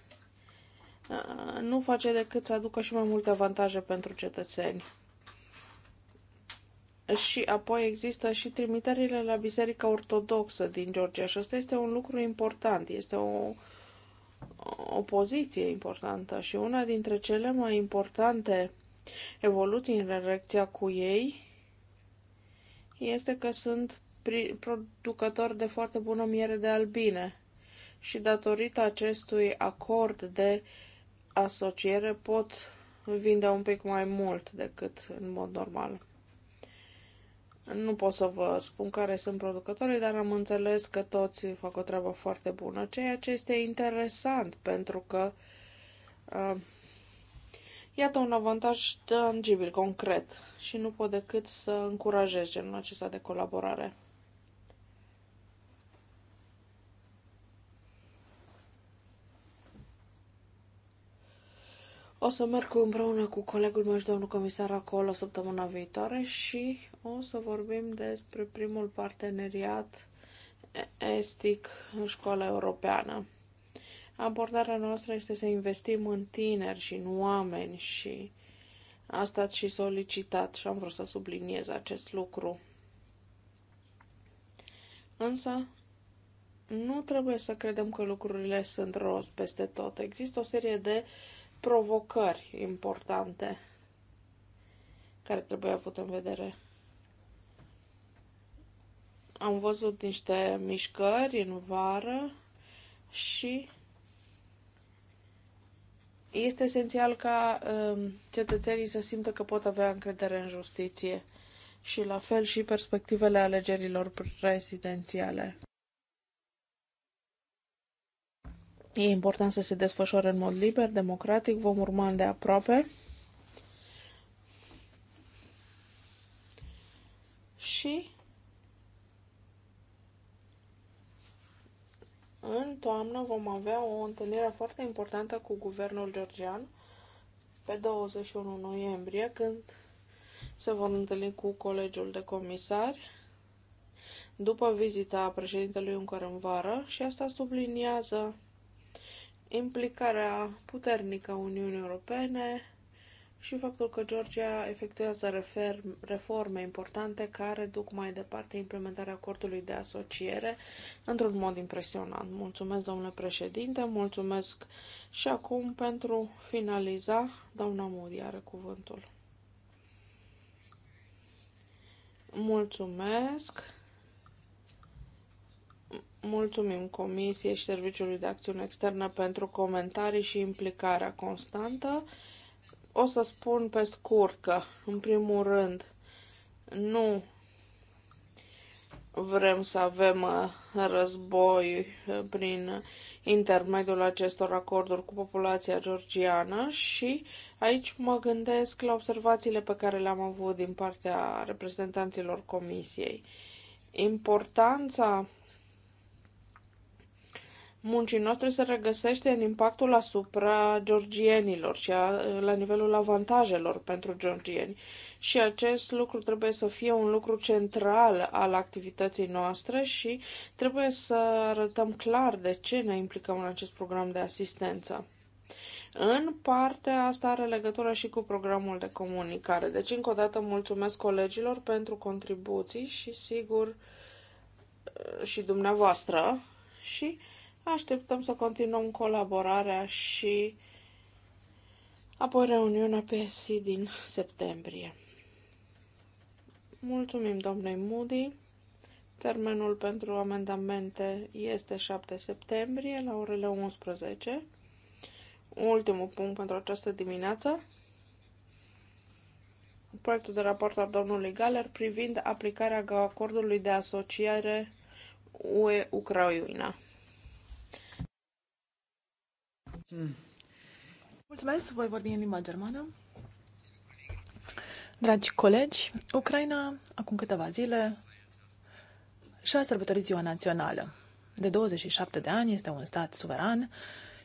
Uh, nu face decât să aducă și mai multe avantaje pentru cetățeni. Și apoi există și trimiterile la Biserica Ortodoxă din Georgia și asta este un lucru important, este o, o poziție importantă și una dintre cele mai importante evoluții în relația cu ei este că sunt producători de foarte bună miere de albine și datorită acestui acord de uh, asociere pot vinde un pic mai mult decât în mod normal. Nu pot să vă spun care sunt producătorii, dar am înțeles că toți fac o treabă foarte bună, ceea ce este interesant pentru că uh, iată un avantaj tangibil, concret și nu pot decât să încurajez genul acesta de colaborare. O să merg împreună cu colegul meu și domnul comisar acolo săptămâna viitoare și o să vorbim despre primul parteneriat estic în școala europeană. Abordarea noastră este să investim în tineri și în oameni și asta și solicitat și am vrut să subliniez acest lucru. Însă, nu trebuie să credem că lucrurile sunt roz peste tot. Există o serie de uh, provocări importante care trebuie avut în vedere. Am văzut niște mișcări în vară și este esențial ca um, cetățenii să simtă că pot avea încredere în justiție și la fel și perspectivele alegerilor prezidențiale. E important să se desfășoare în mod liber, democratic, vom urma de aproape. Și în toamnă vom avea o întâlnire foarte importantă cu guvernul georgian pe 21 noiembrie, când se vor întâlni cu colegiul de comisari după vizita președintelui Juncker în vară și asta subliniază implicarea puternică a Uniunii Europene și faptul că Georgia efectuează reforme importante care duc mai departe implementarea acordului de asociere într-un mod impresionant. Mulțumesc, domnule președinte, mulțumesc și acum pentru finaliza, doamna Moody are cuvântul. Mulțumesc. Mulțumim Comisiei și Serviciului de Acțiune Externă pentru comentarii și implicarea constantă. O să spun pe scurt că, în primul rând, nu vrem să avem uh, război uh, prin intermediul acestor acorduri cu populația georgiană și aici mă gândesc la observațiile pe care le-am avut din partea reprezentanților Comisiei. Importanța muncii noastre se regăsește în impactul asupra georgienilor și a, la nivelul avantajelor pentru georgieni. Și acest lucru trebuie să fie un lucru central al activității noastre și trebuie să arătăm clar de ce ne implicăm în acest program de asistență. În parte, asta are legătură și cu programul de comunicare. Deci, încă o dată, mulțumesc colegilor pentru contribuții și, sigur, și dumneavoastră. Și Așteptăm să continuăm colaborarea și apoi reuniunea SI din septembrie. Mulțumim domnului Moody. Termenul pentru amendamente este 7 septembrie la orele 11. Ultimul punct pentru această dimineață. Proiectul de raport al domnului Galer privind aplicarea acordului de asociere UE-Ucraina. Mulțumesc, voi vorbi în limba germană. Dragi colegi, Ucraina, acum câteva zile, și-a sărbătorit ziua națională. De 27 de ani este un stat suveran,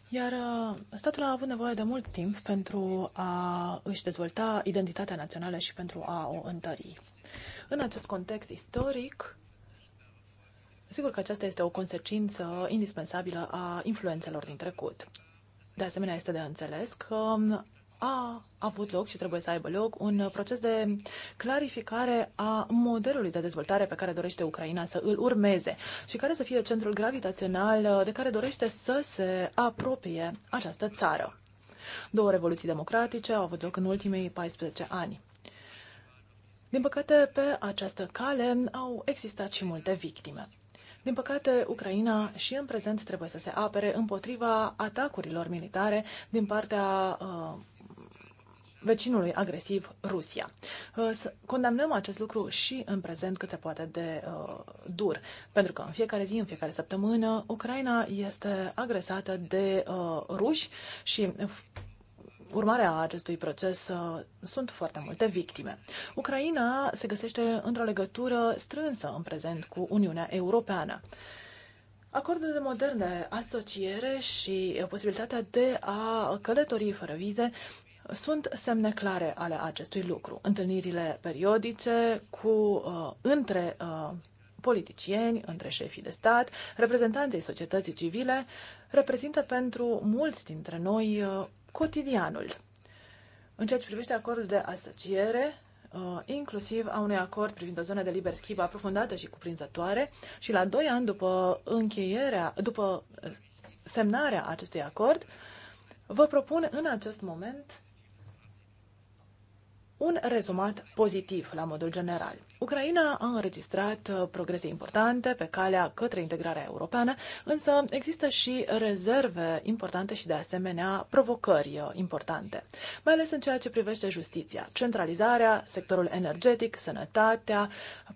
iar uh, statul a avut nevoie de mult timp pentru a își dezvolta identitatea națională și pentru a o întări. În acest context istoric, sigur că aceasta este o consecință indispensabilă a influențelor din trecut. De asemenea, este de înțeles că a avut loc și trebuie să aibă loc un proces de clarificare a modelului de dezvoltare pe care dorește Ucraina să îl urmeze și care să fie centrul gravitațional de care dorește să se apropie această țară. Două revoluții democratice au avut loc în ultimii 14 ani. Din păcate, pe această cale au existat și multe victime. Din păcate, Ucraina și în prezent trebuie să se apere împotriva atacurilor militare din partea uh, vecinului agresiv Rusia. Uh, condamnăm acest lucru și în prezent cât se poate de uh, dur, pentru că în fiecare zi, în fiecare săptămână, Ucraina este agresată de uh, ruși și uh, urmare a acestui proces uh, sunt foarte multe victime. Ucraina se găsește într-o legătură strânsă în prezent cu Uniunea Europeană. Acordul de moderne asociere și uh, posibilitatea de a călători fără vize sunt semne clare ale acestui lucru. Întâlnirile periodice cu uh, între uh, politicieni, între șefii de stat, reprezentanții societății civile, reprezintă pentru mulți dintre noi uh, cotidianul. În ceea ce privește acordul de asociere, uh, inclusiv a unui acord privind o zonă de liber schimb aprofundată și cuprinzătoare și la doi ani după încheierea, după uh, semnarea acestui acord, vă propun în acest moment un rezumat pozitiv la modul general. Ucraina a înregistrat uh, progrese importante pe calea către integrarea europeană, însă există și rezerve importante și, de asemenea, provocări uh, importante, mai ales în ceea ce privește justiția, centralizarea, sectorul energetic, sănătatea,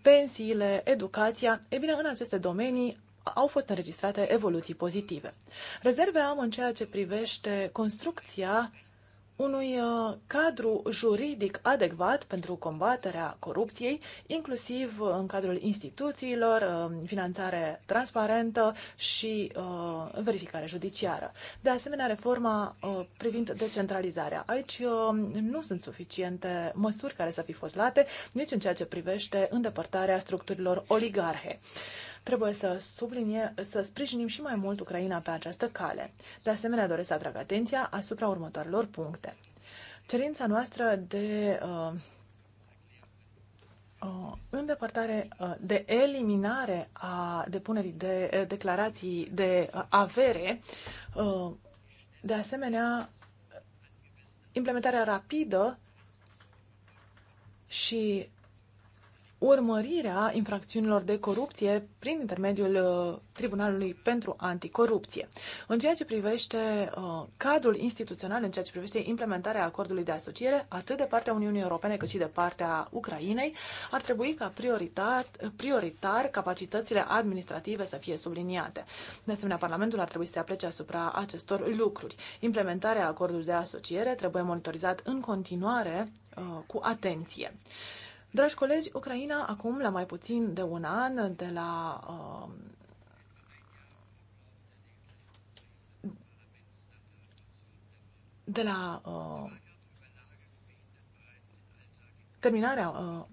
pensiile, educația. E bine, în aceste domenii au fost înregistrate evoluții pozitive. Rezerve am în ceea ce privește construcția unui uh, cadru juridic adecvat pentru combaterea corupției, inclusiv uh, în cadrul instituțiilor, uh, finanțare transparentă și verificare judiciară. De asemenea, reforma privind decentralizarea. Aici nu sunt suficiente măsuri care să fi fost late, nici în ceea ce privește îndepărtarea structurilor oligarhe. Trebuie să, sublinie, să sprijinim și mai mult Ucraina pe această cale. De asemenea, doresc să atrag atenția asupra următoarelor puncte. Cerința noastră de uh, uh, îndepărtare, uh, de eliminare a depunerii de uh, declarații de uh, avere, uh, de asemenea, implementarea rapidă și urmărirea infracțiunilor de corupție prin intermediul uh, Tribunalului pentru Anticorupție. În ceea ce privește uh, cadrul instituțional, în ceea ce privește implementarea acordului de asociere, atât de partea Uniunii Europene cât și de partea Ucrainei, ar trebui ca prioritar, prioritar capacitățile administrative să fie subliniate. De asemenea, Parlamentul ar trebui să se aplece asupra acestor lucruri. Implementarea acordului de asociere trebuie monitorizat în continuare uh, cu atenție. Dragi colegi, Ucraina acum, la mai puțin de un an de la uh, de la uh, terminarea uh,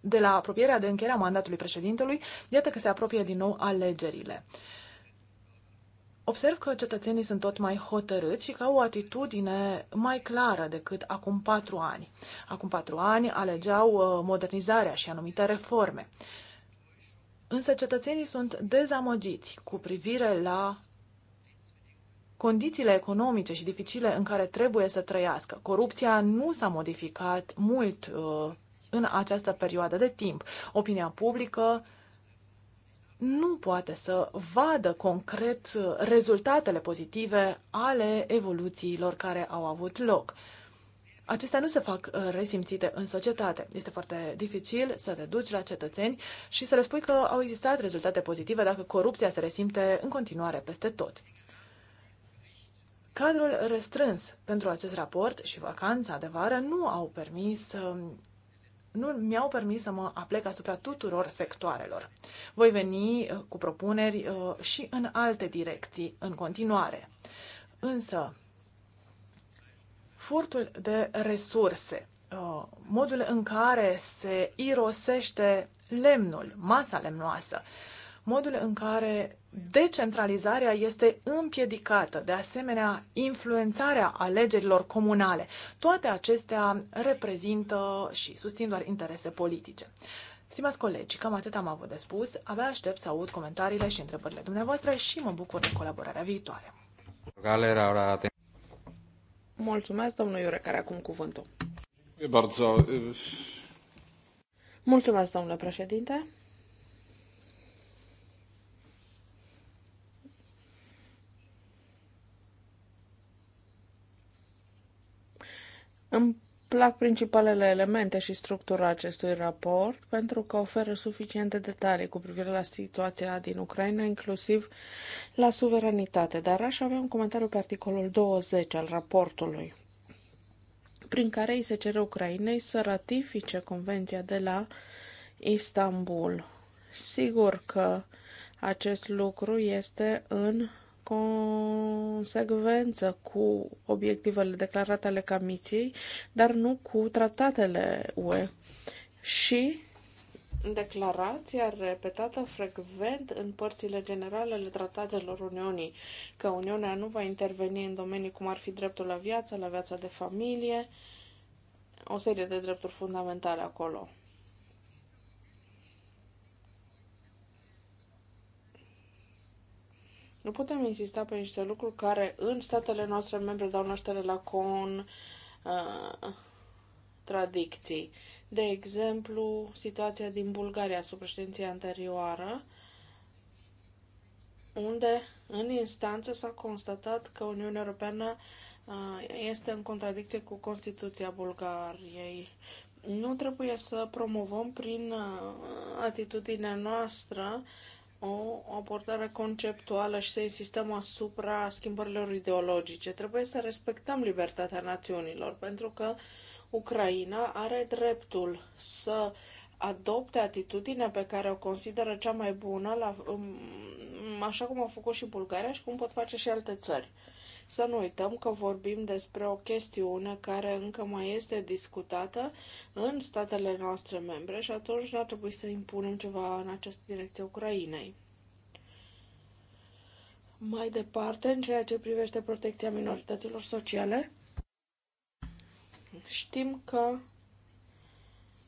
de la apropierea de încheierea mandatului președintelui, iată că se apropie din nou alegerile. Observ că cetățenii sunt tot mai hotărâți și că au o atitudine mai clară decât acum patru ani. Acum patru ani alegeau uh, modernizarea și anumite reforme. Însă cetățenii sunt dezamăgiți cu privire la condițiile economice și dificile în care trebuie să trăiască. Corupția nu s-a modificat mult uh, în această perioadă de timp. Opinia publică uh, nu poate să vadă concret rezultatele pozitive ale evoluțiilor care au avut loc. Acestea nu se fac uh, resimțite în societate. Este foarte dificil să te duci la cetățeni și să le spui că au existat rezultate pozitive dacă corupția se resimte în continuare peste tot. Cadrul restrâns pentru acest raport și vacanța de vară nu au permis um, nu mi-au permis să mă aplec asupra tuturor sectoarelor. Voi veni uh, cu propuneri uh, și în alte direcții în continuare. Însă, furtul de resurse, uh, modul în care se irosește lemnul, masa lemnoasă, modul în care decentralizarea este împiedicată, de asemenea influențarea alegerilor comunale. Toate acestea reprezintă și susțin doar interese politice. Stimați colegi, cam atât am avut de spus. Abia aștept să aud comentariile și întrebările dumneavoastră și mă bucur de colaborarea viitoare. Mulțumesc, domnul Iure, care acum cuvântul. Mulțumesc, domnule președinte. Îmi plac principalele elemente și structura acestui raport pentru că oferă suficiente detalii cu privire la situația din Ucraina, inclusiv la suveranitate, dar aș avea un comentariu pe articolul 20 al raportului prin care îi se cere Ucrainei să ratifice Convenția de la Istanbul. Sigur că acest lucru este în consecvență cu obiectivele declarate ale Comisiei, dar nu cu tratatele UE. Și declarația repetată frecvent în părțile generale ale tratatelor Uniunii, că Uniunea nu va interveni în domenii cum ar fi dreptul la viață, la viața de familie, o serie de drepturi fundamentale acolo. Nu putem insista pe niște lucruri care în statele noastre membre dau naștere la con, uh, tradicții. De exemplu, situația din Bulgaria sub președinția anterioară, unde în instanță s-a constatat că Uniunea Europeană uh, este în contradicție cu Constituția Bulgariei. Nu trebuie să promovăm prin uh, atitudinea noastră o abordare conceptuală și să insistăm asupra schimbărilor ideologice. Trebuie să respectăm libertatea națiunilor, pentru că Ucraina are dreptul să adopte atitudinea pe care o consideră cea mai bună, la, um, așa cum au făcut și Bulgaria și cum pot face și alte țări. Să nu uităm că vorbim despre o chestiune care încă mai este discutată în statele noastre membre și atunci nu ar trebui să impunem ceva în această direcție Ucrainei. Mai departe, în ceea ce privește protecția minorităților sociale, știm că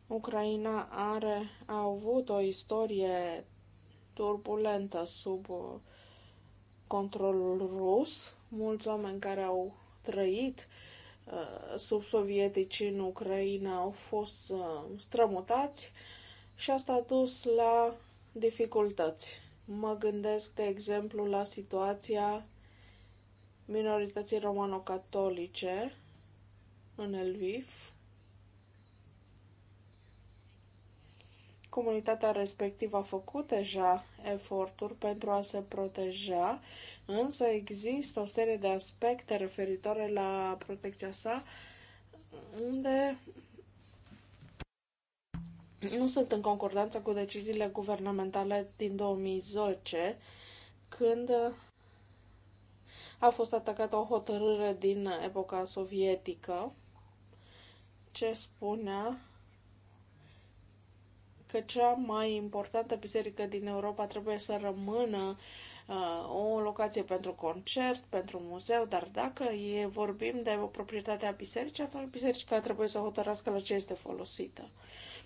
Ucraina are, a avut o istorie turbulentă sub uh, controlul rus mulți oameni care au trăit uh, sub sovietici în Ucraina au fost uh, strămutați și asta a dus la dificultăți. Mă gândesc, de exemplu, la situația minorității romano-catolice în Elviv. Comunitatea respectivă a făcut deja eforturi pentru a se proteja Însă există o serie de aspecte referitoare la protecția sa unde nu sunt în concordanță cu deciziile guvernamentale din 2010, când a fost atacată o hotărâre din epoca sovietică ce spunea că cea mai importantă biserică din Europa trebuie să rămână Uh, o locație pentru concert, pentru muzeu, dar dacă e, vorbim de o proprietate a bisericii, atunci biserica trebuie să hotărască la ce este folosită.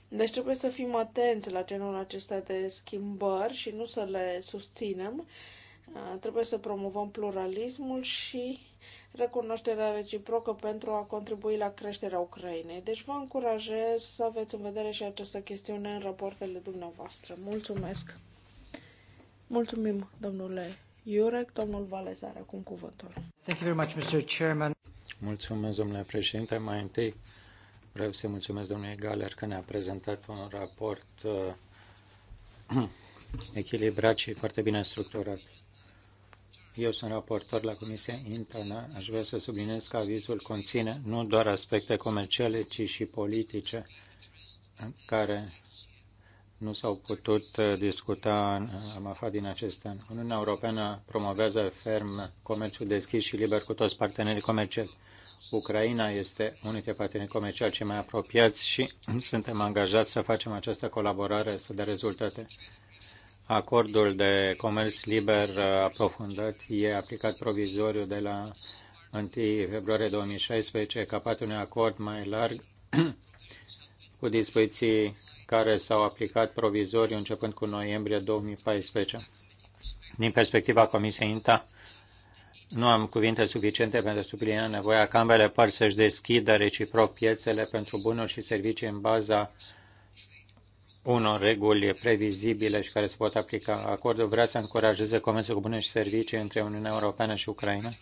Deci trebuie să fim atenți la genul acesta de schimbări și nu să le susținem. Uh, trebuie să promovăm pluralismul și recunoașterea reciprocă pentru a contribui la creșterea Ucrainei. Deci vă încurajez să aveți în vedere și această chestiune în rapoartele dumneavoastră. Mulțumesc! Mulțumim, domnule Iurec. Domnul Vales are acum cuvântul. Thank you very much, Mr. Chairman. Mulțumesc, domnule președinte. Mai întâi vreau să mulțumesc domnului Galer că ne-a prezentat un raport uh, echilibrat și foarte bine structurat. Eu sunt raportor la Comisia Internă. Aș vrea să subliniez că avizul conține nu doar aspecte comerciale, ci și politice care nu s-au putut uh, discuta, am uh, aflat din acest an. Uniunea Europeană promovează ferm comerțul deschis și liber cu toți partenerii comerciali. Ucraina este unul dintre partenerii comerciali cei mai apropiați și suntem angajați să facem această colaborare să dea rezultate. Acordul de comerț liber uh, aprofundat e aplicat provizoriu de la 1 februarie 2016 capat parte unui acord mai larg cu dispoziții care s-au aplicat provizoriu începând cu noiembrie 2014. Din perspectiva Comisiei INTA, nu am cuvinte suficiente pentru a sublinia nevoia ca ambele părți să-și deschidă reciproc piețele pentru bunuri și servicii în baza unor reguli previzibile și care se pot aplica. Acordul vrea să încurajeze comerțul cu bunuri și servicii între Uniunea Europeană și Ucraina,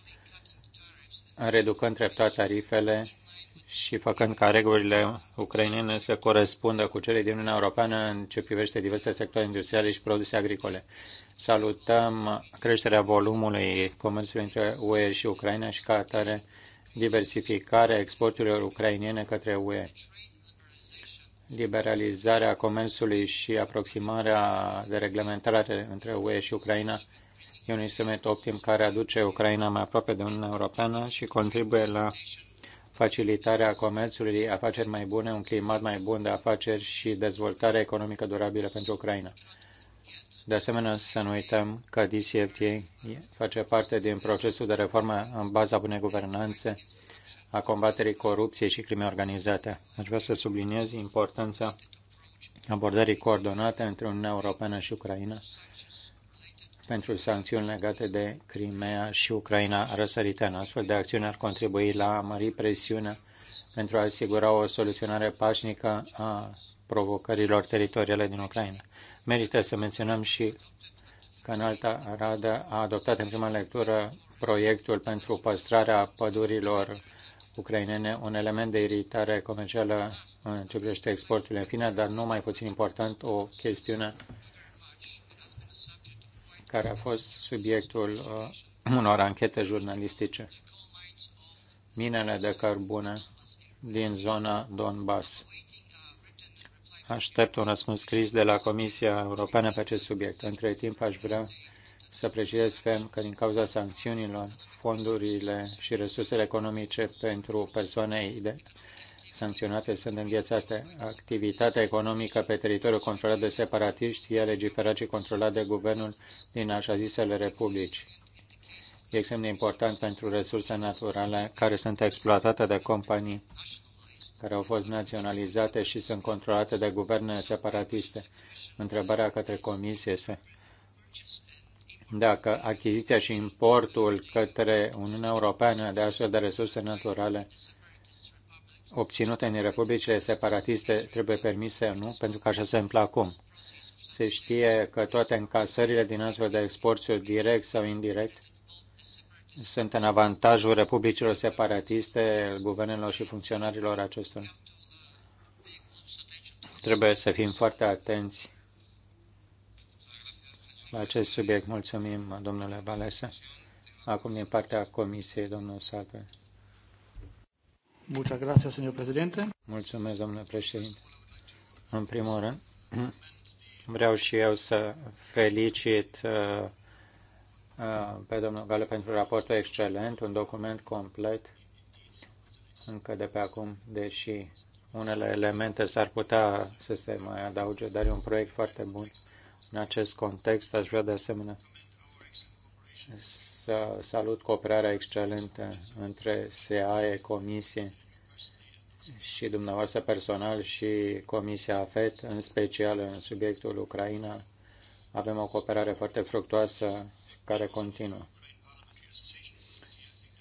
reducând treptat tarifele și făcând ca regulile ucrainene să corespundă cu cele din Uniunea Europeană în ce privește diverse sectoare industriale și produse agricole. Salutăm creșterea volumului comerțului între UE și Ucraina și ca atare diversificarea exporturilor ucrainene către UE. Liberalizarea comerțului și aproximarea de reglementare între UE și Ucraina e un instrument optim care aduce Ucraina mai aproape de Uniunea Europeană și contribuie la facilitarea comerțului, afaceri mai bune, un climat mai bun de afaceri și dezvoltarea economică durabilă pentru Ucraina. De asemenea, să nu uităm că DCFTA face parte din procesul de reformă în baza bunei guvernanțe, a combaterii corupției și crimei organizate. Aș vrea să subliniez importanța abordării coordonate între Uniunea Europeană și Ucraina pentru sancțiuni legate de Crimea și Ucraina în Astfel de acțiuni ar contribui la a mări presiunea pentru a asigura o soluționare pașnică a provocărilor teritoriale din Ucraina. Merită să menționăm și că în alta Aradă a adoptat în prima lectură proiectul pentru păstrarea pădurilor ucrainene, un element de iritare comercială în ce privește exportul în fine, dar nu mai puțin important, o chestiune care a fost subiectul uh, unor anchete jurnalistice. Minele de cărbune din zona Donbass. Aștept un răspuns scris de la Comisia Europeană pe acest subiect. Între timp aș vrea să precizez ferm că din cauza sancțiunilor, fondurile și resursele economice pentru persoane sancționate sunt înghețate. Activitatea economică pe teritoriul controlat de separatiști e legiferat și controlat de guvernul din așa zisele republici. E extrem de important pentru resurse naturale care sunt exploatate de companii care au fost naționalizate și sunt controlate de guverne separatiste. Întrebarea către comisie este dacă achiziția și importul către Uniunea Europeană de astfel de resurse naturale obținute în republicile separatiste trebuie permise, nu? Pentru că așa se întâmplă acum. Se știe că toate încasările din astfel de exporturi direct sau indirect sunt în avantajul republicilor separatiste, guvernelor și funcționarilor acestora. Trebuie să fim foarte atenți la acest subiect. Mulțumim, domnule Valesa. Acum, din partea Comisiei, domnul Sacăr. Muchas gracias, señor presidente. Mulțumesc, domnule președinte. În primul rând, vreau și eu să felicit uh, uh, pe domnul Gale pentru raportul excelent, un document complet încă de pe acum, deși unele elemente s-ar putea să se mai adauge, dar e un proiect foarte bun. În acest context aș vrea de asemenea să salut cooperarea excelentă între SEAE, Comisie și dumneavoastră personal și Comisia AFET, în special în subiectul Ucraina. Avem o cooperare foarte fructoasă care continuă.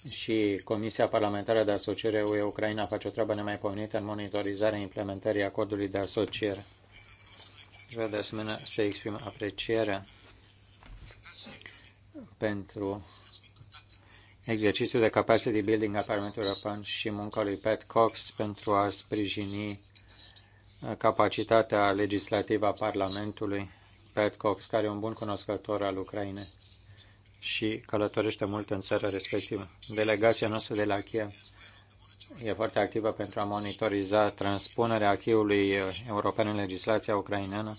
Și Comisia Parlamentară de Asociere UE-Ucraina face o treabă nemaipomenită în monitorizarea implementării acordului de asociere. Aș de asemenea să exprim aprecierea pentru exercițiul de capacity building a Parlamentului European și munca lui Pat Cox pentru a sprijini uh, capacitatea legislativă a Parlamentului. Pat Cox, care e un bun cunoscător al Ucrainei și călătorește mult în țara respectivă. Delegația noastră de la Kiev e foarte activă pentru a monitoriza transpunerea acquis uh, european în legislația ucraineană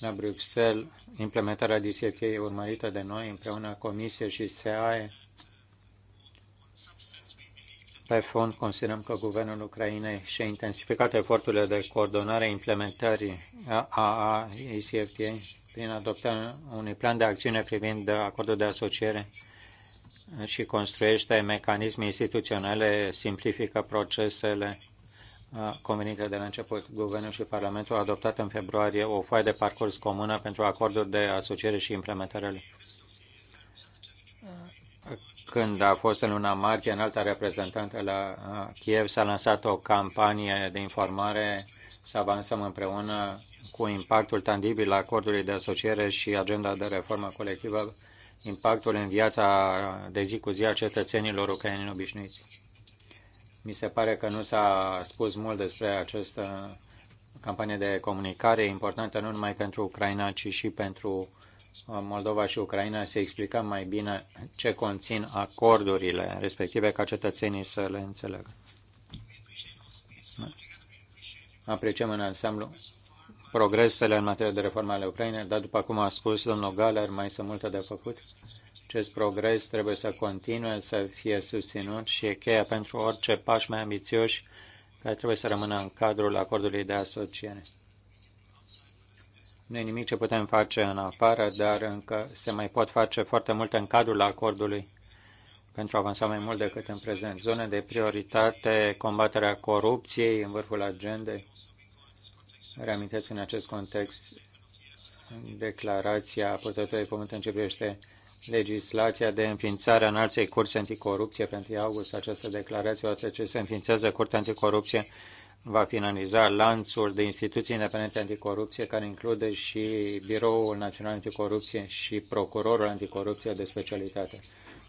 la Bruxelles, implementarea DCFT e urmărită de noi împreună Comisie și SEAE. Pe fond, considerăm că guvernul Ucrainei și-a intensificat eforturile de coordonare a implementării a ACFTA prin adoptarea unui plan de acțiune privind acordul de asociere și construiește mecanisme instituționale, simplifică procesele convenite de la început. Guvernul și Parlamentul au adoptat în februarie o foaie de parcurs comună pentru acorduri de asociere și implementare. Când a fost în luna martie, în alta reprezentantă la Kiev s-a lansat o campanie de informare să avansăm împreună cu impactul tangibil al acordului de asociere și agenda de reformă colectivă, impactul în viața de zi cu zi a cetățenilor ucraineni obișnuiți. Mi se pare că nu s-a spus mult despre această campanie de comunicare importantă nu numai pentru Ucraina, ci și pentru uh, Moldova și Ucraina, să explicăm mai bine ce conțin acordurile respective ca cetățenii să le înțeleagă. Apreciem în ansamblu progresele în materie de reforme ale Ucrainei, dar după cum a spus domnul Galer, mai sunt multe de făcut acest progres trebuie să continue, să fie susținut și e cheia pentru orice pași mai ambițioși care trebuie să rămână în cadrul acordului de asociere. Nu e nimic ce putem face în afară, dar încă se mai pot face foarte multe în cadrul acordului pentru a avansa mai mult decât în prezent. Zone de prioritate, combaterea corupției în vârful agendei. Reamintesc în acest context declarația purtătorului pământ în ce privește legislația de înființare a înalței curse anticorupție pentru august. Această declarație, odată ce se înființează Curtea Anticorupție, va finaliza lanțul de instituții independente anticorupție, care include și Biroul Național Anticorupție și Procurorul Anticorupție de specialitate.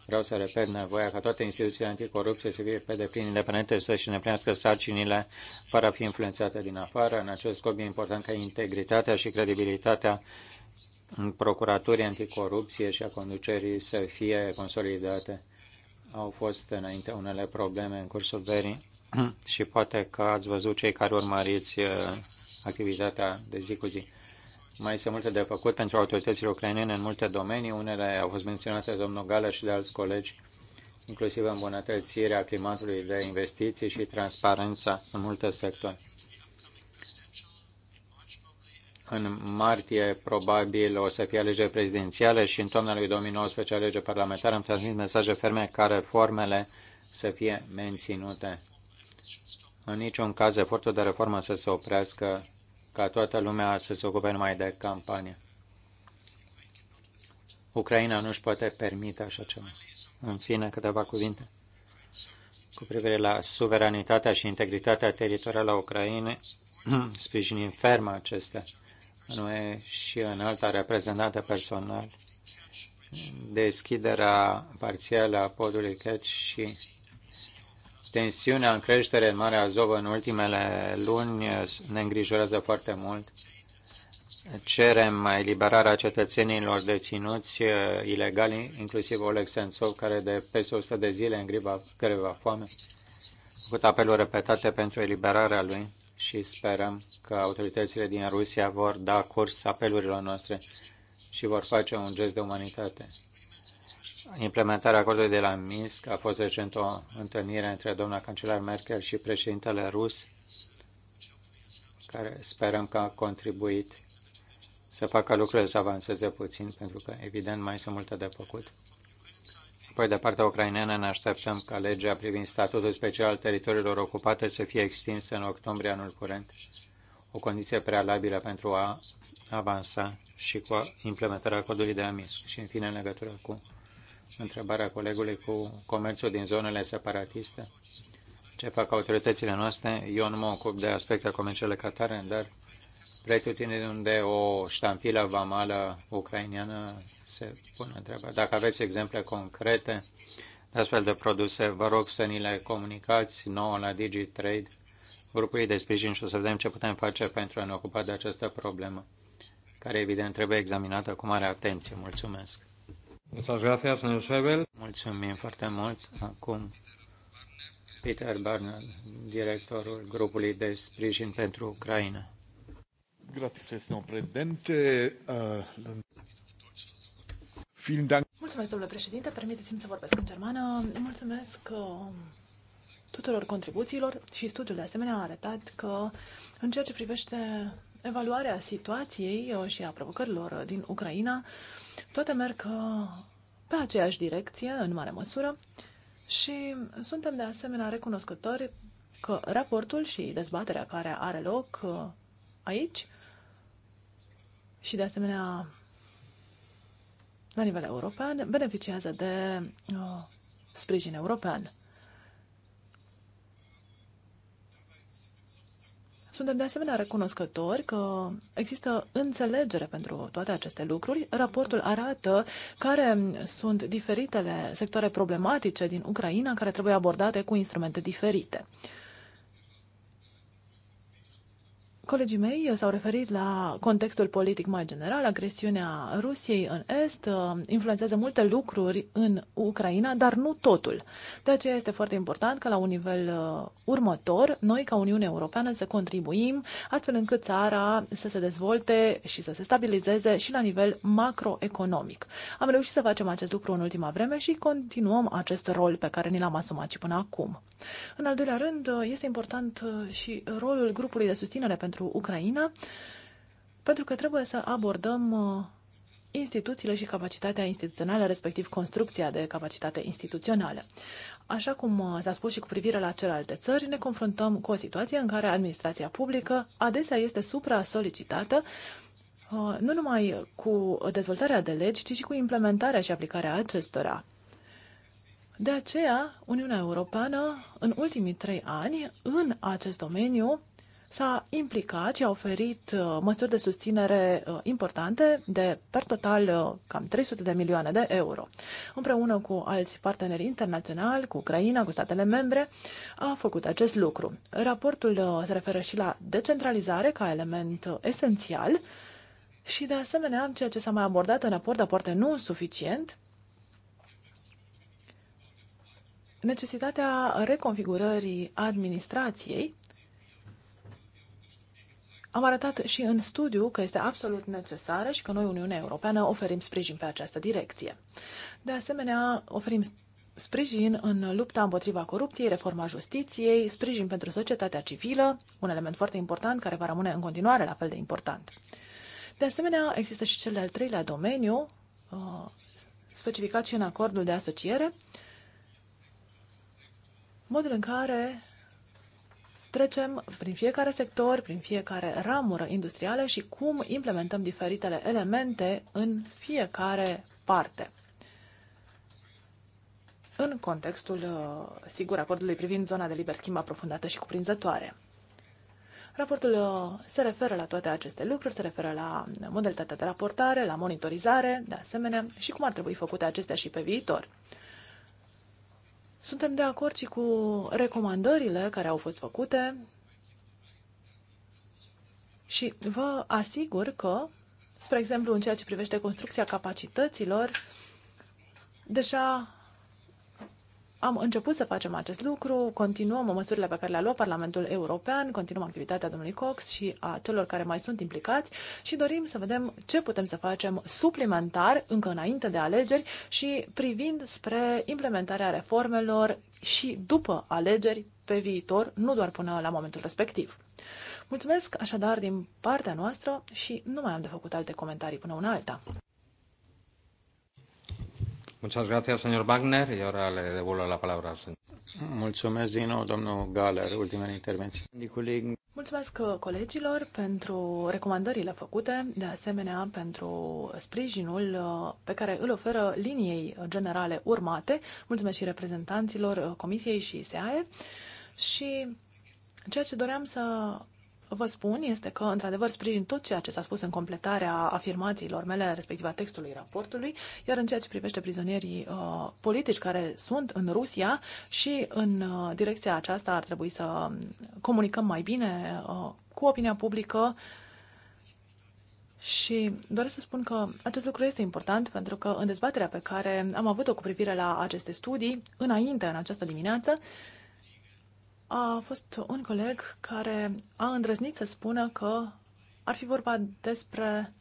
Vreau să repet nevoia ca toate instituțiile anticorupție să fie pe deplin independente să și neplinească sarcinile fără a fi influențate din afară. În acest scop e important ca integritatea și credibilitatea procuraturii anticorupție și a conducerii să fie consolidate. Au fost înainte unele probleme în cursul verii și poate că ați văzut cei care urmăriți uh, activitatea de zi cu zi. Mai sunt multe de făcut pentru autoritățile ucrainene în multe domenii. Unele au fost menționate de domnul Gală și de alți colegi, inclusiv îmbunătățirea climatului de investiții și transparența în multe sectoare. În martie, probabil, o să fie alegeri prezidențiale și în toamna lui 2019 alegeri parlamentare. Am transmis mesaje ferme care formele să fie menținute. În niciun caz efortul de reformă să se oprească ca toată lumea să se ocupe numai de campanie. Ucraina nu își poate permite așa ceva. În fine, câteva cuvinte cu privire la suveranitatea și integritatea teritorială a Ucrainei, sprijinim ferm acestea e și în alta reprezentată personal, deschiderea parțială a podului Kerch și tensiunea în creștere în Marea Azovă în ultimele luni ne îngrijorează foarte mult. Cerem eliberarea cetățenilor deținuți ilegali, inclusiv Oleg Sentsov, care de peste 100 de zile îngriva greva foame, făcut apeluri repetate pentru eliberarea lui și sperăm că autoritățile din Rusia vor da curs apelurilor noastre și vor face un gest de umanitate. implementarea acordului de la Minsk a fost recent o întâlnire între doamna cancelar Merkel și președintele rus, care sperăm că a contribuit să facă lucrurile să avanseze puțin, pentru că, evident, mai sunt multe de făcut. Păi, de partea ucraineană ne așteptăm ca legea privind statutul special al teritoriilor ocupate să fie extinsă în octombrie anul curent, o condiție prealabilă pentru a avansa și cu implementarea codului de amis. Și, în fine, în legătură cu întrebarea colegului cu comerțul din zonele separatiste, ce fac autoritățile noastre, eu nu mă ocup de aspecte comerciale catare, dar pretutine unde o ștampilă vamală ucraineană se pune întrebarea. Dacă aveți exemple concrete de astfel de produse, vă rog să ni le comunicați nouă la DigiTrade, grupul de sprijin și o să vedem ce putem face pentru a ne ocupa de această problemă, care evident trebuie examinată cu mare atenție. Mulțumesc! Mulțumim foarte mult. Acum Peter Barnard, directorul grupului de sprijin pentru Ucraina. Grazie, președinte. Mulțumesc, domnule președinte. Permiteți-mi să vorbesc în germană. Mulțumesc uh, tuturor contribuțiilor și studiul de asemenea a arătat că în ceea ce privește evaluarea situației uh, și a provocărilor din Ucraina, toate merg uh, pe aceeași direcție, în mare măsură, și suntem de asemenea recunoscători că raportul și dezbaterea care are loc aici și de asemenea la nivel european beneficiază de uh, sprijin european. Suntem de asemenea recunoscători că există înțelegere pentru toate aceste lucruri. Raportul arată care sunt diferitele sectoare problematice din Ucraina care trebuie abordate cu instrumente diferite. Colegii mei s-au referit la contextul politic mai general, agresiunea Rusiei în Est uh, influențează multe lucruri în Ucraina, dar nu totul. De aceea este foarte important ca la un nivel uh, următor, noi ca Uniunea Europeană să contribuim astfel încât țara să se dezvolte și să se stabilizeze și la nivel macroeconomic. Am reușit să facem acest lucru în ultima vreme și continuăm acest rol pe care ni l-am asumat și până acum. În al doilea rând, este important uh, și rolul grupului de susținere pentru Ucraina, pentru că trebuie să abordăm uh, instituțiile și capacitatea instituțională, respectiv construcția de capacitate instituțională. Așa cum uh, s-a spus și cu privire la celelalte țări, ne confruntăm cu o situație în care administrația publică adesea este supra-solicitată nu numai cu dezvoltarea de legi, ci și cu implementarea și aplicarea acestora. De aceea, Uniunea Europeană, în ultimii trei ani, în acest domeniu, s-a implicat și a oferit uh, măsuri de susținere uh, importante de, per total, uh, cam 300 de milioane de euro. Împreună cu alți parteneri internaționali, cu Ucraina, cu statele membre, a făcut acest lucru. Raportul se referă și la decentralizare ca element esențial și, de asemenea, ceea ce s-a mai abordat în raport, dar poate nu suficient, necesitatea reconfigurării administrației. Am arătat și în studiu că este absolut necesară și că noi, Uniunea Europeană, oferim sprijin pe această direcție. De asemenea, oferim sprijin în lupta împotriva corupției, reforma justiției, sprijin pentru societatea civilă, un element foarte important care va rămâne în continuare la fel de important. De asemenea, există și cel de-al treilea domeniu, uh, specificat și în acordul de asociere, modul în care trecem prin fiecare sector, prin fiecare ramură industrială și cum implementăm diferitele elemente în fiecare parte. În contextul, uh, sigur, acordului privind zona de liber schimb aprofundată și cuprinzătoare. Raportul uh, se referă la toate aceste lucruri, se referă la modalitatea de raportare, la monitorizare, de asemenea, și cum ar trebui făcute acestea și pe viitor. Suntem de acord și cu recomandările care au fost făcute și vă asigur că, spre exemplu, în ceea ce privește construcția capacităților, deja am început să facem acest lucru, continuăm măsurile pe care le-a luat Parlamentul European, continuăm activitatea domnului Cox și a celor care mai sunt implicați și dorim să vedem ce putem să facem suplimentar încă înainte de alegeri și privind spre implementarea reformelor și după alegeri pe viitor, nu doar până la momentul respectiv. Mulțumesc așadar din partea noastră și nu mai am de făcut alte comentarii până una alta. Muchas gracias, señor Wagner, y ahora le devuelvo la palabra al señor. Mulțumesc din nou, domnul Galer, ultima intervenție. Mulțumesc colegilor pentru recomandările făcute, de asemenea pentru sprijinul uh, pe care îl oferă liniei generale urmate. Mulțumesc și reprezentanților uh, Comisiei și SEAE. Și ceea ce doream să vă spun este că, într-adevăr, sprijin tot ceea ce s-a spus în completarea afirmațiilor mele, respectiv a textului raportului, iar în ceea ce privește prizonierii uh, politici care sunt în Rusia și în uh, direcția aceasta ar trebui să comunicăm mai bine uh, cu opinia publică și doresc să spun că acest lucru este important pentru că în dezbaterea pe care am avut-o cu privire la aceste studii, înainte, în această dimineață, uh, a fost un coleg care a îndrăznit să spună că ar fi vorba despre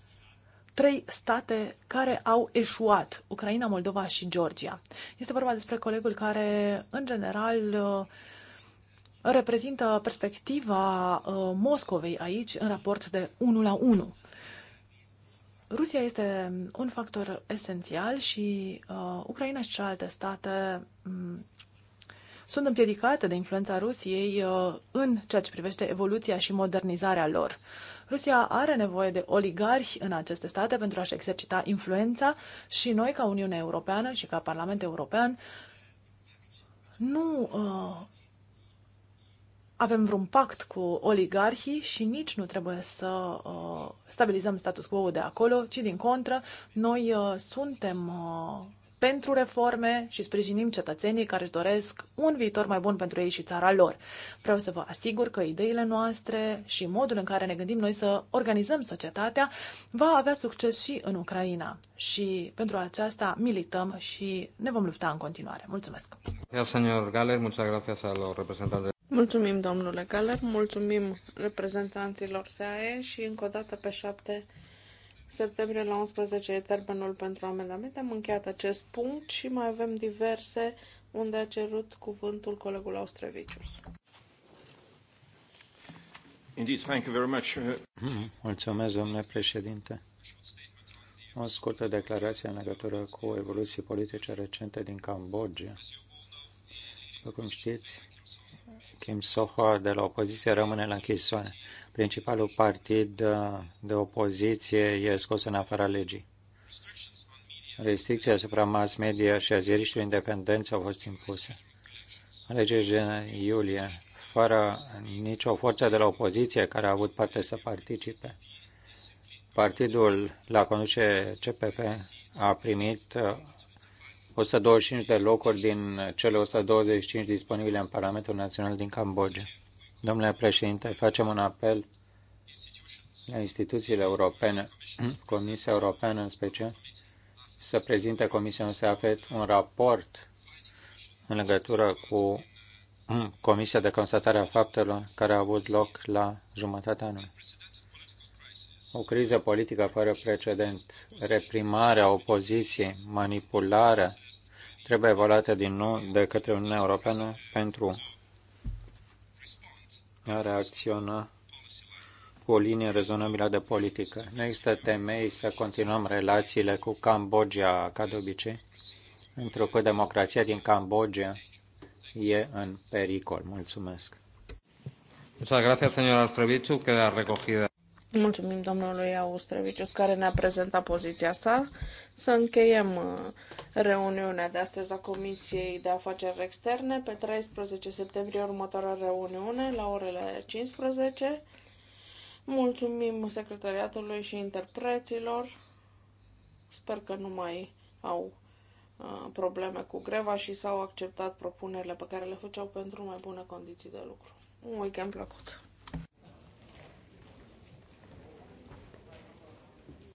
trei state care au eșuat, Ucraina, Moldova și Georgia. Este vorba despre colegul care, în general, uh, reprezintă perspectiva uh, Moscovei aici în raport de 1 la 1. Rusia este un factor esențial și uh, Ucraina și celelalte state mm, sunt împiedicate de influența Rusiei uh, în ceea ce privește evoluția și modernizarea lor. Rusia are nevoie de oligarhi în aceste state pentru a-și exercita influența și noi, ca Uniunea Europeană și ca Parlament European, nu uh, avem vreun pact cu oligarhii și nici nu trebuie să uh, stabilizăm status quo de acolo, ci din contră, noi uh, suntem uh, pentru reforme și sprijinim cetățenii care își doresc un viitor mai bun pentru ei și țara lor. Vreau să vă asigur că ideile noastre și modul în care ne gândim noi să organizăm societatea va avea succes și în Ucraina. Și pentru aceasta milităm și ne vom lupta în continuare. Mulțumesc! Mulțumim, domnule Galer, mulțumim reprezentanților SAE și încă o dată pe 7 Septembrie la 11 e termenul pentru amendamente. Am încheiat acest punct și mai avem diverse unde a cerut cuvântul colegul Austrevicius. Indeed, thank you very much. Hmm, mulțumesc, domnule președinte. O scurtă declarație în legătură cu evoluții politice recente din Cambodgia. După cum știți, Kim Soho de la opoziție rămâne la închisoare. Principalul partid uh, de opoziție e scos în afara legii. Restricții asupra mass media și a ziariștilor independenți au fost impuse. Alegeri de iulie, fără nicio forță de la opoziție care a avut parte să participe. Partidul la conduce CPP a primit uh, 125 de locuri din cele 125 disponibile în Parlamentul Național din Cambodgia. Domnule președinte, facem un apel la instituțiile europene, Comisia Europeană în special, să prezinte Comisia noastră un raport în legătură cu Comisia de Constatare a Faptelor care a avut loc la jumătatea anului o criză politică fără precedent, reprimarea opoziției, manipularea, trebuie evaluată din nou de către Uniunea Europeană pentru a reacționa cu o linie rezonabilă de politică. Nu există temei să continuăm relațiile cu Cambodgia, ca de obicei, pentru că democrația din Cambodgia e în pericol. Mulțumesc. Muchas gracias, señor Astrovichu, Queda recogida Mulțumim domnului Austrevicius care ne-a prezentat poziția sa. Să încheiem uh, reuniunea de astăzi a Comisiei de Afaceri Externe pe 13 septembrie următoarea reuniune la orele 15. Mulțumim secretariatului și interpreților. Sper că nu mai au uh, probleme cu greva și s-au acceptat propunerile pe care le făceau pentru mai bune condiții de lucru. Un weekend plăcut!